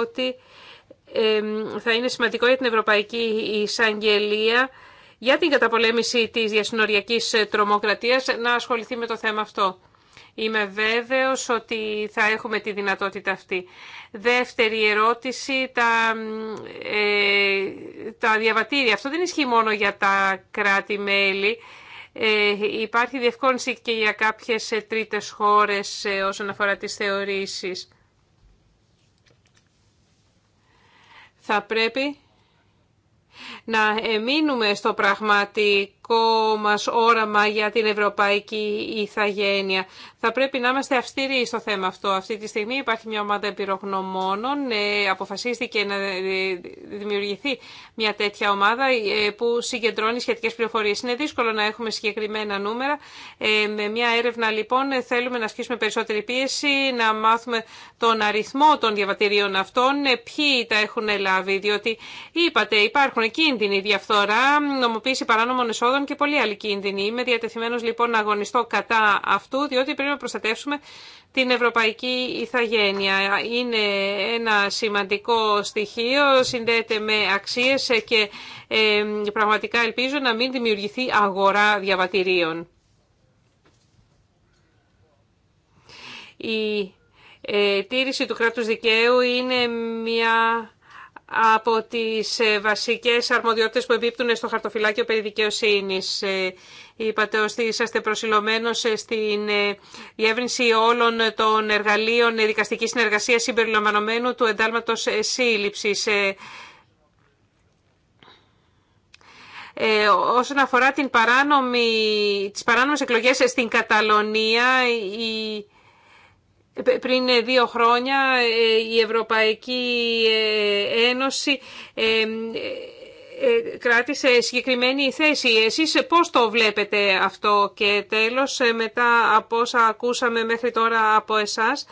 ότι θα είναι σημαντικό για την Ευρωπαϊκή Εισαγγελία για την καταπολέμηση της διασυνοριακής τρομοκρατίας να ασχοληθεί με το θέμα αυτό. Είμαι βέβαιος ότι θα έχουμε τη δυνατότητα αυτή. Δεύτερη ερώτηση, τα, ε, τα διαβατήρια. Αυτό δεν ισχύει μόνο για τα κράτη-μέλη. Ε, υπάρχει διευκόνηση και για κάποιες ε, τρίτες χώρες ε, όσον αφορά τις θεωρήσεις. Θα πρέπει να εμείνουμε στο πραγματικό δικό μας όραμα για την ευρωπαϊκή ηθαγένεια. Θα πρέπει να είμαστε αυστηροί στο θέμα αυτό. Αυτή τη στιγμή υπάρχει μια ομάδα Ε, Αποφασίστηκε να ε, δημιουργηθεί μια τέτοια ομάδα ε, που συγκεντρώνει σχετικές πληροφορίες. Είναι δύσκολο να έχουμε συγκεκριμένα νούμερα. Ε, με μια έρευνα λοιπόν θέλουμε να ασκήσουμε περισσότερη πίεση, να μάθουμε τον αριθμό των διαβατηρίων αυτών, ποιοι τα έχουν λάβει, διότι είπατε υπάρχουν κίνδυνοι διαφθορά, νομοποίηση παράνομων εσόδων και πολύ άλλοι κίνδυνοι. Είμαι διατεθειμένος λοιπόν να αγωνιστώ κατά αυτού, διότι πρέπει να προστατεύσουμε την ευρωπαϊκή ηθαγένεια. Είναι ένα σημαντικό στοιχείο, συνδέεται με αξίες και ε, πραγματικά ελπίζω να μην δημιουργηθεί αγορά διαβατηρίων. Η ε, τήρηση του κράτους δικαίου είναι μια από τις ε, βασικές αρμοδιότητες που εμπίπτουν στο χαρτοφυλάκιο περί δικαιοσύνης. Ε, είπατε ότι είσαστε προσιλωμένος ε, στην διεύρυνση όλων των εργαλείων δικαστικής συνεργασίας συμπεριλαμβανομένου του εντάλματος σύλληψης. Ε, όσον αφορά την παράνομη, τις παράνομες εκλογές στην Καταλωνία, η ε, πριν ε, δύο χρόνια ε, η Ευρωπαϊκή Ένωση κράτησε συγκεκριμένη θέση. Εσείς πώς το βλέπετε αυτό και τέλος μετά από όσα ακούσαμε μέχρι τώρα από εσάς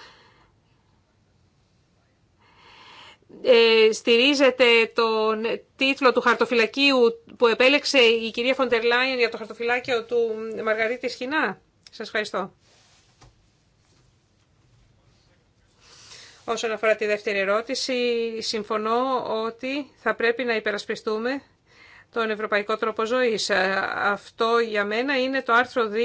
στηρίζετε τον τίτλο του χαρτοφυλακίου που επέλεξε η κυρία Φοντερ για το χαρτοφυλάκιο του Μαργαρίτη Σχοινά. Σας ευχαριστώ. Όσον αφορά τη δεύτερη ερώτηση, συμφωνώ ότι θα πρέπει να υπερασπιστούμε τον ευρωπαϊκό τρόπο ζωής. Αυτό για μένα είναι το άρθρο 2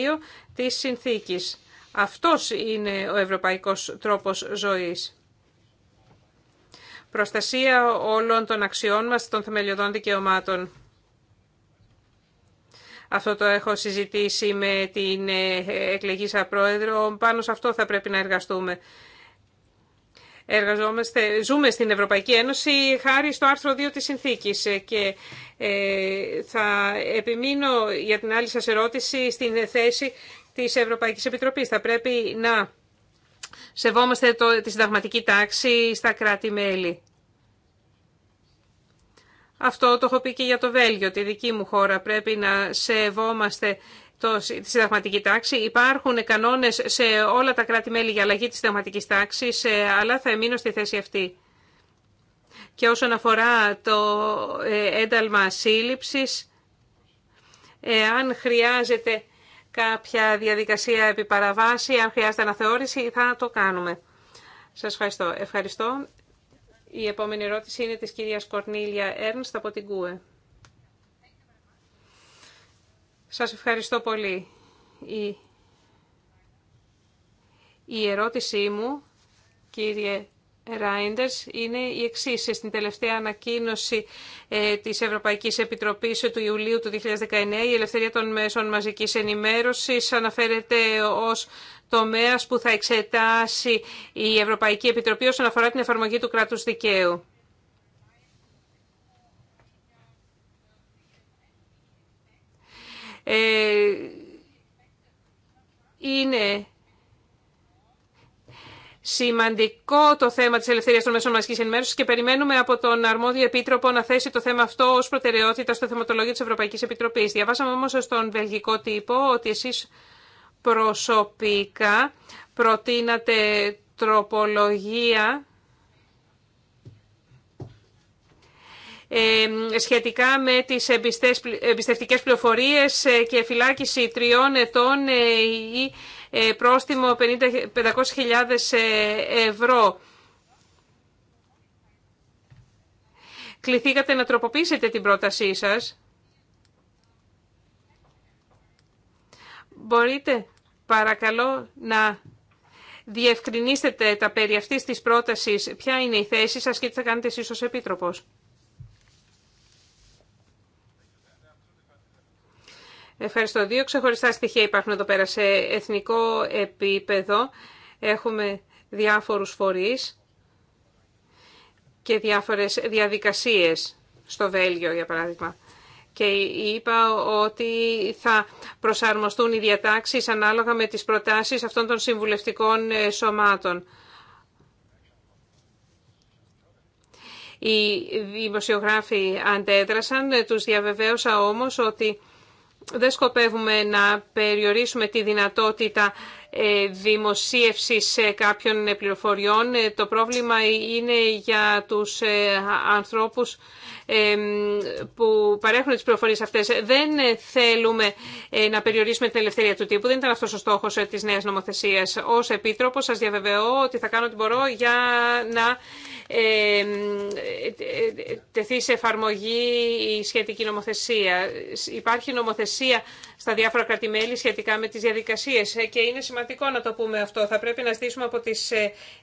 της συνθήκης. Αυτός είναι ο ευρωπαϊκός τρόπος ζωής. Προστασία όλων των αξιών μας, των θεμελιωδών δικαιωμάτων. Αυτό το έχω συζητήσει με την ε, εκλεγήσα πρόεδρο. Πάνω σε αυτό θα πρέπει να εργαστούμε εργαζόμαστε, ζούμε στην Ευρωπαϊκή Ένωση χάρη στο άρθρο 2 της συνθήκης και ε, θα επιμείνω για την άλλη σας ερώτηση στην θέση της Ευρωπαϊκής Επιτροπής. Θα πρέπει να σεβόμαστε το, τη συνταγματική τάξη στα κράτη-μέλη. Αυτό το έχω πει και για το Βέλγιο, τη δική μου χώρα. Πρέπει να σεβόμαστε το, τη συνταγματική τάξη. Υπάρχουν κανόνε σε όλα τα κράτη-μέλη για αλλαγή της συνταγματικής τάξης, ε, αλλά θα εμείνω στη θέση αυτή. Και όσον αφορά το ε, ένταλμα σύλληψης, ε, αν χρειάζεται κάποια διαδικασία επιπαραβάση, αν χρειάζεται αναθεώρηση, θα το κάνουμε. Σα ευχαριστώ. Ευχαριστώ. Η επόμενη ερώτηση είναι της κυρίας Κορνίλια Έρνστ από την ΚΟΕ. Σας ευχαριστώ πολύ. Η, η ερώτησή μου, κύριε Ράιντερς, είναι η εξή. Στην τελευταία ανακοίνωση ε, της Ευρωπαϊκής Επιτροπής του Ιουλίου του 2019, η ελευθερία των μέσων μαζικής ενημέρωσης αναφέρεται ως τομέας που θα εξετάσει η Ευρωπαϊκή Επιτροπή όσον αφορά την εφαρμογή του κράτους δικαίου. Ε, είναι σημαντικό το θέμα της ελευθερίας των μέσων μαζικής ενημέρωσης και περιμένουμε από τον αρμόδιο επίτροπο να θέσει το θέμα αυτό ως προτεραιότητα στο θεματολόγιο της Ευρωπαϊκής Επιτροπής. Διαβάσαμε όμως στον βελγικό τύπο ότι εσείς προσωπικά προτείνατε τροπολογία σχετικά με τις εμπιστευτικές πληροφορίες ε, και φυλάκιση τριών ετών ε, ή ε, πρόστιμο 500.000 ευρώ. Κληθήκατε να τροποποιήσετε την πρότασή σας. Μπορείτε, παρακαλώ, να διευκρινίσετε τα περί αυτής της πρότασης. Ποια είναι η θέση σας και τι θα κάνετε εσείς ως Επίτροπος. Ευχαριστώ. Δύο ξεχωριστά στοιχεία υπάρχουν εδώ πέρα. Σε εθνικό επίπεδο έχουμε διάφορους φορείς και διάφορες διαδικασίες στο Βέλγιο, για παράδειγμα. Και είπα ότι θα προσαρμοστούν οι διατάξεις ανάλογα με τις προτάσεις αυτών των συμβουλευτικών ε, σωμάτων. Οι δημοσιογράφοι αντέδρασαν, ε, τους διαβεβαίωσα όμως ότι δεν σκοπεύουμε να περιορίσουμε τη δυνατότητα ε, δημοσίευσης ε, κάποιων ε, πληροφοριών. Το πρόβλημα είναι για τους ανθρώπους που παρέχουν τις πληροφορίες αυτές. Δεν θέλουμε ε, να περιορίσουμε την ελευθερία του τύπου. Δεν ήταν αυτός ο στόχος ε, της νέας νομοθεσίας. Ως Επίτροπο σας διαβεβαιώ ότι θα κάνω ό,τι μπορώ για να τεθεί σε εφαρμογή η σχετική νομοθεσία. Υπάρχει νομοθεσία στα διάφορα κρατημέλη σχετικά με τις διαδικασίες ε, και είναι σημαντικό να το πούμε αυτό. Θα πρέπει να στήσουμε από τις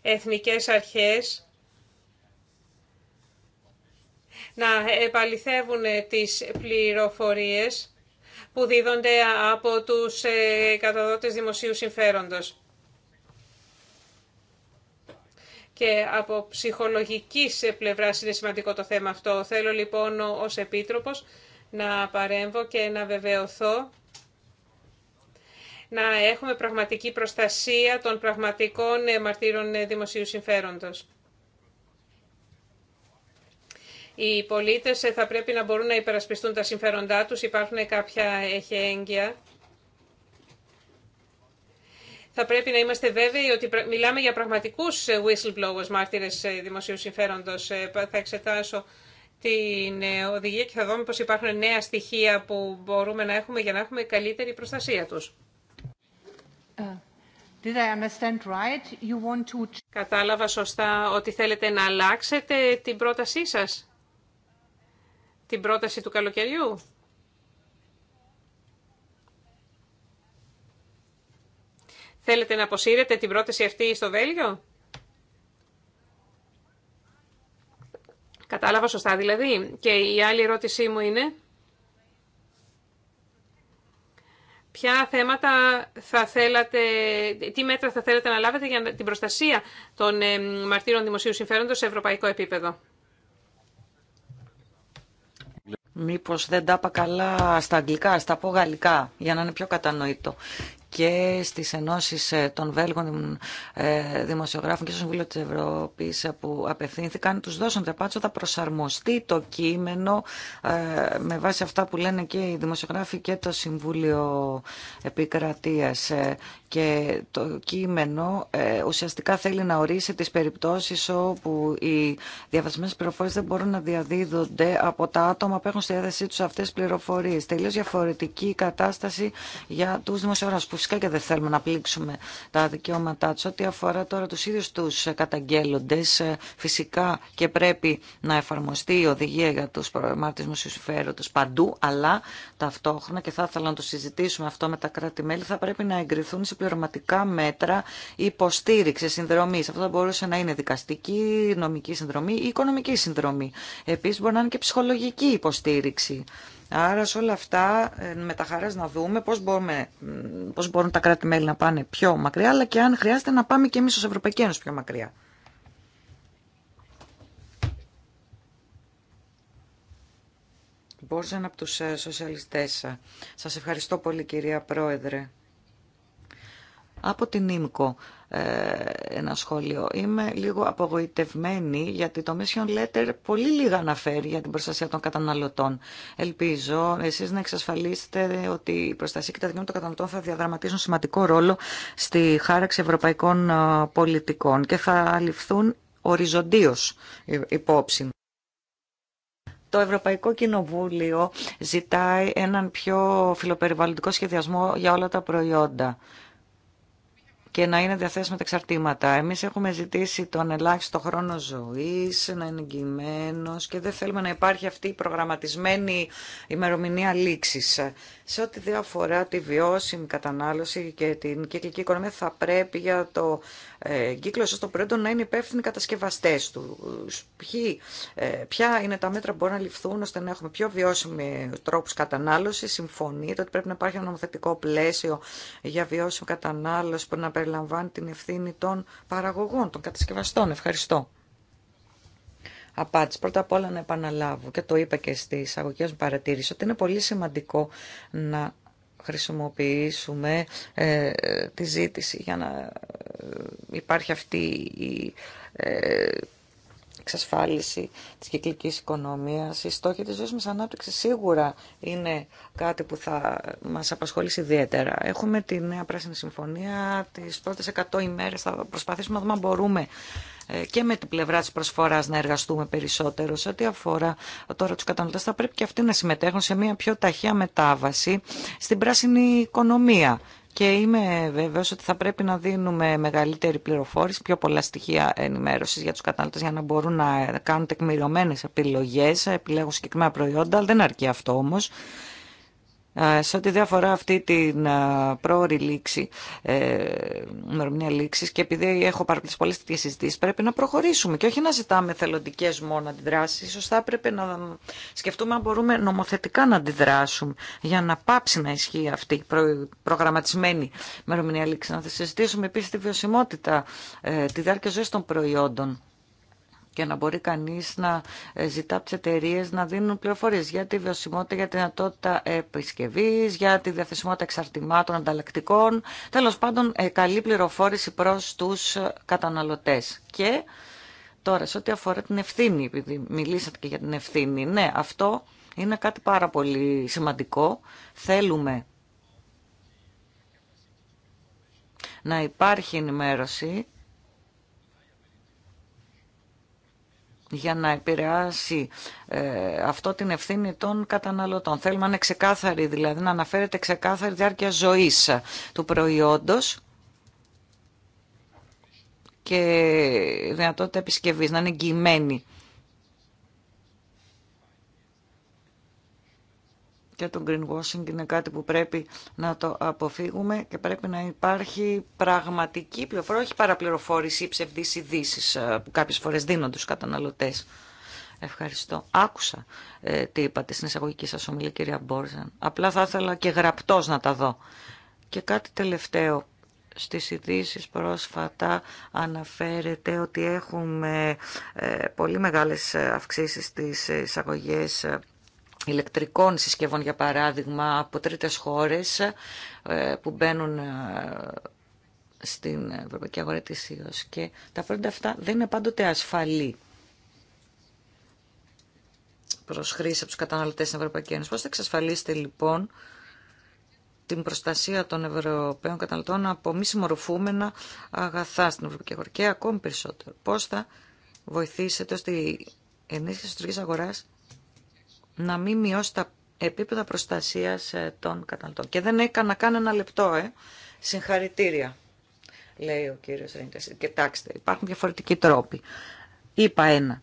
εθνικές αρχές να επαληθεύουν τις πληροφορίες που δίδονται από τους ε, καταδότες δημοσίου συμφέροντος. Και από ψυχολογικής πλευρά είναι σημαντικό το θέμα αυτό. Θέλω λοιπόν ως Επίτροπος να παρέμβω και να βεβαιωθώ να έχουμε πραγματική προστασία των πραγματικών μαρτύρων δημοσίου συμφέροντος. Οι πολίτες ε, θα πρέπει να μπορούν να υπερασπιστούν τα συμφέροντά τους. Υπάρχουν κάποια εχέγγυα. Θα πρέπει να είμαστε βέβαιοι ότι μιλάμε για πραγματικούς ε, whistleblowers, μάρτυρες ε, δημοσίου συμφέροντος. Θα εξετάσω την οδηγία και θα δούμε πως υπάρχουν νέα στοιχεία που μπορούμε να έχουμε για να έχουμε καλύτερη προστασία τους. Κατάλαβα σωστά ότι θέλετε να αλλάξετε την πρότασή σας την πρόταση του καλοκαιριού. Θέλετε να αποσύρετε την πρόταση αυτή στο Βέλγιο. Κατάλαβα σωστά δηλαδή. Και η άλλη ερώτησή μου είναι... Ποια θέματα θα θέλατε, τι μέτρα θα θέλετε να λάβετε για την προστασία των μαρτύρων δημοσίου συμφέροντος σε ευρωπαϊκό επίπεδο. Μήπως δεν τα είπα καλά στα αγγλικά, στα πω γαλλικά, για να είναι πιο κατανοητό. Και στις ενώσεις ε, των Βέλγων ε, δημοσιογράφων και στο Συμβούλιο της Ευρώπης ε, που απευθύνθηκαν, τους δώσαν τεπάτσο, θα προσαρμοστεί το κείμενο με βάση αυτά που λένε και οι δημοσιογράφοι και το Συμβούλιο Επικρατείας και το κείμενο ε, ουσιαστικά θέλει να ορίσει τις περιπτώσεις όπου οι διαβασμένες πληροφορίες δεν μπορούν να διαδίδονται από τα άτομα που έχουν στη διάθεσή τους αυτές τις πληροφορίες. Τελείως διαφορετική κατάσταση για τους δημοσιογράφους που φυσικά και δεν θέλουμε να πλήξουμε τα δικαιώματά τους. Ό,τι αφορά τώρα τους ίδιους τους καταγγέλλοντες, ε, φυσικά και πρέπει να εφαρμοστεί η οδηγία για τους προγραμματισμούς συμφέροντος παντού, αλλά ταυτόχρονα και θα ήθελα να το συζητήσουμε αυτό με τα κράτη-μέλη, θα πρέπει να εγκριθούν πληρωματικά μέτρα υποστήριξη συνδρομή. Αυτό θα μπορούσε να είναι δικαστική, νομική συνδρομή ή οικονομική συνδρομή. Επίση μπορεί να είναι και ψυχολογική υποστήριξη. Άρα σε όλα αυτά ε, με τα χαράς να δούμε πώς, μπορούμε, πώς μπορούν τα κράτη-μέλη να πάνε πιο μακριά, αλλά και αν χρειάζεται να πάμε και εμείς ως Ευρωπαϊκή Ένωση πιο μακριά. Μπόρζαν από τους ε, σοσιαλιστές. Σας ευχαριστώ πολύ κυρία Πρόεδρε από την ΙΜΚΟ ε, ένα σχόλιο. Είμαι λίγο απογοητευμένη γιατί το Mission Letter πολύ λίγα αναφέρει για την προστασία των καταναλωτών. Ελπίζω εσεί να εξασφαλίσετε ότι η προστασία και τα δικαιώματα των καταναλωτών θα διαδραματίζουν σημαντικό ρόλο στη χάραξη ευρωπαϊκών ε, πολιτικών και θα ληφθούν οριζοντίω ε, υπόψη. Το Ευρωπαϊκό Κοινοβούλιο ζητάει έναν πιο φιλοπεριβαλλοντικό σχεδιασμό για όλα τα προϊόντα και να είναι διαθέσιμα τα εξαρτήματα. Εμείς έχουμε ζητήσει τον ελάχιστο χρόνο ζωή, να είναι εγγυημένο και δεν θέλουμε να υπάρχει αυτή η προγραμματισμένη ημερομηνία λήξη. Σε ό,τι διάφορα τη βιώσιμη κατανάλωση και την κυκλική οικονομία θα πρέπει για το ε, κύκλο των προϊόντων να είναι υπεύθυνοι κατασκευαστέ του. Ε, ποια είναι τα μέτρα που μπορούν να ληφθούν ώστε να έχουμε πιο βιώσιμοι τρόπου κατανάλωση. Συμφωνείτε ότι πρέπει να υπάρχει ένα νομοθετικό πλαίσιο για βιώσιμη κατανάλωση που να περιλαμβάνει την ευθύνη των παραγωγών, των κατασκευαστών. Ευχαριστώ. Απάντηση. Πρώτα απ' όλα να επαναλάβω και το είπα και στι αγωγέ μου παρατήρηση ότι είναι πολύ σημαντικό να χρησιμοποιήσουμε ε, τη ζήτηση για να ε, υπάρχει αυτή η ε, εξασφάλιση της κυκλικής οικονομίας. Οι στόχοι της βιώσιμης ανάπτυξης σίγουρα είναι κάτι που θα μας απασχολήσει ιδιαίτερα. Έχουμε τη Νέα Πράσινη Συμφωνία, τις πρώτες 100 ημέρες θα προσπαθήσουμε να δούμε αν μπορούμε ε, και με την πλευρά τη προσφοράς να εργαστούμε περισσότερο σε ό,τι αφορά τώρα τους καταναλωτές θα πρέπει και αυτοί να συμμετέχουν σε μια πιο ταχεία μετάβαση στην πράσινη οικονομία και είμαι βέβαιος ότι θα πρέπει να δίνουμε μεγαλύτερη πληροφόρηση, πιο πολλά στοιχεία ενημέρωσης για τους καταναλωτές για να μπορούν να κάνουν τεκμηριωμένες επιλογές, επιλέγουν συγκεκριμένα προϊόντα, αλλά δεν αρκεί αυτό όμως. Σε ό,τι διαφορά αυτή την πρόορη λήξη, ε, ημερομηνία λήξη, και επειδή έχω παραπλήσει πολλέ τέτοιε συζητήσει, πρέπει να προχωρήσουμε και όχι να ζητάμε θελοντικέ μόνο αντιδράσει. σω θα έπρεπε να σκεφτούμε αν μπορούμε νομοθετικά να αντιδράσουμε για να πάψει να ισχύει αυτή η προγραμματισμένη ημερομηνία λήξη. Να συζητήσουμε επίση τη βιωσιμότητα, ε, τη διάρκεια ζωή των προϊόντων και να μπορεί κανείς να ε, ζητά από τι εταιρείε να δίνουν πληροφορίες για τη βιωσιμότητα, για τη δυνατότητα επισκευή, για τη διαθεσιμότητα εξαρτημάτων ανταλλακτικών. Τέλος πάντων, ε, καλή πληροφόρηση προς τους ε, καταναλωτές. Και τώρα, σε ό,τι αφορά την ευθύνη, επειδή μιλήσατε και για την ευθύνη, ναι, αυτό είναι κάτι πάρα πολύ σημαντικό. Θέλουμε να υπάρχει ενημέρωση για να επηρεάσει ε, αυτό την ευθύνη των καταναλωτών. Θέλουμε να είναι ξεκάθαρη, δηλαδή να αναφέρεται ξεκάθαρη διάρκεια ζωής του προϊόντος και δυνατότητα επισκευής, να είναι εγγυημένη και το greenwashing είναι κάτι που πρέπει να το αποφύγουμε και πρέπει να υπάρχει πραγματική πληροφορία, όχι παραπληροφόρηση ή ψευδείς ειδήσει ε, που κάποιες φορές δίνονται στους καταναλωτές. Ευχαριστώ. Άκουσα ε, τι είπατε στην εισαγωγική σας ομιλία κυρία Μπόρζαν. Απλά θα ήθελα και γραπτός να τα δω. Και κάτι τελευταίο στις ειδήσει πρόσφατα αναφέρεται ότι έχουμε ε, πολύ μεγάλες αυξήσεις στις εισαγωγές ηλεκτρικών συσκευών, για παράδειγμα, από τρίτες χώρες ε, που μπαίνουν ε, στην ευρωπαϊκή αγορά της ΥΟΣ και τα πρώτα αυτά δεν είναι πάντοτε ασφαλή προς χρήση από τους καταναλωτές στην Ευρωπαϊκή Ένωση. Πώς θα εξασφαλίσετε λοιπόν την προστασία των Ευρωπαίων καταναλωτών από μη συμμορφούμενα αγαθά στην Ευρωπαϊκή Αγορά και ακόμη περισσότερο. Πώς θα βοηθήσετε ώστε η ενίσχυση της τουρκικής αγοράς να μην μειώσει τα επίπεδα προστασία ε, των καταναλωτών. Και δεν έκανα καν ένα λεπτό, ε. Συγχαρητήρια, λέει ο κύριο Ρέντες. Κοιτάξτε, υπάρχουν διαφορετικοί τρόποι. Είπα ένα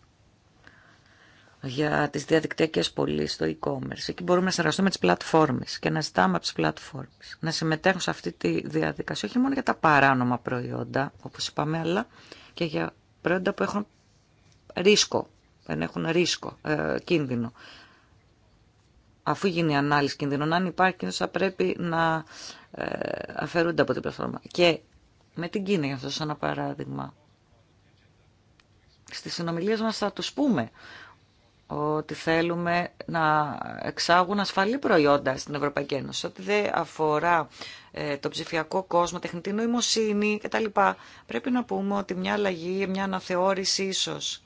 για τις διαδικτυακές πωλήσει στο e-commerce. Εκεί μπορούμε να συνεργαστούμε με τις πλατφόρμες και να ζητάμε από τις πλατφόρμες να συμμετέχουν σε αυτή τη διαδικασία, όχι μόνο για τα παράνομα προϊόντα, όπως είπαμε, αλλά και για προϊόντα που έχουν ρίσκο, Δεν έχουν ρίσκο, ε, κίνδυνο αφού γίνει η ανάλυση κινδύνων, αν υπάρχει κίνδυνο, θα πρέπει να ε, αφαιρούνται από την πλατφόρμα. Και με την Κίνα, για αυτό σαν ένα παράδειγμα. Στις συνομιλίες μας θα τους πούμε ότι θέλουμε να εξάγουν ασφαλή προϊόντα στην Ευρωπαϊκή Ένωση, ότι δεν αφορά ε, το ψηφιακό κόσμο, τεχνητή νοημοσύνη κτλ. Πρέπει να πούμε ότι μια αλλαγή, μια αναθεώρηση ίσως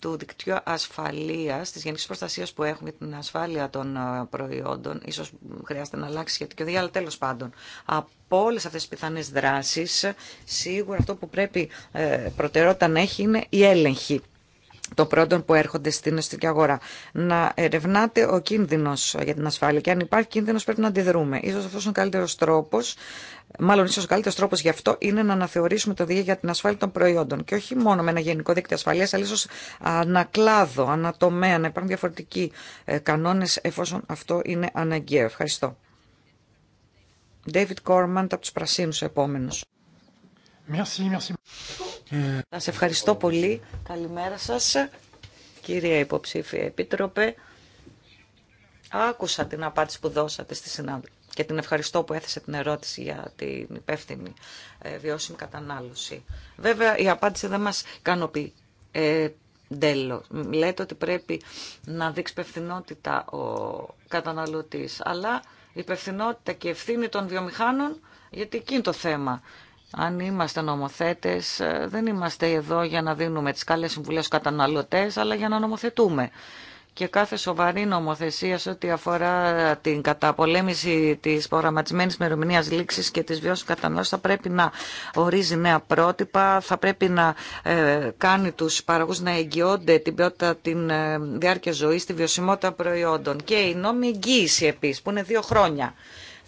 του δικτύου ασφαλεία, τη γενική προστασία που έχουμε για την ασφάλεια των ε, προϊόντων, ίσως χρειάζεται να αλλάξει σχετική οδηγία, αλλά τέλο πάντων, από όλε αυτές τις πιθανές δράσεις, σίγουρα αυτό που πρέπει ε, προτεραιότητα να έχει είναι η έλεγχη των πρώτων που έρχονται στην Αστική αγορά. Να ερευνάτε ο κίνδυνο για την ασφάλεια και αν υπάρχει κίνδυνο πρέπει να αντιδρούμε. σω αυτό είναι ο καλύτερο τρόπο, μάλλον ίσω ο καλύτερο τρόπο γι' αυτό είναι να αναθεωρήσουμε το ΔΕΕ για την ασφάλεια των προϊόντων. Και όχι μόνο με ένα γενικό δίκτυο ασφαλεία, αλλά ίσω ανακλάδο, ανατομέα, να υπάρχουν διαφορετικοί ε, κανόνε εφόσον αυτό είναι αναγκαίο. Ευχαριστώ. David Corman από του Πρασίνου Merci, σε ευχαριστώ πολύ. Καλημέρα σας, κύριε υποψήφια επίτροπε. Άκουσα την απάντηση που δώσατε στη συνάντηση και την ευχαριστώ που έθεσε την ερώτηση για την υπεύθυνη ε, βιώσιμη κατανάλωση. Βέβαια, η απάντηση δεν μας ικανοποιεί. Ε, τέλος. Λέτε ότι πρέπει να δείξει υπευθυνότητα ο καταναλωτής, αλλά η υπευθυνότητα και ευθύνη των βιομηχάνων, γιατί εκεί είναι το θέμα. Αν είμαστε νομοθέτες, ε, δεν είμαστε εδώ για να δίνουμε τις καλές συμβουλές στους καταναλωτές, αλλά για να νομοθετούμε. Και κάθε σοβαρή νομοθεσία σε ό,τι αφορά την καταπολέμηση της προγραμματισμένης μερομηνίας λήξης και της βίωσης κατανόησης, θα πρέπει να ορίζει νέα πρότυπα, θα πρέπει να ε, κάνει τους παραγωγούς να εγγυώνται την ποιότητα, την ε, διάρκεια ζωής, τη βιωσιμότητα προϊόντων. Και η νόμη εγγύηση επίσης που είναι δύο χρόνια.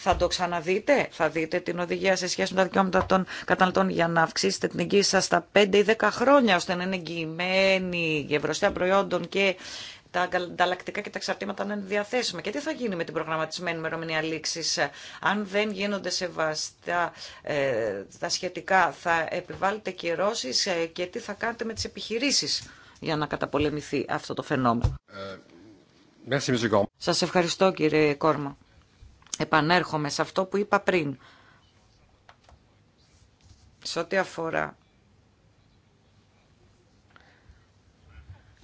Θα το ξαναδείτε, θα δείτε την οδηγία σε σχέση με τα δικαιώματα των καταναλωτών για να αυξήσετε την εγγύηση σας στα 5 ή 10 χρόνια, ώστε να είναι εγγυημένη η ευρωστία προϊόντων και τα ανταλλακτικά και τα εξαρτήματα να είναι διαθέσιμα. Και τι θα γίνει με την προγραμματισμένη ημερομηνία λήξη, αν δεν γίνονται σεβαστά ε, τα σχετικά, θα επιβάλλετε κυρώσει ε, και τι θα κάνετε με τι επιχειρήσει για να καταπολεμηθεί αυτό το φαινόμενο. Ε, Σα ευχαριστώ κύριε Κόρμα. Επανέρχομαι σε αυτό που είπα πριν. Σε ό,τι αφορά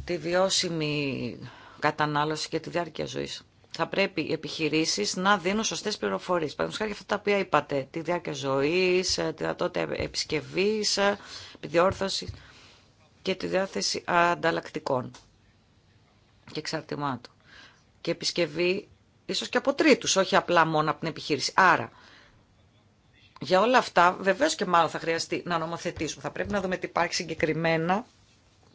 τη βιώσιμη κατανάλωση και τη διάρκεια ζωής. Θα πρέπει οι επιχειρήσεις να δίνουν σωστές πληροφορίες. Παραδείγματος χάρη αυτά τα οποία είπατε, τη διάρκεια ζωής, ε, τη δυνατότητα επισκευής, ε, επιδιόρθωση και τη διάθεση ανταλλακτικών και εξαρτημάτων. Και επισκευή ίσως και από τρίτους, όχι απλά μόνο από την επιχείρηση. Άρα, για όλα αυτά, βεβαίως και μάλλον θα χρειαστεί να νομοθετήσουμε. Θα πρέπει να δούμε τι υπάρχει συγκεκριμένα,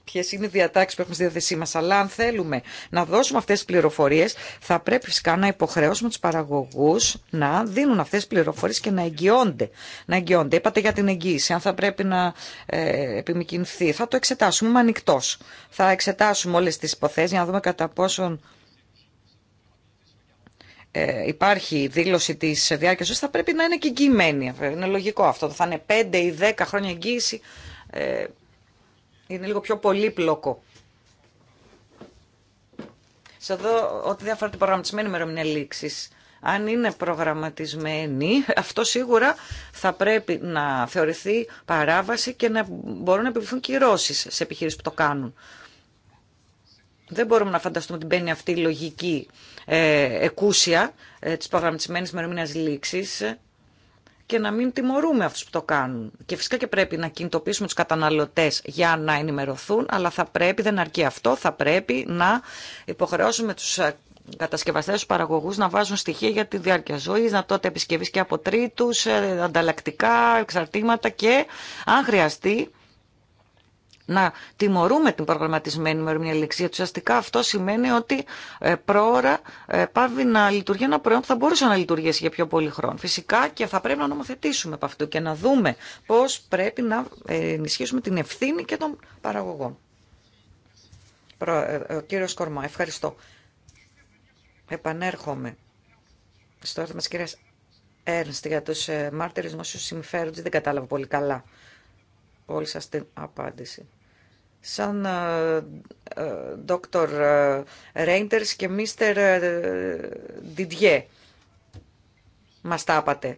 ποιες είναι οι διατάξεις που έχουμε στη διάθεσή μας. Αλλά αν θέλουμε να δώσουμε αυτές τις πληροφορίες, θα πρέπει φυσικά να υποχρεώσουμε τους παραγωγούς να δίνουν αυτές τις πληροφορίες και να εγγυώνται. Να εγγυώνται. Είπατε για την εγγύηση, αν θα πρέπει να ε, επιμηκυνθεί. Θα το εξετάσουμε, είμαι ανοιχτό. Θα εξετάσουμε όλες τις υποθέσεις για να δούμε κατά πόσον ε, υπάρχει δήλωση τη διάρκεια ζωή, θα πρέπει να είναι και εγγυημένη. Είναι λογικό αυτό. Θα είναι 5 ή 10 χρόνια εγγύηση. Ε, είναι λίγο πιο πολύπλοκο. Σε εδώ, ό,τι διάφορα την προγραμματισμένη ημερομηνία λήξη. Αν είναι προγραμματισμένη, αυτό σίγουρα θα πρέπει να θεωρηθεί παράβαση και να μπορούν να επιβληθούν κυρώσει σε επιχειρήσει που το κάνουν. Δεν μπορούμε να φανταστούμε ότι μπαίνει αυτή η λογική ε, εκούσια ε, της προγραμματισμένης μερομήνας λήξης και να μην τιμωρούμε αυτούς που το κάνουν. Και φυσικά και πρέπει να κινητοποιήσουμε τους καταναλωτές για να ενημερωθούν, αλλά θα πρέπει, δεν αρκεί αυτό, θα πρέπει να υποχρεώσουμε τους ε, κατασκευαστές, τους παραγωγούς να βάζουν στοιχεία για τη διάρκεια ζωής, να τότε επισκευής και από τρίτους, ε, ανταλλακτικά, εξαρτήματα και αν χρειαστεί να τιμωρούμε την προγραμματισμένη ημερομηνία Του Ουσιαστικά αυτό σημαίνει ότι ε, πρόωρα ε, πάβει να λειτουργεί ένα προϊόν που θα μπορούσε να λειτουργήσει για πιο πολύ χρόνο. Φυσικά και θα πρέπει να νομοθετήσουμε από αυτό και να δούμε πώ πρέπει να ε, ενισχύσουμε την ευθύνη και των παραγωγών. Ο κύριο Κορμά, ευχαριστώ. Επανέρχομαι στο έρθμα τη κυρία Έρνστ για του μάρτυρε δημοσίου συμφέροντο. Δεν κατάλαβα πολύ καλά όλη σας την απάντηση. Σαν ε, ε, Δόκτωρ Ρέιντερς και Μίστερ ε, Didier μας τάπατε.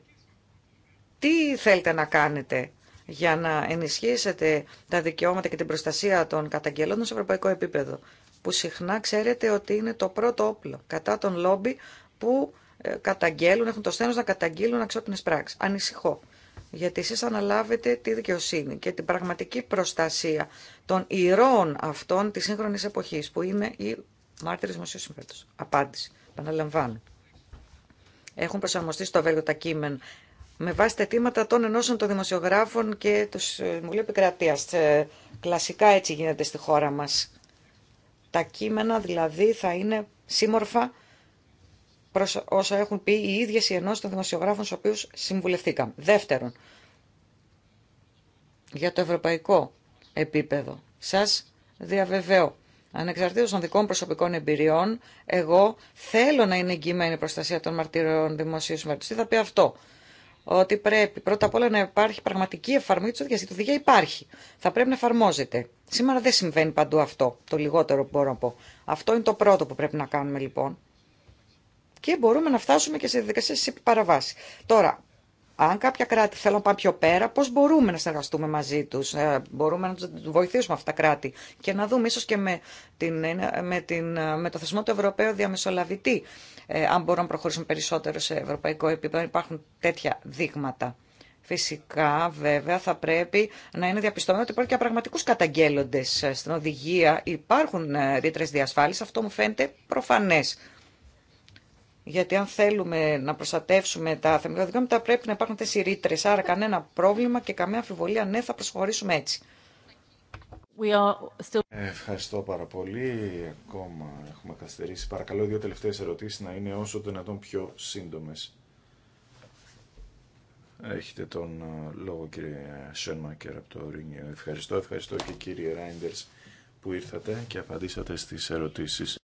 Τι θέλετε να κάνετε για να ενισχύσετε τα δικαιώματα και την προστασία των καταγγελών σε ευρωπαϊκό επίπεδο, που συχνά ξέρετε ότι είναι το πρώτο όπλο κατά τον λόμπι που καταγγέλουν, έχουν το στένος να καταγγείλουν αξιόπινες πράξεις. Ανησυχώ γιατί εσείς αναλάβετε τη δικαιοσύνη και την πραγματική προστασία των ηρώων αυτών της σύγχρονης εποχής, που είναι οι μάρτυρες δημοσίου συμφέροντος. Απάντηση. Παναλαμβάνω. Έχουν προσαρμοστεί στο Βέλγιο τα κείμενα με βάση τα αιτήματα των ενώσεων των δημοσιογράφων και του ε, Συμβουλίου Επικρατεία. Ε, κλασικά έτσι γίνεται στη χώρα μας. Τα κείμενα δηλαδή θα είναι σύμμορφα προς όσα έχουν πει οι ίδιε οι ενώσει των δημοσιογράφων στου οποίου συμβουλευτήκαμε. Δεύτερον, για το ευρωπαϊκό επίπεδο. Σα διαβεβαίω, ανεξαρτήτως των δικών προσωπικών εμπειριών, εγώ θέλω να είναι εγγυημένη η προστασία των μαρτύρων δημοσίου συμμετοχή. Τι θα πει αυτό ότι πρέπει πρώτα απ' όλα να υπάρχει πραγματική εφαρμογή τη οδηγία. Η οδηγία υπάρχει. Θα πρέπει να εφαρμόζεται. Σήμερα δεν συμβαίνει παντού αυτό. Το λιγότερο που μπορώ να πω. Αυτό είναι το πρώτο που πρέπει να κάνουμε λοιπόν και μπορούμε να φτάσουμε και σε διαδικασίε επί παραβάση. Τώρα, αν κάποια κράτη θέλουν να πάνε πιο πέρα, πώ μπορούμε να συνεργαστούμε μαζί του, ε, μπορούμε να του βοηθήσουμε αυτά τα κράτη και να δούμε ίσω και με, την, ε, με, την, ε, με το θεσμό του Ευρωπαίου Διαμεσολαβητή, αν μπορούμε να προχωρήσουμε περισσότερο σε ευρωπαϊκό επίπεδο, υπάρχουν τέτοια δείγματα. Φυσικά, βέβαια, θα πρέπει να είναι διαπιστωμένο ότι υπάρχουν και πραγματικού καταγγέλλοντε στην οδηγία. Υπάρχουν ρήτρε διασφάλιση, αυτό μου φαίνεται προφανέ. Γιατί αν θέλουμε να προστατεύσουμε τα θεμελιώδη δικαιώματα, πρέπει να υπάρχουν τέσσερι ρήτρε. Άρα, κανένα πρόβλημα και καμία αμφιβολία. Ναι, θα προσχωρήσουμε έτσι. Ευχαριστώ πάρα πολύ. Ακόμα έχουμε καθυστερήσει. Παρακαλώ, δύο τελευταίε ερωτήσει να είναι όσο το δυνατόν πιο σύντομε. Έχετε τον ε, λόγο, κύριε Σένμακερ, από το Ρήνιο. Ευχαριστώ, ευχαριστώ και κύριε Ράιντερ που ήρθατε και απαντήσατε στις ερωτήσεις.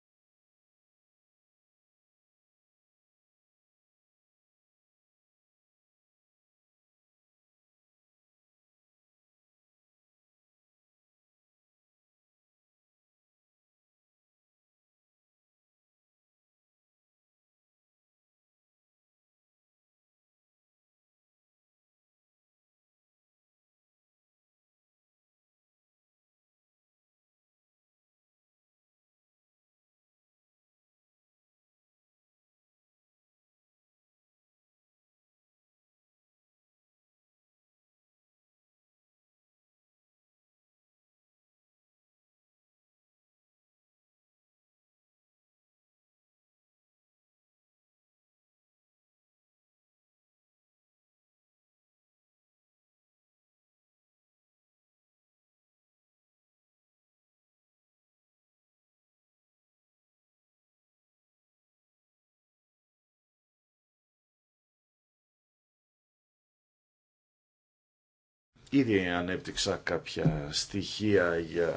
Ήδη ανέπτυξα κάποια στοιχεία για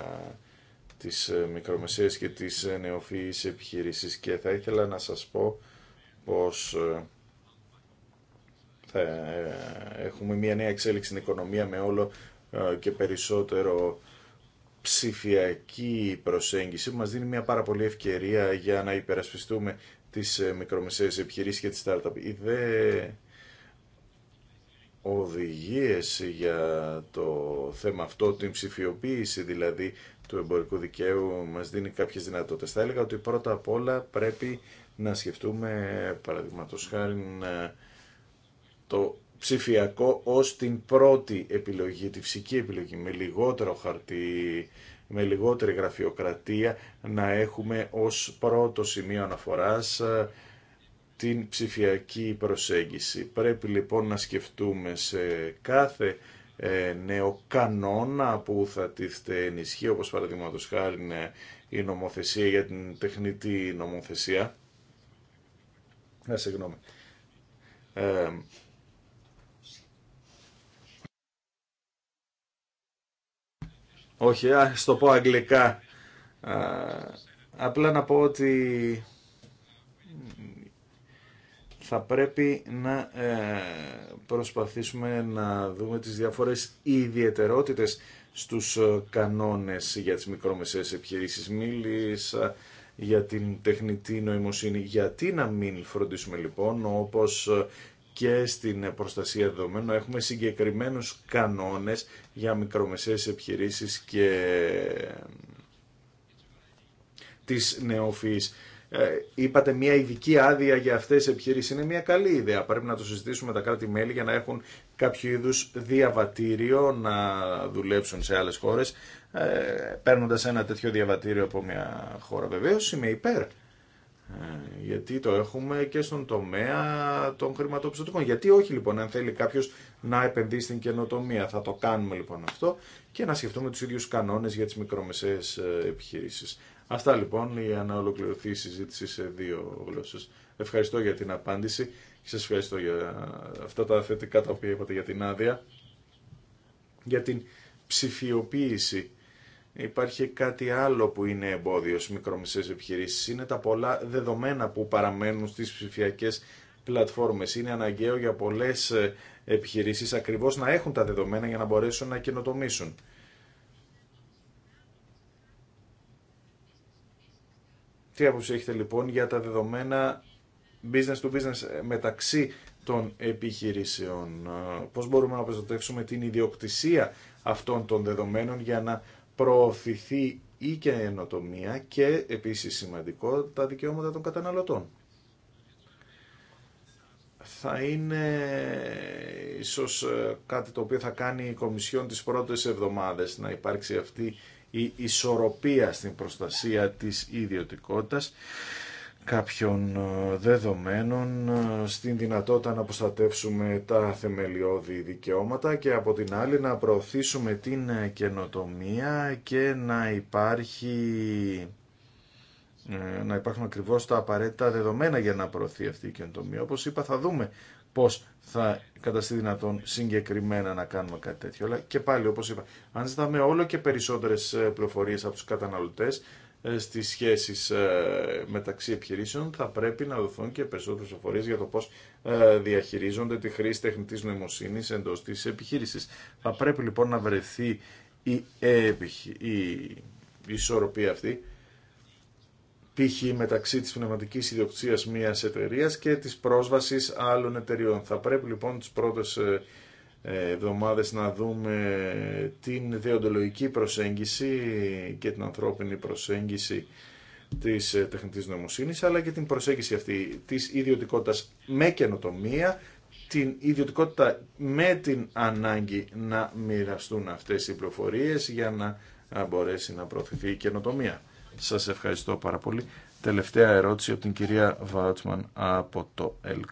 τις ε, μικρομεσαίες και τις ε, νεοφυείς επιχειρήσεις και θα ήθελα να σας πω πως ε, θα έχουμε μια νέα εξέλιξη στην οικονομία με όλο και περισσότερο ψηφιακή προσέγγιση που μας δίνει μια πάρα πολύ ευκαιρία για να υπερασπιστούμε τις μικρομεσαίες επιχειρήσεις και τις startup. Η οδηγίες για το θέμα αυτό, την ψηφιοποίηση δηλαδή του εμπορικού δικαίου μας δίνει κάποιες δυνατότητες. Θα έλεγα ότι πρώτα απ' όλα πρέπει να σκεφτούμε παραδείγματος χάρη το ψηφιακό ως την πρώτη επιλογή, τη φυσική επιλογή, με λιγότερο χαρτί, με λιγότερη γραφειοκρατία, να έχουμε ως πρώτο σημείο αναφοράς την ψηφιακή προσέγγιση. Πρέπει λοιπόν να σκεφτούμε σε κάθε ε, νέο κανόνα που θα τίθεται ενισχύ, όπως παραδείγματο χάρη είναι η νομοθεσία για την τεχνητή νομοθεσία. Ε, συγγνώμη. Ε, όχι, α το πω αγγλικά. απλά να πω ότι θα πρέπει να ε, προσπαθήσουμε να δούμε τις διάφορες ιδιαιτερότητες στους ε, κανόνες για τις μικρόμεσαίες επιχειρήσεις. Μίλησα για την τεχνητή νοημοσύνη. Γιατί να μην φροντίσουμε λοιπόν όπως ε, και στην προστασία δεδομένων έχουμε συγκεκριμένους κανόνες για μικρομεσαίες επιχειρήσεις και τις νέοφυής ε, είπατε μια ειδική άδεια για αυτέ τι επιχείρησει είναι μια καλή ιδέα. Πρέπει να το συζητήσουμε με τα κράτη-μέλη για να έχουν κάποιο είδου διαβατήριο να δουλέψουν σε άλλε χώρε, Ε, παίρνοντας ένα τέτοιο διαβατήριο από μια χώρα βεβαίω είμαι υπέρ. Ε, γιατί το έχουμε και στον τομέα των χρηματοπιστωτικών. Γιατί όχι λοιπόν, αν θέλει κάποιο να επενδύσει στην καινοτομία. Θα το κάνουμε λοιπόν αυτό και να σκεφτούμε του ίδιου κανόνε για τι μικρομεσαίε ε, επιχείρησει. Αυτά λοιπόν για να ολοκληρωθεί η συζήτηση σε δύο γλώσσε. Ευχαριστώ για την απάντηση και σα ευχαριστώ για αυτά τα θετικά τα οποία είπατε για την άδεια. Για την ψηφιοποίηση υπάρχει κάτι άλλο που είναι εμπόδιο στις μικρομεσαίες επιχειρήσει. Είναι τα πολλά δεδομένα που παραμένουν στι ψηφιακές πλατφόρμες. Είναι αναγκαίο για πολλέ ε, επιχειρήσει. Ακριβώ να έχουν τα δεδομένα για να μπορέσουν να καινοτομήσουν. Τι άποψη έχετε λοιπόν για τα δεδομένα business to business ε, μεταξύ των επιχειρήσεων. Ε, πώς μπορούμε να προστατεύσουμε την ιδιοκτησία αυτών των δεδομένων για να προωθηθεί η καινοτομία και επίσης σημαντικό τα δικαιώματα των καταναλωτών. Θα είναι ε, ίσως κάτι το οποίο θα κάνει η Κομισιόν τις πρώτες εβδομάδες να υπάρξει αυτή η ισορροπία στην προστασία της ιδιωτικότητας κάποιων ε, δεδομένων ε, στην δυνατότητα να προστατεύσουμε τα θεμελιώδη δικαιώματα και από την άλλη να προωθήσουμε την ε, καινοτομία και να υπάρχει να υπάρχουν ακριβώς τα απαραίτητα δεδομένα για να προωθεί αυτή η καινοτομία. Όπως είπα θα δούμε πώς θα καταστεί δυνατόν συγκεκριμένα να κάνουμε κάτι τέτοιο. Αλλά και πάλι, όπως είπα, αν ζητάμε όλο και περισσότερες ε, πληροφορίε από του καταναλωτές ε, στις σχέσεις ε, μεταξύ επιχειρήσεων, θα πρέπει να δοθούν και περισσότερες πληροφορίες για το πώς διαχειρίζονται τη χρήση τεχνητή νοημοσύνης εντό τη επιχείρηση. Θα πρέπει λοιπόν να βρεθεί η, η, η ισορροπία αυτή π.χ. μεταξύ της πνευματικής ιδιοκτησίας μιας εταιρείας και της πρόσβασης άλλων εταιρείων. Θα πρέπει λοιπόν τις πρώτες ε, εβδομάδες να δούμε την διοντολογική προσέγγιση και την ανθρώπινη προσέγγιση της ε, τεχνητής νομοσύνης αλλά και την προσέγγιση αυτή της ιδιωτικότητας με καινοτομία την ιδιωτικότητα με την ανάγκη να μοιραστούν αυτές οι πληροφορίε για να μπορέσει να προωθηθεί η καινοτομία. Σας ευχαριστώ πάρα πολύ. Τελευταία ερώτηση από την κυρία Βάουτσμαν από το ΕΛΚ.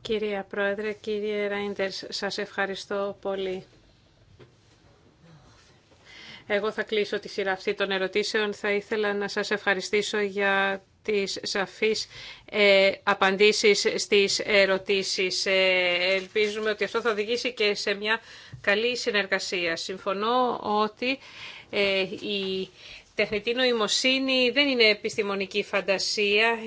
Κυρία Πρόεδρε, κύριε Ράιντερς, σας ευχαριστώ πολύ. Εγώ θα κλείσω τη σειρά αυτή των ερωτήσεων. Θα ήθελα να σας ευχαριστήσω για τις σαφείς ε, απαντήσεις στις ερωτήσεις. Ε, ελπίζουμε ότι αυτό θα οδηγήσει και σε μια καλή συνεργασία. Συμφωνώ ότι ε, η τεχνητή νοημοσύνη δεν είναι επιστημονική φαντασία.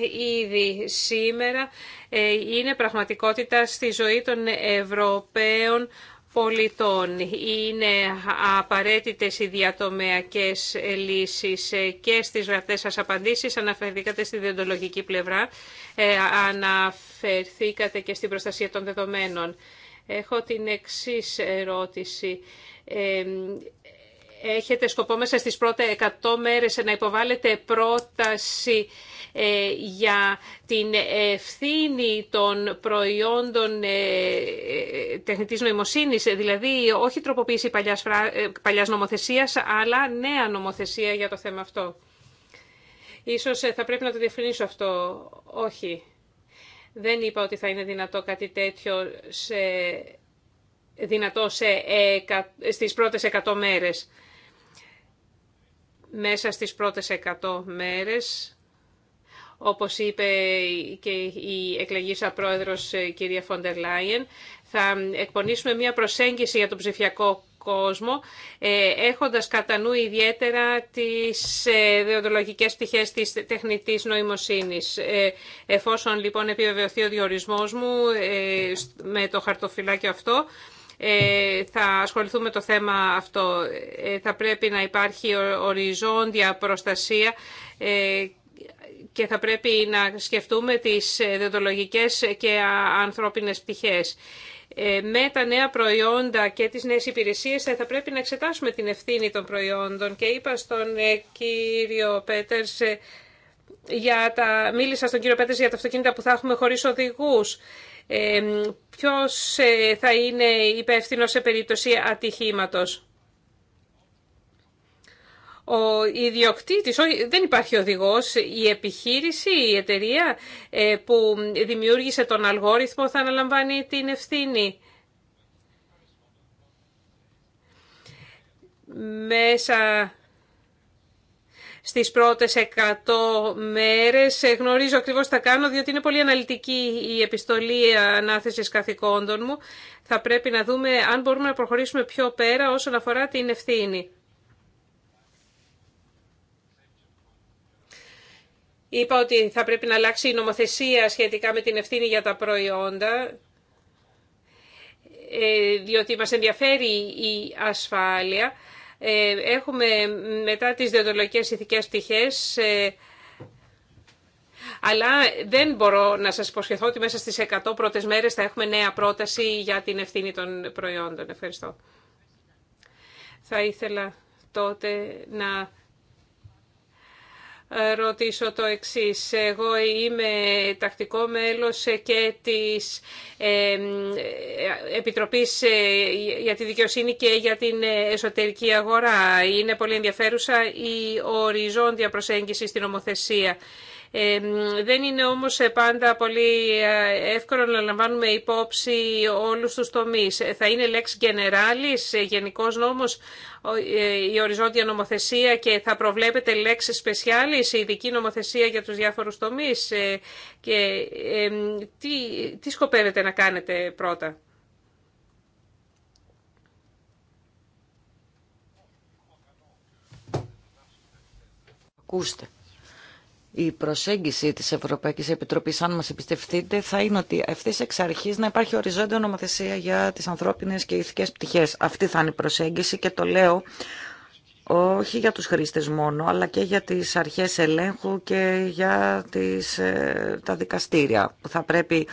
Ήδη σήμερα ε, είναι πραγματικότητα στη ζωή των Ευρωπαίων πολιτών. Είναι απαραίτητες οι διατομεακές λύσεις ε, και στις γραπτές σας απαντήσεις. Αναφερθήκατε στη διοντολογική πλευρά, αναφερθήκατε και στην προστασία των δεδομένων. Έχω την εξής ερώτηση. Έχετε σκοπό μέσα στις πρώτες 100 μέρες να υποβάλλετε πρόταση ε, για την ευθύνη των προϊόντων ε, τεχνητής νοημοσύνης, δηλαδή όχι τροποποίηση παλιάς, ε, παλιάς νομοθεσίας, αλλά νέα νομοθεσία για το θέμα αυτό. Ίσως θα πρέπει να το διευκρινίσω αυτό. Όχι. Δεν είπα ότι θα είναι δυνατό κάτι τέτοιο σε, δυνατό σε, στις πρώτες 100 μέρες. Μέσα στις πρώτες 100 μέρες, όπως είπε και η εκλεγήσα πρόεδρος ε, κυρία Φοντερ Λάιεν, θα εκπονήσουμε μια προσέγγιση για τον ψηφιακό κόσμο, ε, έχοντας κατά νου ιδιαίτερα τις ε, δεοντολογικές πτυχές της τεχνητής νοημοσύνης. Ε, εφόσον λοιπόν επιβεβαιωθεί ο διορισμός μου με το χαρτοφυλάκιο αυτό, θα ασχοληθούμε το θέμα αυτό. Θα πρέπει να υπάρχει οριζόντια προστασία και θα πρέπει να σκεφτούμε τις δεντολογικές και ανθρώπινες πτυχές. Ε, με τα νέα προϊόντα και τις νέες υπηρεσίες ε, θα πρέπει να εξετάσουμε την ευθύνη των προϊόντων και είπα στον ε, κύριο Πέτερς για τα... μίλησα στον κύριο Πέτερς για τα αυτοκίνητα που θα έχουμε χωρίς οδηγούς ε, ποιος θα είναι υπεύθυνο σε περίπτωση ατυχήματος ο ιδιοκτήτης, δεν υπάρχει οδηγός, η επιχείρηση, η εταιρεία ε, που δημιούργησε τον αλγόριθμο θα αναλαμβάνει την ευθύνη. Μέσα στις πρώτες 100 μέρες ε, γνωρίζω ακριβώς τι θα κάνω, διότι είναι πολύ αναλυτική η επιστολή ανάθεσης καθηκόντων μου. Θα πρέπει να δούμε αν μπορούμε να προχωρήσουμε πιο πέρα όσον αφορά την ευθύνη. Είπα ότι θα πρέπει να αλλάξει η νομοθεσία σχετικά με την ευθύνη για τα προϊόντα, ε, διότι μας ενδιαφέρει η ασφάλεια. Ε, έχουμε μετά τις διοντολογικές ηθικές πτυχές, ε, αλλά δεν μπορώ να σας υποσχεθώ ότι μέσα στις 100 πρώτες μέρες θα έχουμε νέα πρόταση για την ευθύνη των προϊόντων. Ευχαριστώ. Θα ήθελα τότε να ρωτήσω το εξής. Εγώ είμαι τακτικό μέλος και της Επιτροπής ε, για τη Δικαιοσύνη και για την Εσωτερική Αγορά. Είναι πολύ ενδιαφέρουσα η οριζόντια προσέγγιση στην νομοθεσία. Δεν είναι όμως ε, πάντα πολύ ε, εύκολο να λαμβάνουμε υπόψη όλους τους τομείς. Ε, θα είναι λέξη generalis, γενικός νόμος, η οριζόντια νομοθεσία και θα προβλέπετε λέξη specialis, ειδική νομοθεσία για τους διάφορους τομείς. Και τι, τι σκοπεύετε να κάνετε πρώτα. Ακούστε η προσέγγιση της Ευρωπαϊκής Επιτροπής, αν μας εμπιστευτείτε, θα είναι ότι ευθύς εξ αρχής να υπάρχει οριζόντια νομοθεσία για τις ανθρώπινες και ηθικές πτυχές. Αυτή θα είναι η προσέγγιση και το λέω όχι για τους χρήστες μόνο, αλλά και για τις αρχές ελέγχου και για τις, ε, τα δικαστήρια που θα πρέπει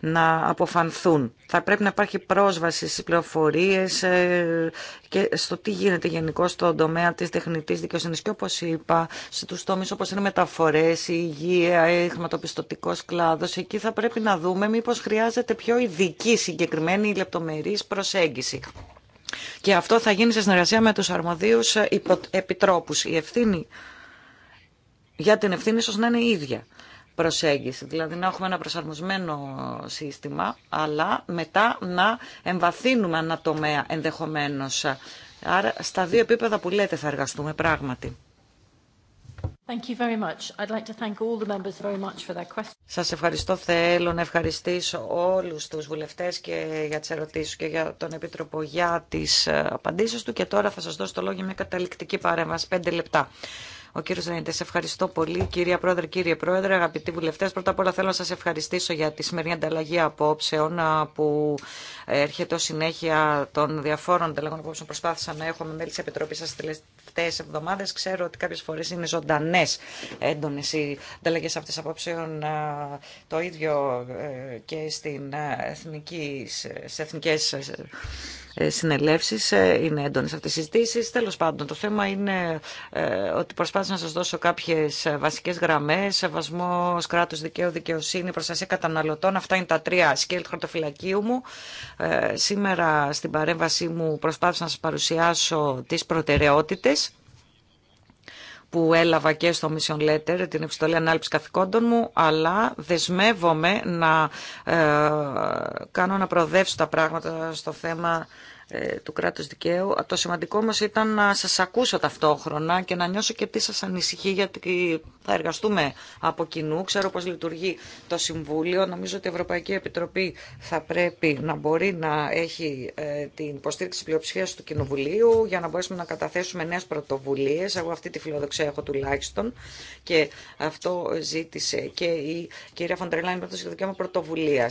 να αποφανθούν. Θα πρέπει να υπάρχει πρόσβαση στις πληροφορίες ε, και στο τι γίνεται γενικώ στον τομέα της τεχνητής δικαιοσύνης και όπως είπα, στους τομείς όπως είναι μεταφορές, η υγεία, η ε, χρηματοπιστωτικός κλάδος, εκεί θα πρέπει να δούμε μήπως χρειάζεται πιο ειδική συγκεκριμένη λεπτομερής προσέγγιση. Και αυτό θα γίνει σε συνεργασία με τους αρμοδίους ε, επιτρόπους. Η ευθύνη για την ευθύνη ίσως να είναι η ίδια προσέγγιση. Δηλαδή να έχουμε ένα προσαρμοσμένο σύστημα, αλλά μετά να εμβαθύνουμε τομέα ενδεχομένως. Άρα στα δύο επίπεδα που λέτε θα εργαστούμε πράγματι. Σα Σας ευχαριστώ. Θέλω να ευχαριστήσω όλους τους βουλευτές και για τις ερωτήσεις και για τον Επίτροπο για τις ε, απαντήσεις του και τώρα θα σας δώσω το λόγο για μια καταληκτική παρέμβαση, πέντε λεπτά. Ο κύριο Ρενιντές, ευχαριστώ πολύ. Κυρία Πρόεδρε, κύριε Πρόεδρε, αγαπητοί βουλευτέ, πρώτα απ' όλα θέλω να σα ευχαριστήσω για τη σημερινή ανταλλαγή απόψεων που έρχεται ω συνέχεια των διαφόρων ανταλλαγών απόψεων. Προσπάθησα να έχω με μέλη τη Επιτροπή σα τέσσερις εβδομάδες. Ξέρω ότι κάποιες φορές είναι ζωντανέ, έντονε οι ανταλλαγές αυτές απόψεων. Το ίδιο ε, και στην εθνική, σε εθνικές ε, ε, Συνελευσει ε, είναι έντονε αυτές οι συζητήσει. Τέλος πάντων, το θέμα είναι ε, ότι προσπάθησα να σα δώσω κάποιες βασικές γραμμές, σεβασμό κράτο δικαίου, δικαιοσύνη, προστασία καταναλωτών. Αυτά είναι τα τρία σκέλη του χαρτοφυλακίου μου. Σήμερα στην παρέμβασή μου προσπάθησα να σα παρουσιάσω τις προτεραιότητε που έλαβα και στο Mission Letter, την επιστολή ανάληψη καθηκόντων μου, αλλά δεσμεύομαι να ε, κάνω να προοδεύσω τα πράγματα στο θέμα ε, του κράτους δικαίου. Το σημαντικό μας ήταν να σας ακούσω ταυτόχρονα και να νιώσω και τι σας ανησυχεί γιατί θα εργαστούμε από κοινού. Ξέρω πώς λειτουργεί το Συμβούλιο. Νομίζω ότι η Ευρωπαϊκή Επιτροπή θα πρέπει να μπορεί να έχει ε, την υποστήριξη πλειοψηφία του Κοινοβουλίου για να μπορέσουμε να καταθέσουμε νέες πρωτοβουλίες. Εγώ αυτή τη φιλοδοξία έχω τουλάχιστον και αυτό ζήτησε και η κυρία Φοντρελάνη για το δικαίωμα πρωτοβουλία.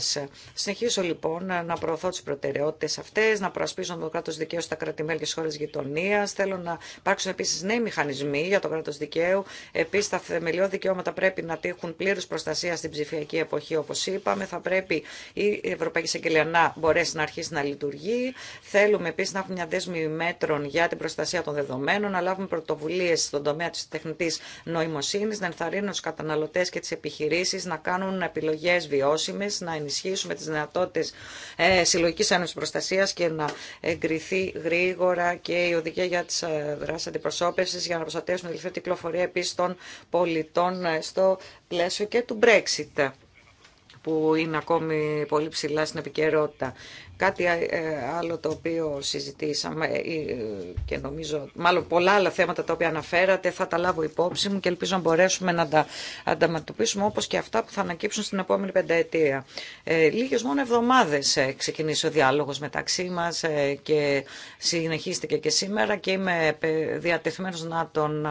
Συνεχίζω λοιπόν να προωθώ τις προτεραιότητες αυτές, να προασπίσω εφαρμόζουν το κράτο δικαίου στα κρατημέλη και στι χώρε γειτονία. Θέλω να υπάρξουν επίση νέοι μηχανισμοί για το κράτο δικαίου. Επίση, τα θεμελιώδη δικαιώματα πρέπει να τύχουν πλήρου προστασία στην ψηφιακή εποχή, όπω είπαμε. Θα πρέπει η Ευρωπαϊκή Εισαγγελία να μπορέσει να αρχίσει να λειτουργεί. Θέλουμε επίση να έχουμε μια δέσμη μέτρων για την προστασία των δεδομένων, να λάβουμε πρωτοβουλίε στον τομέα τη τεχνητή νοημοσύνη, να ενθαρρύνουν του καταναλωτέ και τι επιχειρήσει να κάνουν επιλογέ βιώσιμε, να ενισχύσουμε τι δυνατότητε ε, συλλογική Ένωση προστασία και να εγκριθεί γρήγορα και η οδηγία για τι ε, δράσεις αντιπροσώπευσης για να προστατεύσουμε τη ελευθερία κυκλοφορία επίση των πολιτών ε, στο πλαίσιο και του Brexit που είναι ακόμη πολύ ψηλά στην επικαιρότητα. Κάτι ε, άλλο το οποίο συζητήσαμε ε, και νομίζω, μάλλον πολλά άλλα θέματα τα οποία αναφέρατε, θα τα λάβω υπόψη μου και ελπίζω να μπορέσουμε να τα ανταμετωπίσουμε όπως και αυτά που θα ανακύψουν στην επόμενη πενταετία. Ε, λίγες μόνο εβδομάδες ξεκινήσει ο διάλογος μεταξύ μας και συνεχίστηκε και σήμερα και είμαι διατεθειμένος να τον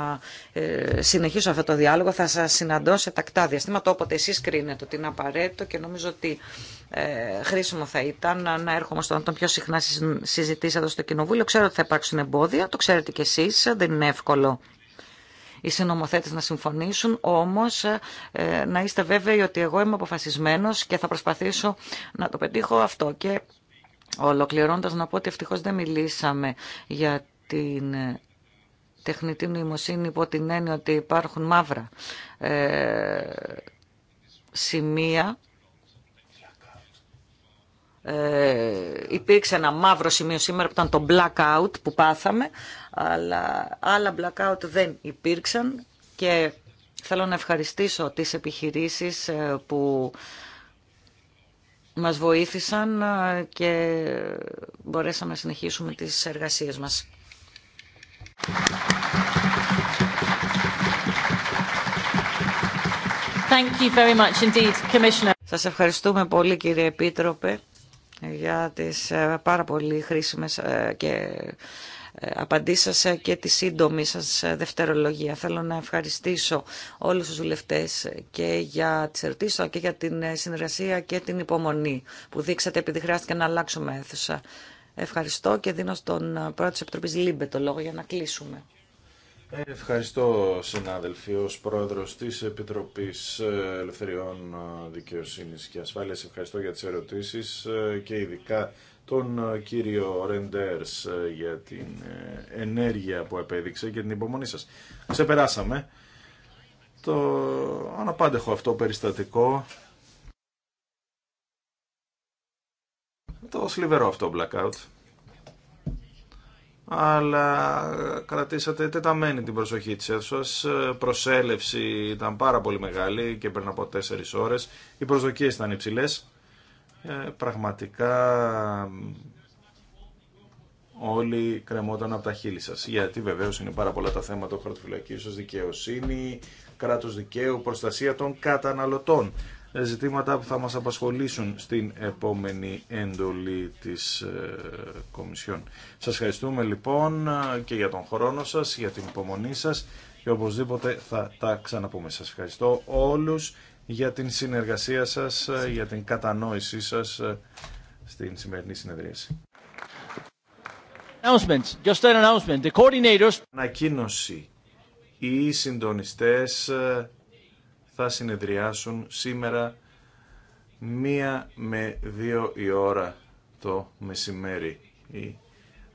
συνεχίσω αυτό το διάλογο. Θα σας συναντώ σε τακτά διαστήματα όποτε εσείς κρίνετε ότι είναι απαραίτητο και νομίζω ότι ε, χρήσιμο θα ήταν να έρχομαι στον τον πιο συχνά συζητήσει εδώ στο Κοινοβούλιο. Ξέρω ότι θα υπάρξουν εμπόδια, το ξέρετε κι εσείς, δεν είναι εύκολο οι συνομοθέτες να συμφωνήσουν, όμως ε, να είστε βέβαιοι ότι εγώ είμαι αποφασισμένος και θα προσπαθήσω να το πετύχω αυτό. Και ολοκληρώνοντα να πω ότι ευτυχώ δεν μιλήσαμε για την ε, τεχνητή νοημοσύνη υπό την έννοια ότι υπάρχουν μαύρα ε, σημεία ε, υπήρξε ένα μαύρο σημείο σήμερα που ήταν το blackout που πάθαμε, αλλά άλλα blackout δεν υπήρξαν και θέλω να ευχαριστήσω τις επιχειρήσεις ε, που μας βοήθησαν ε, και μπορέσαμε να συνεχίσουμε τις εργασίες μας. Thank you very much indeed, Commissioner. Σας ευχαριστούμε πολύ κύριε Επίτροπε για τις ε, πάρα πολύ χρήσιμες ε, και ε, απαντήσεις σας και τη σύντομη σας δευτερολογία. Θέλω να ευχαριστήσω όλους τους βουλευτέ και για τις ερωτήσεις αλλά και για την συνεργασία και την υπομονή που δείξατε επειδή χρειάστηκε να αλλάξουμε αίθουσα. Ευχαριστώ και δίνω στον πρόεδρο της Επιτροπής Λίμπε το λόγο για να κλείσουμε. Ευχαριστώ συνάδελφοι ως πρόεδρος της Επιτροπής ε, Ελευθεριών ε, Δικαιοσύνης και Ασφάλειας. Ευχαριστώ για τις ερωτήσεις ε, και ειδικά τον κύριο Ρεντέρς για την ενέργεια που επέδειξε και την υπομονή σας. Ξεπεράσαμε το αναπάντεχο αυτό περιστατικό, το σλιβερό αυτό blackout αλλά ε, κρατήσατε τεταμένη την προσοχή της αίθουσας. Ε, προσέλευση ήταν πάρα πολύ μεγάλη και πριν από τέσσερις ώρες. Οι προσδοκίες ήταν υψηλές. Ε, πραγματικά όλοι κρεμόταν από τα χείλη σας. Γιατί βεβαίως είναι πάρα πολλά τα θέματα του σας, δικαιοσύνη, κράτος δικαίου, προστασία των καταναλωτών ζητήματα που θα μας απασχολήσουν στην επόμενη εντολή της ε, Κομισιόν. Σας ευχαριστούμε λοιπόν ε, και για τον χρόνο σας, για την υπομονή σας και οπωσδήποτε θα τα ξαναπούμε. Σας ευχαριστώ όλους για την συνεργασία σας, ε, για την κατανόησή σας στην σημερινή συνεδρίαση. Just an The coordinators... Οι συντονιστές θα συνεδριάσουν σήμερα μία με δύο η ώρα το μεσημέρι η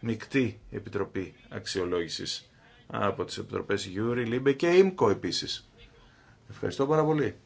μικτή επιτροπή αξιολόγησης από τις επιτροπές Γιούρι, Λίμπε και Ίμκο επίσης. Ευχαριστώ πάρα πολύ.